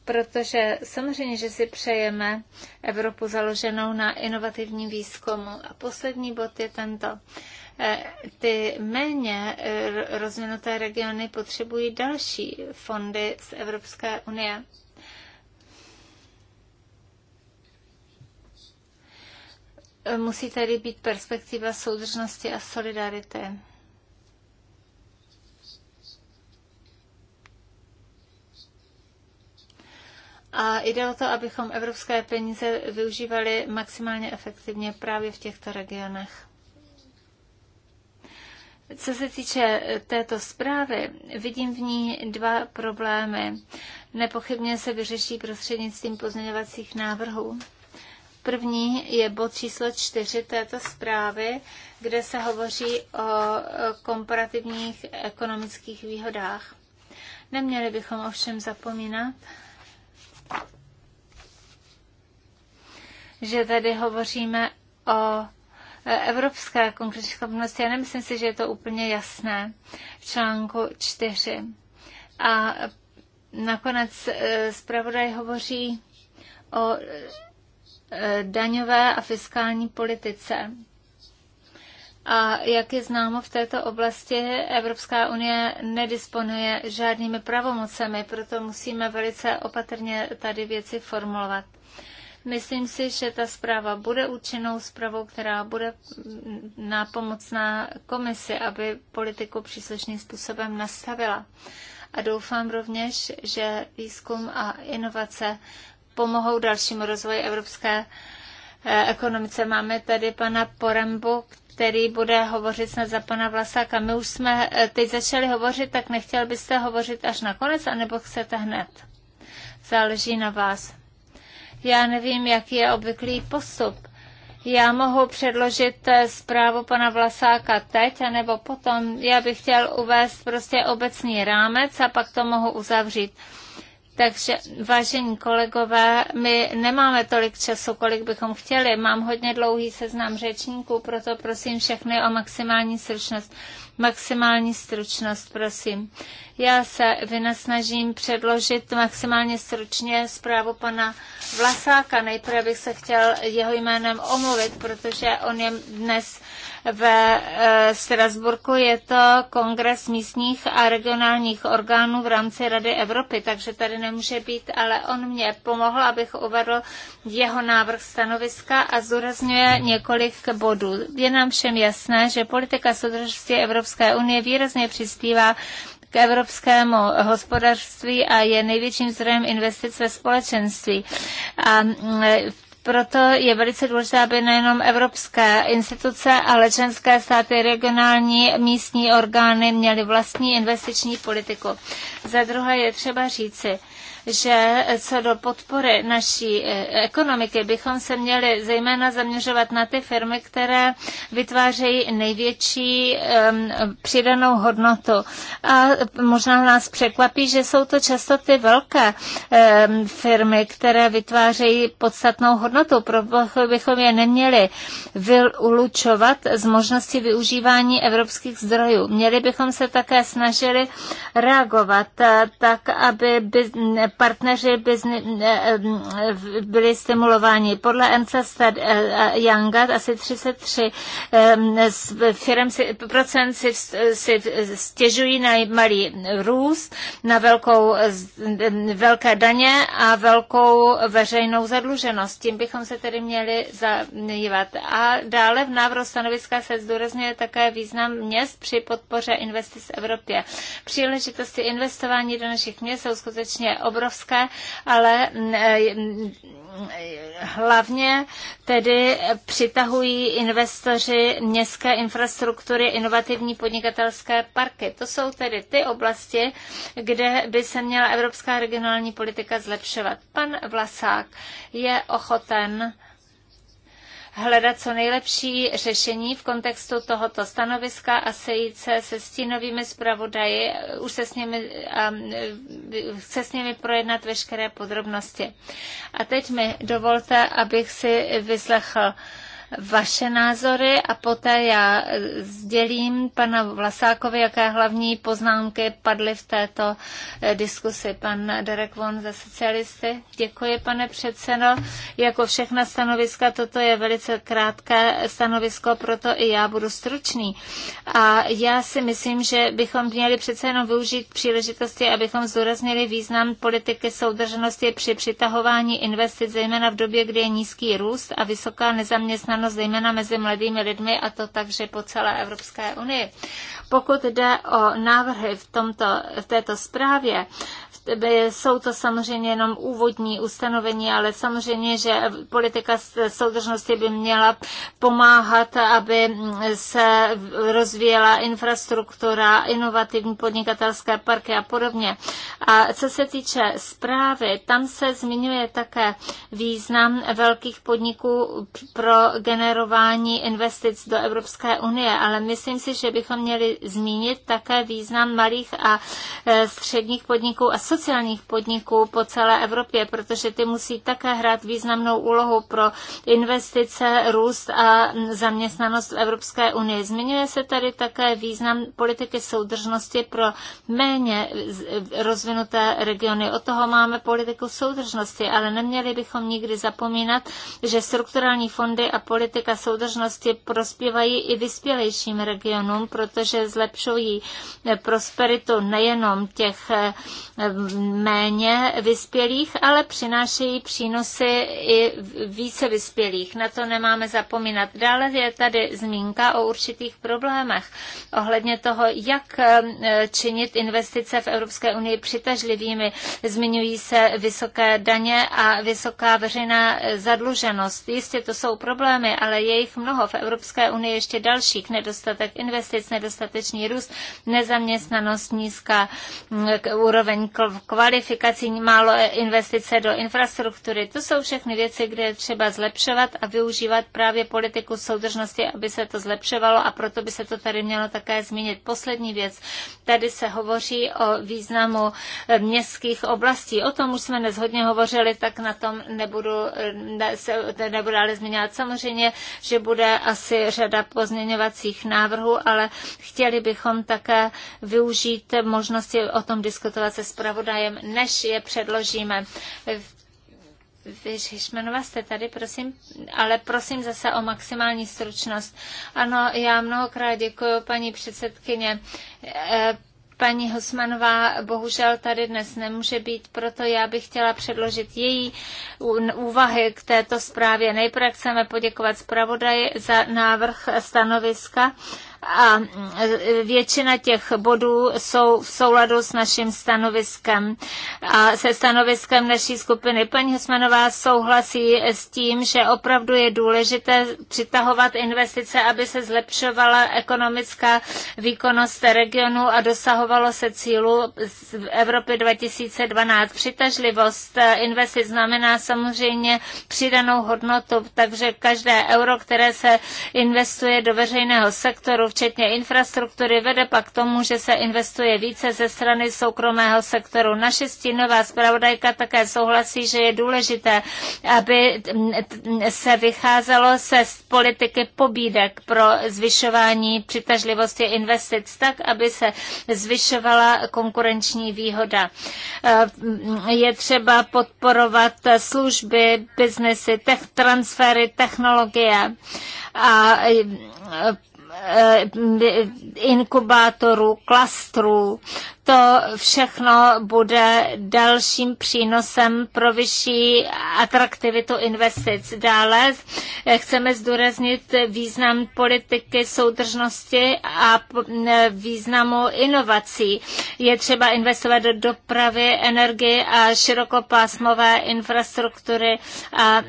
Speaker 1: protože samozřejmě, že si přejeme Evropu založenou na inovativním výzkumu. A poslední bod je tento. E, ty méně e, rozvinuté regiony potřebují další fondy z Evropské unie. Musí tady být perspektiva soudržnosti a solidarity. A jde o to, abychom evropské peníze využívali maximálně efektivně právě v těchto regionech. Co se týče této zprávy, vidím v ní dva problémy. Nepochybně se vyřeší prostřednictvím pozměňovacích návrhů. První je bod číslo čtyři této zprávy, kde se hovoří o komparativních ekonomických výhodách. Neměli bychom ovšem zapomínat, že tady hovoříme o evropské konkurenceschopnosti. Já nemyslím si, že je to úplně jasné v článku 4. A nakonec eh, zpravodaj hovoří o eh, daňové a fiskální politice. A jak je známo, v této oblasti Evropská unie nedisponuje žádnými pravomocemi, proto musíme velice opatrně tady věci formulovat. Myslím si, že ta zpráva bude účinnou zprávou, která bude nápomocná komisi, aby politiku příslušným způsobem nastavila. A doufám rovněž, že výzkum a inovace pomohou dalšímu rozvoji evropské eh, ekonomice. Máme tady pana Porembu, který bude hovořit snad za pana Vlasáka. My už jsme eh, teď začali hovořit, tak nechtěl byste hovořit až nakonec, anebo chcete hned? Záleží na vás. Já nevím, jaký je obvyklý postup. Já mohu předložit eh, zprávu pana Vlasáka teď, anebo potom. Já bych chtěl uvést prostě obecný rámec a pak to mohu uzavřít. Takže, vážení kolegové, my nemáme tolik času, kolik bychom chtěli. Mám hodně dlouhý seznam řečníků, proto prosím všechny o maximální stručnost. Maximální stručnost, prosím. Já se vynasnažím předložit maximálně stručně zprávu pana Vlasáka. Nejprve bych se chtěl jeho jménem omluvit, protože on je dnes ve eh, Strasburku je to kongres místních a regionálních orgánů v rámci Rady Evropy, takže tady nemůže být, ale on mě pomohl, abych uvedl jeho návrh stanoviska a zúrazňuje několik bodů. Je nám všem jasné, že politika soudržství Evropské unie výrazně přispívá k evropskému hospodářství a je největším zdrojem investic ve společenství. A mm, proto je velice důležité, aby nejenom evropské instituce, ale členské státy, regionální místní orgány měly vlastní investiční politiku. Za druhé je třeba říci, že co do podpory naší eh, ekonomiky bychom se měli zejména zaměřovat na ty firmy, které vytvářejí největší přidanou hodnotu. A možná nás překvapí, že jsou to často ty velké firmy, které vytvářejí podstatnou hodnotu. Proto bychom je neměli vylučovat z možnosti využívání evropských zdrojů. Měli bychom se také snažili reagovat eh, tak, aby by partneři byli stimulováni. Podle Ancestor eh, eh, Younga asi 33 firm si, procent si, si stěžují na malý růst, na velkou, velké daně a velkou veřejnou zadluženost. Tím bychom se tedy měli zabývat. A dále v návrhu stanoviska se zdůrazňuje také význam měst při podpoře investic v Evropě. Příležitosti investování do našich měst jsou skutečně obrovské obrovské, ale mm, eh, hlavně tedy přitahují investoři městské infrastruktury, inovativní podnikatelské parky. To jsou tedy ty oblasti, kde by se měla evropská regionální politika zlepšovat. Pan Vlasák je ochoten hledat co nejlepší řešení v kontextu tohoto stanoviska a sejít se se stínovými zpravodaji, eh, už se s nimi, um, se eh, s nimi projednat veškeré podrobnosti. A teď mi dovolte, abych si vyslechl vaše názory a poté já sdělím pana Vlasákovi, jaké hlavní poznámky padly v této eh, diskusi. Pan Derek Von ze socialisty. Děkuji, pane předsedo. Jako všechna stanoviska, toto je velice krátké stanovisko, proto i já budu stručný. A já si myslím, že bychom měli přece jenom využít příležitosti, abychom zdůraznili význam politiky soudržnosti při přitahování investic, zejména v době, kdy je nízký růst a vysoká nezaměstnanost vnímáno zejména mezi mladými lidmi a to takže po celé Evropské unii. Pokud jde o návrhy v, tomto, v této zprávě, jsou to samozřejmě jenom úvodní ustanovení, ale samozřejmě, že politika soudržnosti by měla pomáhat, aby se rozvíjela infrastruktura, inovativní podnikatelské parky a podobně. A co se týče zprávy, tam se zmiňuje také význam velkých podniků pro generování investic do Evropské unie, ale myslím si, že bychom měli zmínit také význam malých a e, středních podniků a sociálních podniků po celé Evropě, protože ty musí také hrát významnou úlohu pro investice, růst a zaměstnanost v Evropské unii. Zmiňuje se tady také význam politiky soudržnosti pro méně rozvinuté regiony. Od toho máme politiku soudržnosti, ale neměli bychom nikdy zapomínat, že strukturální fondy a politiky politika soudržnosti prospívají i vyspělejším regionům, protože zlepšují eh, prosperitu nejenom těch eh, méně vyspělých, ale přinášejí přínosy i více vyspělých. Na to nemáme zapomínat. Dále je tady zmínka o určitých problémech ohledně toho, jak eh, činit investice v Evropské unii přitažlivými. Zmiňují se vysoké daně a vysoká veřejná zadluženost. Jistě to jsou problémy, ale je jich mnoho. V Evropské unii ještě dalších nedostatek investic, nedostatečný růst, nezaměstnanost, nízká mm, úroveň kvalifikací, málo investice do infrastruktury. To jsou všechny věci, kde je třeba zlepšovat a využívat právě politiku soudržnosti, aby se to zlepšovalo a proto by se to tady mělo také zmínit. Poslední věc. Tady se hovoří o významu eh, městských oblastí. O tom už jsme dnes hodně hovořili, tak na tom nebudu, eh, ne, se, nebudu ale zmiňovat. Samozřejmě samozřejmě, že bude asi řada pozměňovacích návrhů, ale chtěli bychom také využít možnosti o tom diskutovat se zpravodajem, než je předložíme. Vyřešmenová jste tady, prosím, ale prosím zase o maximální stručnost. Ano, já mnohokrát děkuji, paní předsedkyně. Eh, Paní Hosmanová bohužel tady dnes nemůže být, proto já bych chtěla předložit její úvahy k této zprávě. Nejprve chceme poděkovat zpravodaji za návrh stanoviska a většina těch bodů jsou v souladu s naším stanoviskem a se stanoviskem naší skupiny. Paní Hosmanová souhlasí s tím, že opravdu je důležité přitahovat investice, aby se zlepšovala ekonomická výkonnost regionu a dosahovalo se cílu z Evropy 2012. Přitažlivost investic znamená samozřejmě přidanou hodnotu, takže každé euro, které se investuje do veřejného sektoru, včetně infrastruktury, vede pak k tomu, že se investuje více ze strany soukromého sektoru. Naše stínová zpravodajka také souhlasí, že je důležité, aby mm, se vycházelo se z politiky pobídek pro zvyšování přitažlivosti investic tak, aby se zvyšovala konkurenční výhoda. Eh, je třeba podporovat služby, biznesy, transfery, technologie a eh, Eh, inkubátorů, klastrů to všechno bude dalším přínosem pro vyšší atraktivitu investic. Dále chceme zdůraznit význam politiky soudržnosti a významu inovací. Je třeba investovat do dopravy, energie a širokopásmové infrastruktury a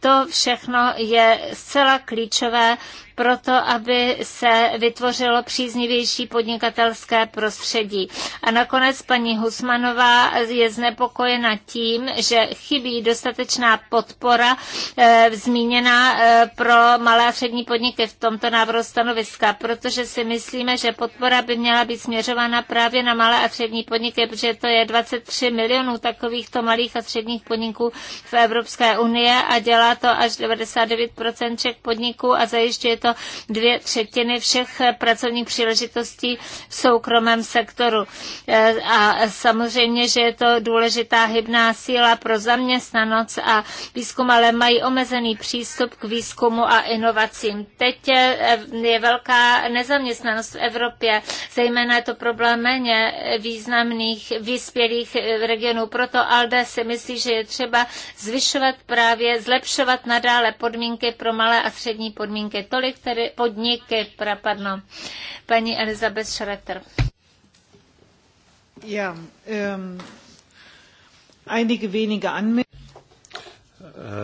Speaker 1: to všechno je zcela klíčové proto, aby se vytvořilo příznivější podnikatelské prostředí. A nakonec paní Husmanová je znepokojena tím, že chybí dostatečná podpora e, zmíněná e, pro malé a střední podniky v tomto návrhu stanoviska, protože si myslíme, že podpora by měla být směřována právě na malé a střední podniky, protože to je 23 milionů takovýchto malých a středních podniků v Evropské unii a dělá to až 99% všech podniků a zajišťuje to dvě třetiny všech eh, pracovních příležitostí v soukromém sektoru. E, a samozřejmě, že je to důležitá hybná síla pro zaměstnanost a výzkum, ale mají omezený přístup k výzkumu a inovacím. Teď je e, velká nezaměstnanost v Evropě, zejména je to problém méně významných, vyspělých e, regionů. Proto ALDE si myslí, že je třeba zvyšovat právě, zlepšovat nadále podmínky pro malé a střední podmínky. Tolik tedy podniky, prapadno. Paní Elizabeth Schroeter.
Speaker 3: Ja, ehm, einige wenige eh,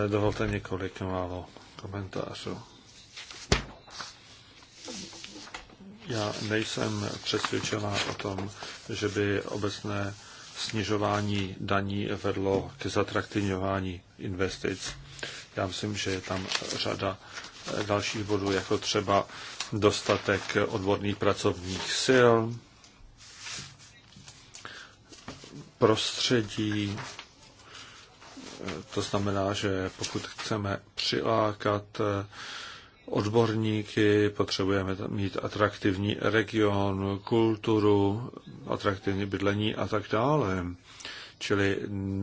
Speaker 2: Dovolte několik málo komentářů. Já nejsem přesvědčená o tom, že by obecné snižování daní vedlo k zatraktivňování investic. Já myslím, že je tam řada eh, dalších bodů, jako třeba dostatek odborných pracovních sil, prostředí. To znamená, že pokud chceme přilákat odborníky, potřebujeme mít atraktivní region, kulturu, atraktivní bydlení a tak dále. Čili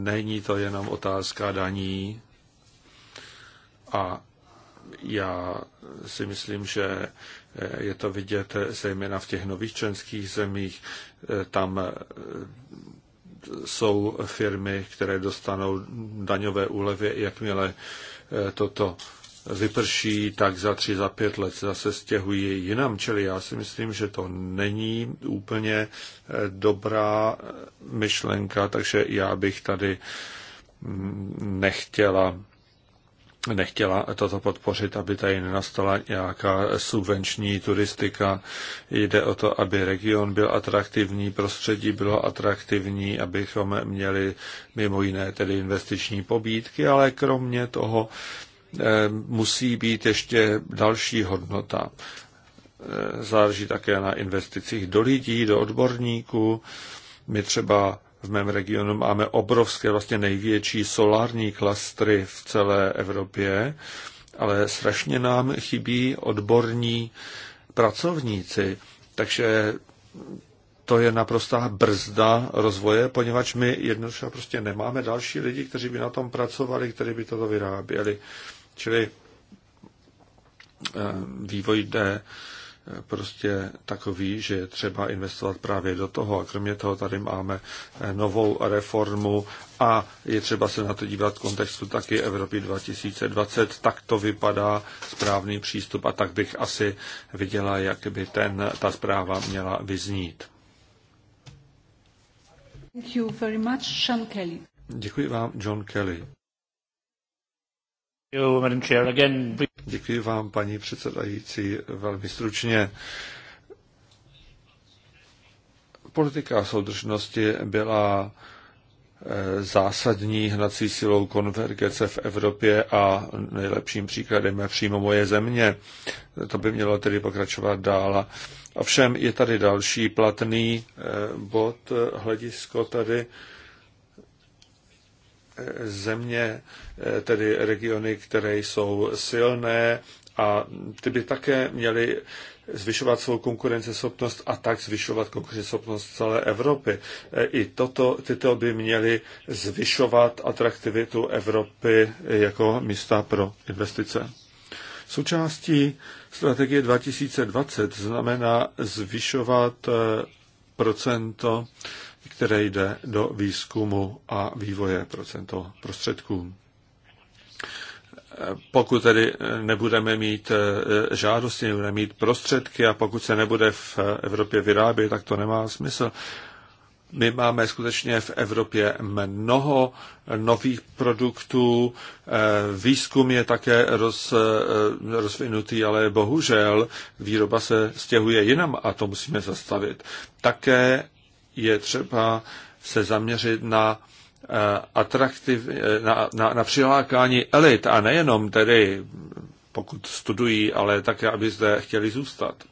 Speaker 2: není to jenom otázka daní. A já si myslím, že je to vidět zejména v těch nových členských zemích. Tam jsou firmy, které dostanou daňové úlevy, jakmile eh, toto vyprší, tak za tři, za pět let zase stěhují jinam. Čili já si myslím, že to není úplně eh, dobrá eh, myšlenka, takže já bych tady mm, nechtěla nechtěla toto podpořit, aby tady nenastala nějaká subvenční turistika. Jde o to, aby region byl atraktivní, prostředí bylo atraktivní, abychom měli mimo jiné tedy investiční pobídky, ale kromě toho eh, musí být ještě další hodnota. Eh, záleží také na investicích do lidí, do odborníků. My třeba v mém regionu máme obrovské, vlastně největší solární klastry v celé Evropě, ale strašně nám chybí odborní pracovníci, takže to je naprostá brzda rozvoje, poněvadž my jednoduše prostě nemáme další lidi, kteří by na tom pracovali, kteří by toto vyráběli. Čili eh, vývoj jde prostě takový, že je třeba investovat právě do toho. A kromě toho tady máme eh, novou reformu a je třeba se na to dívat v kontextu taky Evropy 2020. Tak to vypadá správný přístup a tak bych asi viděla, jak by ten, ta zpráva měla vyznít.
Speaker 1: Thank you very much, Sean Kelly.
Speaker 2: Děkuji vám, John Kelly. Děkuji vám, paní předsedající, velmi stručně. Politika soudržnosti byla eh, zásadní hnací silou konvergence v Evropě a nejlepším příkladem je přímo moje země. To by mělo tedy pokračovat dál. Ovšem je tady další platný eh, bod, eh, hledisko tady země, eh, tedy regiony, které jsou silné a ty by také měly zvyšovat svou konkurenceschopnost a tak zvyšovat konkurenceschopnost celé Evropy. Eh, I toto, tyto by měly zvyšovat atraktivitu Evropy jako místa pro investice. Součástí strategie 2020 znamená zvyšovat eh, procento které jde do výzkumu a vývoje pro tento prostředků. Pokud tedy nebudeme mít eh, žádosti, nebudeme mít prostředky a pokud se nebude v Evropě vyrábět, tak to nemá smysl. My máme skutečně v Evropě mnoho nových produktů. Eh, výzkum je také roz, eh, rozvinutý, ale bohužel výroba se stěhuje jinam a to musíme zastavit. Také je třeba se zaměřit na eh, atraktiv, eh, na, na, na přilákání elit a nejenom tedy, pokud studují, ale také, aby zde chtěli zůstat.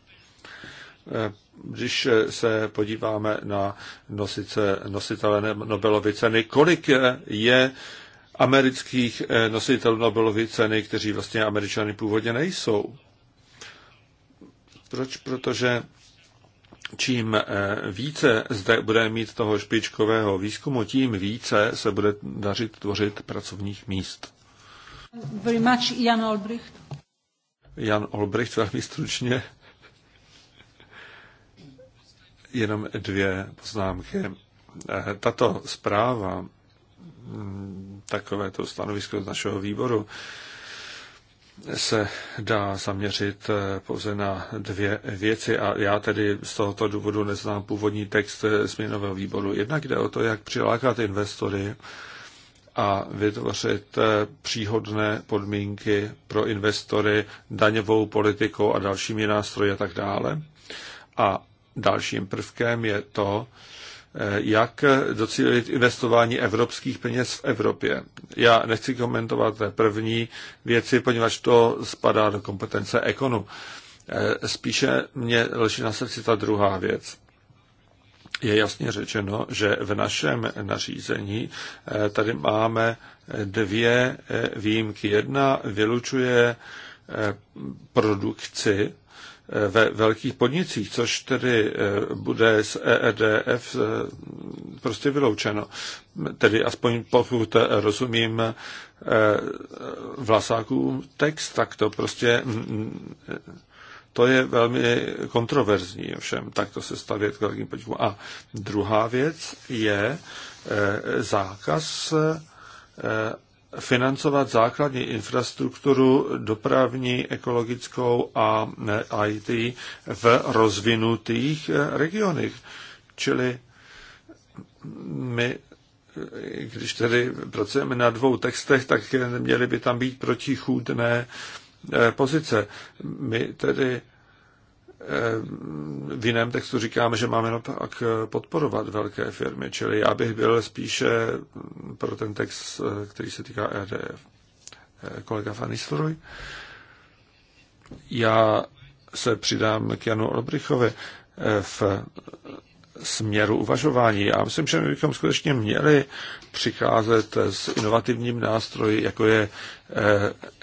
Speaker 2: Eh, když se podíváme na nosice, nositele Nobelovy ceny, kolik je amerických nositelů Nobelovy ceny, kteří vlastně američany původně nejsou. Proč? Protože čím eh, více zde bude mít toho špičkového výzkumu, tím více se bude dařit tvořit pracovních míst.
Speaker 1: Very much Jan Olbricht.
Speaker 2: Jan Olbricht, velmi stručně. Jenom dvě poznámky. Eh, tato zpráva, mm, takovéto stanovisko z našeho výboru, se dá zaměřit eh, pouze na dvě věci a já tedy z tohoto důvodu neznám původní text eh, změnového výboru. Jednak jde o to, jak přilákat investory a vytvořit eh, příhodné podmínky pro investory daňovou politikou a dalšími nástroji a tak dále. A dalším prvkem je to, Eh, jak eh, docílit investování evropských peněz v Evropě. Já nechci komentovat té první věci, poněvadž to spadá do kompetence ekonu. Eh, spíše mě leží na srdci ta druhá věc. Je jasně řečeno, že v našem nařízení tady máme dvě výjimky. Jedna vylučuje produkci ve velkých podnicích, což tedy eh, bude z EEDF eh, prostě vyloučeno. Tedy aspoň pokud rozumím eh, vlasáků text, tak to prostě mm, mm, to je velmi kontroverzní, ovšem to se stavět k velkým podnikům. A druhá věc je zákaz financovat základní infrastrukturu dopravní, ekologickou a e, IT v rozvinutých e, regionech. Čili my, e, když tedy pracujeme na dvou textech, tak měly by tam být protichůdné pozice. My tedy Eh, v jiném textu říkáme, že máme naopak podporovat velké firmy, čili já bych byl spíše pro ten text, eh, který se týká RDF. Eh, kolega Fanny Nistelrooy. Já se přidám k Janu Olbrichovi v směru uvažování. Já myslím, že my bychom skutečně měli přicházet s inovativním nástroji, jako je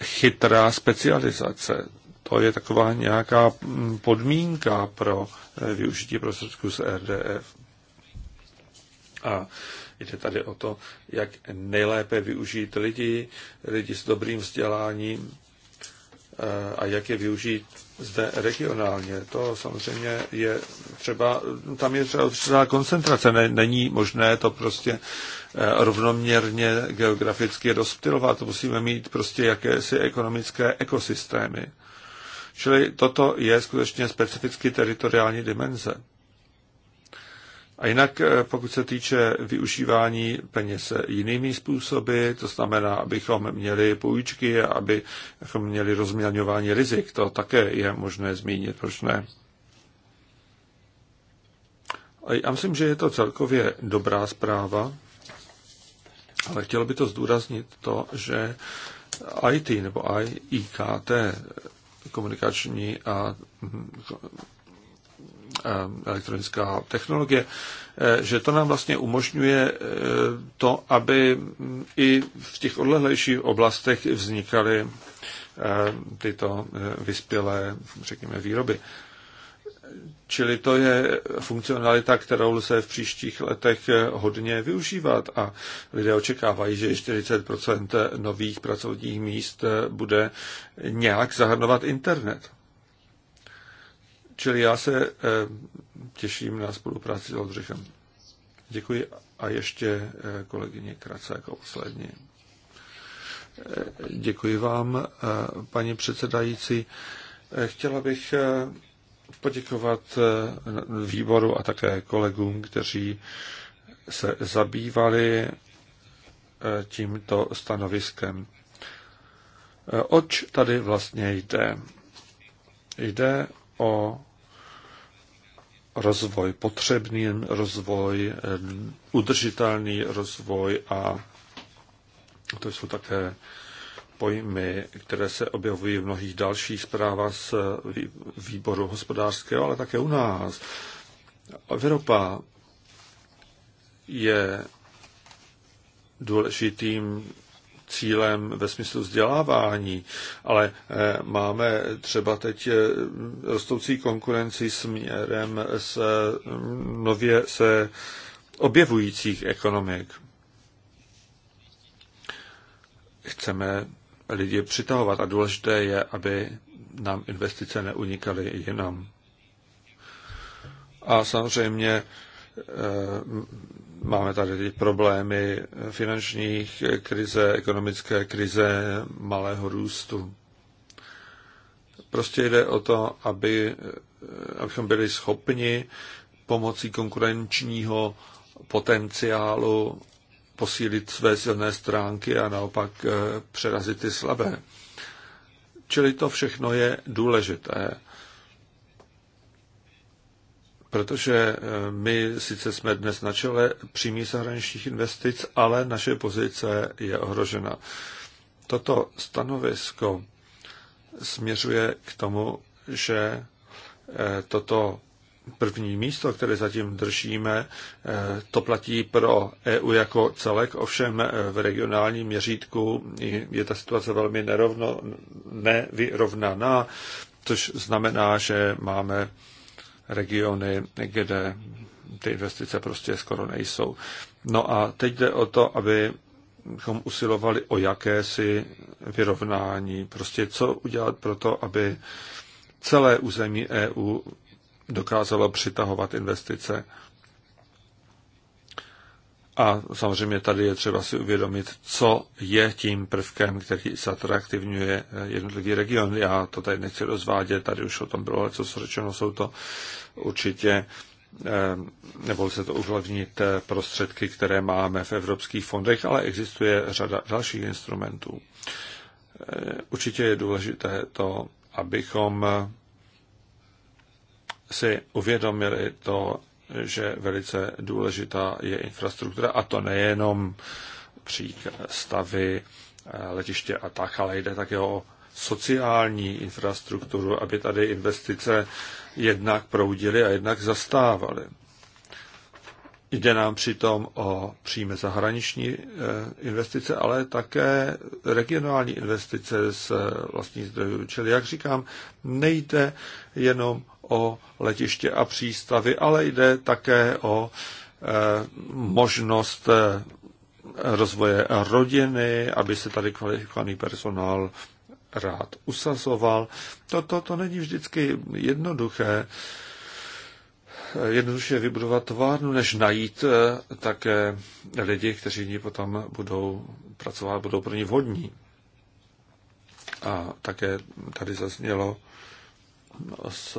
Speaker 2: chytrá specializace to je taková nějaká mm, podmínka pro eh, využití prostředků z RDF. A jde tady o to, jak nejlépe využít lidi, lidi s dobrým vzděláním eh, a jak je využít zde regionálně. To samozřejmě je třeba, tam je třeba určitá koncentrace. Není možné to prostě eh, rovnoměrně geograficky rozptilovat. Musíme mít prostě jakési ekonomické ekosystémy. Čili toto je skutečně specificky teritoriální dimenze. A jinak, eh, pokud se týče využívání peněz jinými způsoby, to znamená, abychom měli půjčky a abychom měli rozmělňování rizik, to také je možné zmínit, proč ne? A já myslím, že je to celkově dobrá zpráva, ale chtělo by to zdůraznit to, že IT nebo IKT komunikační a elektronická technologie, eh, že to nám vlastně umožňuje eh, to, aby i v těch odlehlejších oblastech vznikaly eh, tyto vyspělé, řekněme, výroby. Čili to je funkcionalita, kterou lze v příštích letech hodně využívat a lidé očekávají, že 40 nových pracovních míst bude nějak zahrnovat internet. Čili já se eh, těším na spolupráci s Oldřichem. Děkuji a ještě eh, kolegyně Krace jako poslední. Eh, děkuji vám, paní předsedající. Chtěla bych poděkovat eh, výboru a také kolegům, kteří se zabývali eh, tímto stanoviskem. Eh, oč tady vlastně jde? Jde o rozvoj, potřebný rozvoj, udržitelný rozvoj a to jsou také pojmy, které se objevují v mnohých dalších zprávách z výboru hospodářského, ale také u nás. Evropa je důležitým cílem ve smyslu vzdělávání, ale eh, máme třeba teď eh, rostoucí konkurenci směrem s mm, nově se objevujících ekonomik. Chceme lidi přitahovat a důležité je, aby nám investice neunikaly jinam. A samozřejmě eh, máme tady ty problémy finančních krize, ekonomické krize, malého růstu. Prostě jde o to, aby, eh, abychom byli schopni pomocí konkurenčního potenciálu posílit své silné stránky a naopak eh, přerazit ty slabé. Čili to všechno je důležité, protože eh, my sice jsme dnes na čele přímých zahraničních investic, ale naše pozice je ohrožena. Toto stanovisko směřuje k tomu, že eh, toto první místo, které zatím držíme, eh, to platí pro EU jako celek, ovšem eh, v regionálním měřítku je ta situace velmi nerovno, nevyrovnaná, což znamená, že máme regiony, kde ty investice prostě skoro nejsou. No a teď jde o to, aby usilovali o jakési vyrovnání. Prostě co udělat pro to, aby celé území EU dokázalo přitahovat investice. A samozřejmě tady je třeba si uvědomit, co je tím prvkem, který se atraktivňuje jednotlivý region. Já to tady nechci rozvádět, tady už o tom bylo co se řečeno, jsou to určitě eh, nebo se to uhlavnit eh, prostředky, které máme v evropských fondech, ale existuje řada dalších instrumentů. Eh, určitě je důležité to, abychom si uvědomili to, že velice důležitá je infrastruktura, a to nejenom při stavy letiště a tak, ale jde také o sociální infrastrukturu, aby tady investice jednak proudily a jednak zastávaly. Jde nám přitom o příjme zahraniční eh, investice, ale také regionální investice z eh, vlastních zdrojů. Čili, jak říkám, nejde jenom o letiště a přístavy, ale jde také o eh, možnost rozvoje rodiny, aby se tady kvalifikovaný personál rád usazoval. Toto to, to není vždycky jednoduché jednoduše vybudovat továrnu, než najít eh, také lidi, kteří ní potom budou pracovat, budou pro ní vhodní. A také tady zaznělo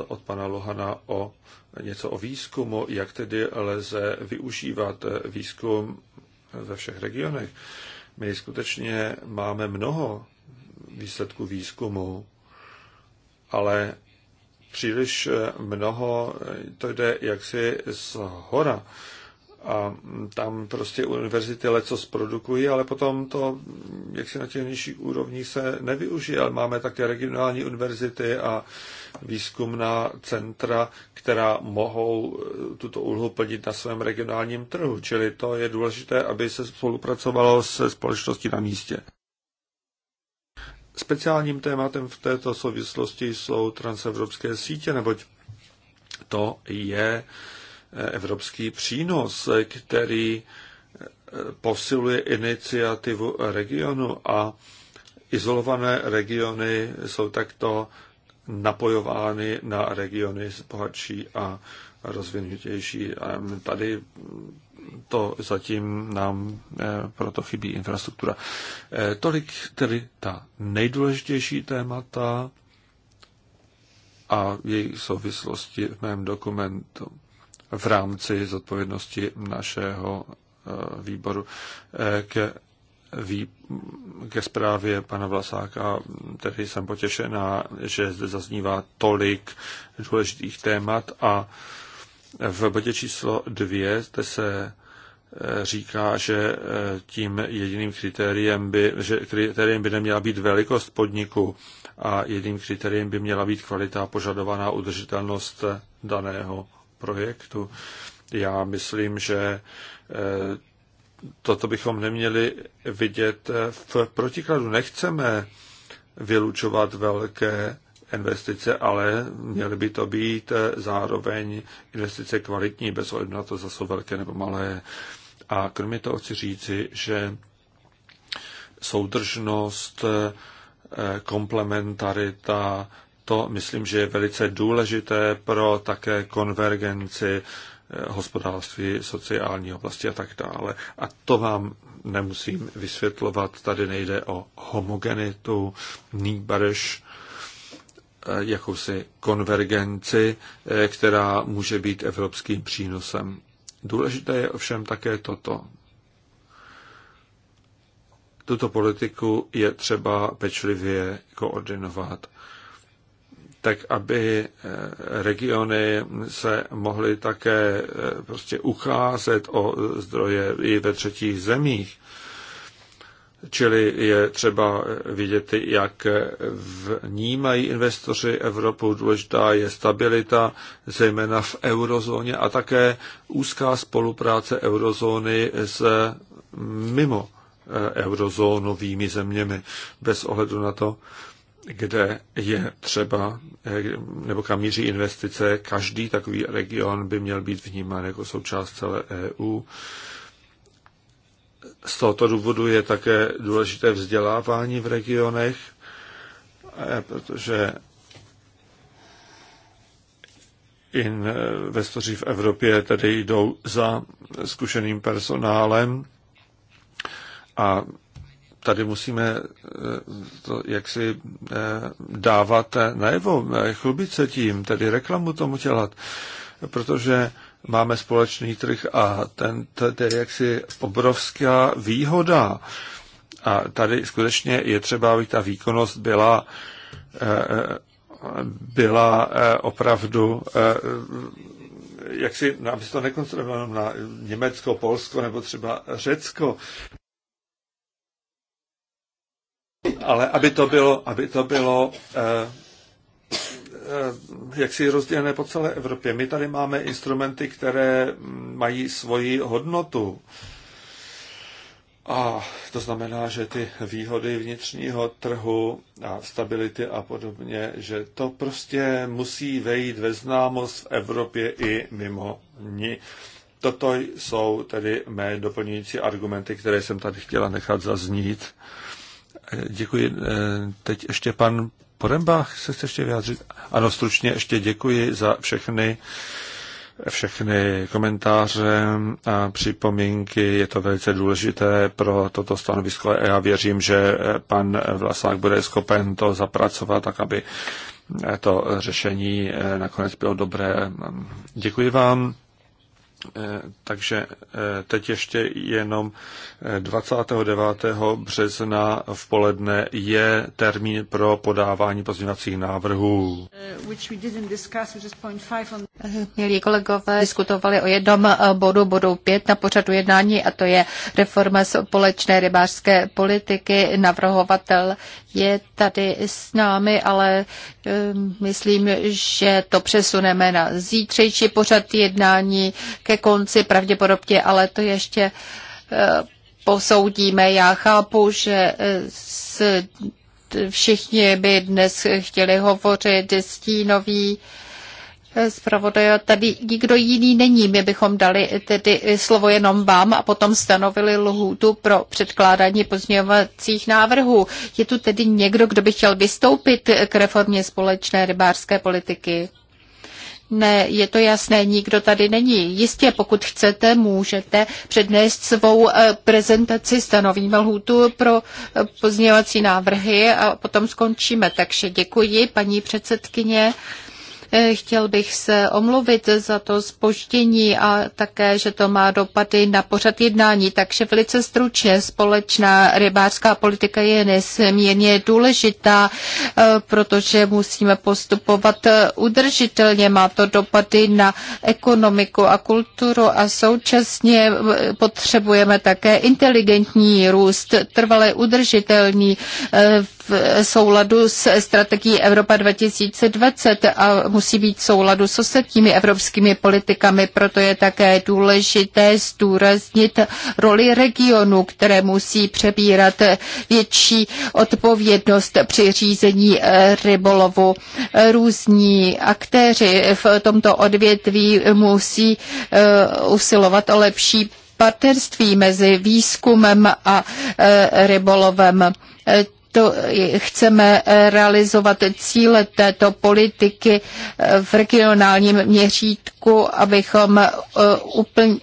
Speaker 2: od pana Lohana o něco o výzkumu, jak tedy lze využívat eh, výzkum ve všech regionech. My skutečně máme mnoho výsledků výzkumu, ale příliš eh, mnoho, eh, to jde jaksi z hora. A tam prostě univerzity leco zprodukují, ale potom to, mm, jak si na těch nižších úrovních se nevyužije. Ale máme také regionální univerzity a výzkumná centra, která mohou eh, tuto úlohu plnit na svém regionálním trhu. Čili to je důležité, aby se spolupracovalo se společností na místě. Speciálním tématem v této souvislosti jsou transevropské sítě, neboť to je eh, evropský přínos, který eh, posiluje iniciativu regionu a izolované regiony jsou takto napojovány na regiony bohatší a rozvinutější. A tady to zatím nám eh, proto chybí infrastruktura. Eh, tolik tedy ta nejdůležitější témata a jejich souvislosti v mém dokumentu v rámci zodpovědnosti našeho eh, výboru ke, ví, ke zprávě pana Vlasáka, tedy jsem potěšená, že zde zaznívá tolik důležitých témat a v bodě číslo dvě jste se eh, říká, že eh, tím jediným kritériem by, že kritériem by neměla být velikost podniku a jediným kritériem by měla být kvalita a požadovaná udržitelnost daného projektu. Já myslím, že eh, toto bychom neměli vidět v protikladu. Nechceme vylučovat velké investice, ale měly by to být eh, zároveň investice kvalitní, bez ohledu na to, zase jsou velké nebo malé. A kromě toho chci říci, že soudržnost, eh, komplementarita, to myslím, že je velice důležité pro také konvergenci eh, hospodářství, sociální oblasti a tak dále. A to vám nemusím vysvětlovat, tady nejde o homogenitu, nýbrž Eh, jakousi konvergenci, eh, která může být evropským přínosem. Důležité je ovšem také toto. Tuto politiku je třeba pečlivě koordinovat, tak aby eh, regiony se mohly také prostě ucházet o zdroje i ve třetích zemích Čili je třeba vidět, jak vnímají investoři Evropu. Důležitá je stabilita, zejména v eurozóně a také úzká spolupráce eurozóny s mimo eh, eurozónovými zeměmi, bez ohledu na to, kde je třeba, eh, nebo kam míří investice, každý takový region by měl být vnímán jako součást celé EU. Z tohoto důvodu je také důležité vzdělávání v regionech, protože investoři v Evropě tedy jdou za zkušeným personálem a tady musíme eh, to jaksi eh, dávat eh, najevo, chlubit se tím, tedy reklamu tomu dělat, protože máme společný trh a ten, to je jaksi obrovská výhoda. A tady skutečně je třeba, aby ta výkonnost byla, eh, byla eh, opravdu eh, jak si, no, aby se to nekoncentrovalo na Německo, Polsko nebo třeba Řecko, ale aby to bylo, aby to bylo Eh, jaksi rozdělené po celé Evropě. My tady máme instrumenty, které mají svoji hodnotu. A to znamená, že ty výhody vnitřního trhu a stability a podobně, že to prostě musí vejít ve známost v Evropě i mimo ní. Toto jsou tedy mé doplňující argumenty, které jsem tady chtěla nechat zaznít. Eh, děkuji. Eh, teď ještě pan Podembách se chce ještě vyjádřit? Ano, stručně ještě děkuji za všechny všechny komentáře a připomínky. Je to velice důležité pro toto stanovisko a já věřím, že pan Vlasák bude schopen to zapracovat tak, aby to řešení nakonec bylo dobré. Děkuji vám Eh, takže eh, teď ještě jenom 29. Eh, března v poledne je termín pro podávání pozměňovacích návrhů.
Speaker 3: Milí kolegové, diskutovali o jednom bodu, bodu 5 na pořadu jednání a to je reforma společné rybářské politiky. Navrhovatel je tady s námi, ale myslím, že to přesuneme na zítřejší pořad jednání ke ke konci pravděpodobně, ale to ještě eh, posoudíme. Já chápu, že eh, s, všichni by dnes chtěli hovořit stínový eh, zpravodaj. Tady nikdo jiný není. My bychom dali tedy slovo jenom vám a potom stanovili lhůtu pro předkládání pozměňovacích návrhů. Je tu tedy někdo, kdo by chtěl vystoupit k reformě společné rybářské politiky? Ne, je to jasné, nikdo tady není. Jistě, pokud chcete, můžete přednést svou eh, prezentaci, stanovíme lhůtu pro eh, pozměňovací návrhy a potom skončíme. Takže děkuji, paní předsedkyně. Eh, chtěl bych se omluvit za to spoždění a také, že to má dopady na pořad jednání. Takže velice stručně společná rybářská politika je nesmírně důležitá, eh, protože musíme postupovat eh, udržitelně. Má to dopady na ekonomiku a kulturu a současně potřebujeme také inteligentní růst, trvalé udržitelný v souladu s strategií Evropa 2020 a musíme musí být v souladu s ostatními evropskými politikami, proto je také důležité zdůraznit roli regionu, které musí přebírat větší odpovědnost při řízení eh, rybolovu. Různí aktéři v tomto odvětví musí eh, usilovat o lepší partnerství mezi výzkumem a eh, rybolovem to eh, chceme eh, realizovat cíle této politiky eh, v regionálním měřítku, abychom úplně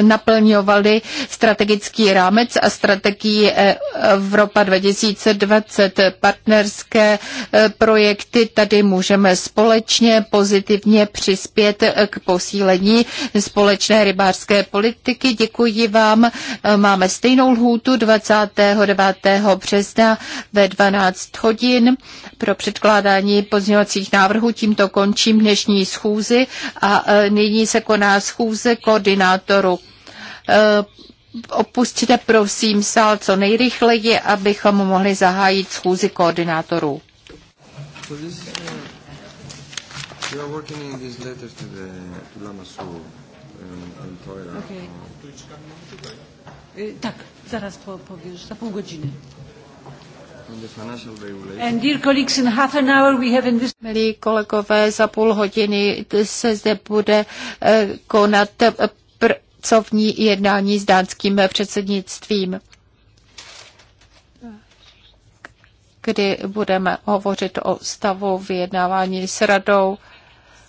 Speaker 3: naplňovaly strategický rámec a strategii eh, Evropa 2020. Partnerské eh, projekty tady můžeme společně pozitivně přispět eh, k posílení společné rybářské politiky. Děkuji vám. Máme stejnou lhůtu 29. března ve 12 hodin pro předkládání pozměňovacích návrhů. Tímto končím dnešní schůzi a nyní se koná schůze koordinátorů Eh, opustíte prosím sál co nejrychleji, abychom mohli zahájit schůzi koordinátorů. Um, eh, tak, zaraz po, powiesz, za pół godziny. And dear colleagues, in half an hour we have in this... Milí kolegové, za půl hodiny se zde bude uh, konat uh, pracovní jednání s dánským předsednictvím, kdy budeme hovořit o stavu vyjednávání s radou.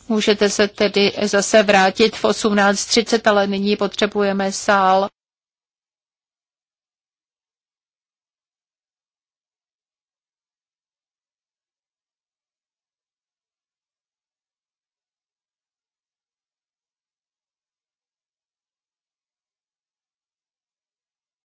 Speaker 3: Můžete se tedy zase vrátit v 18.30, ale nyní potřebujeme sál.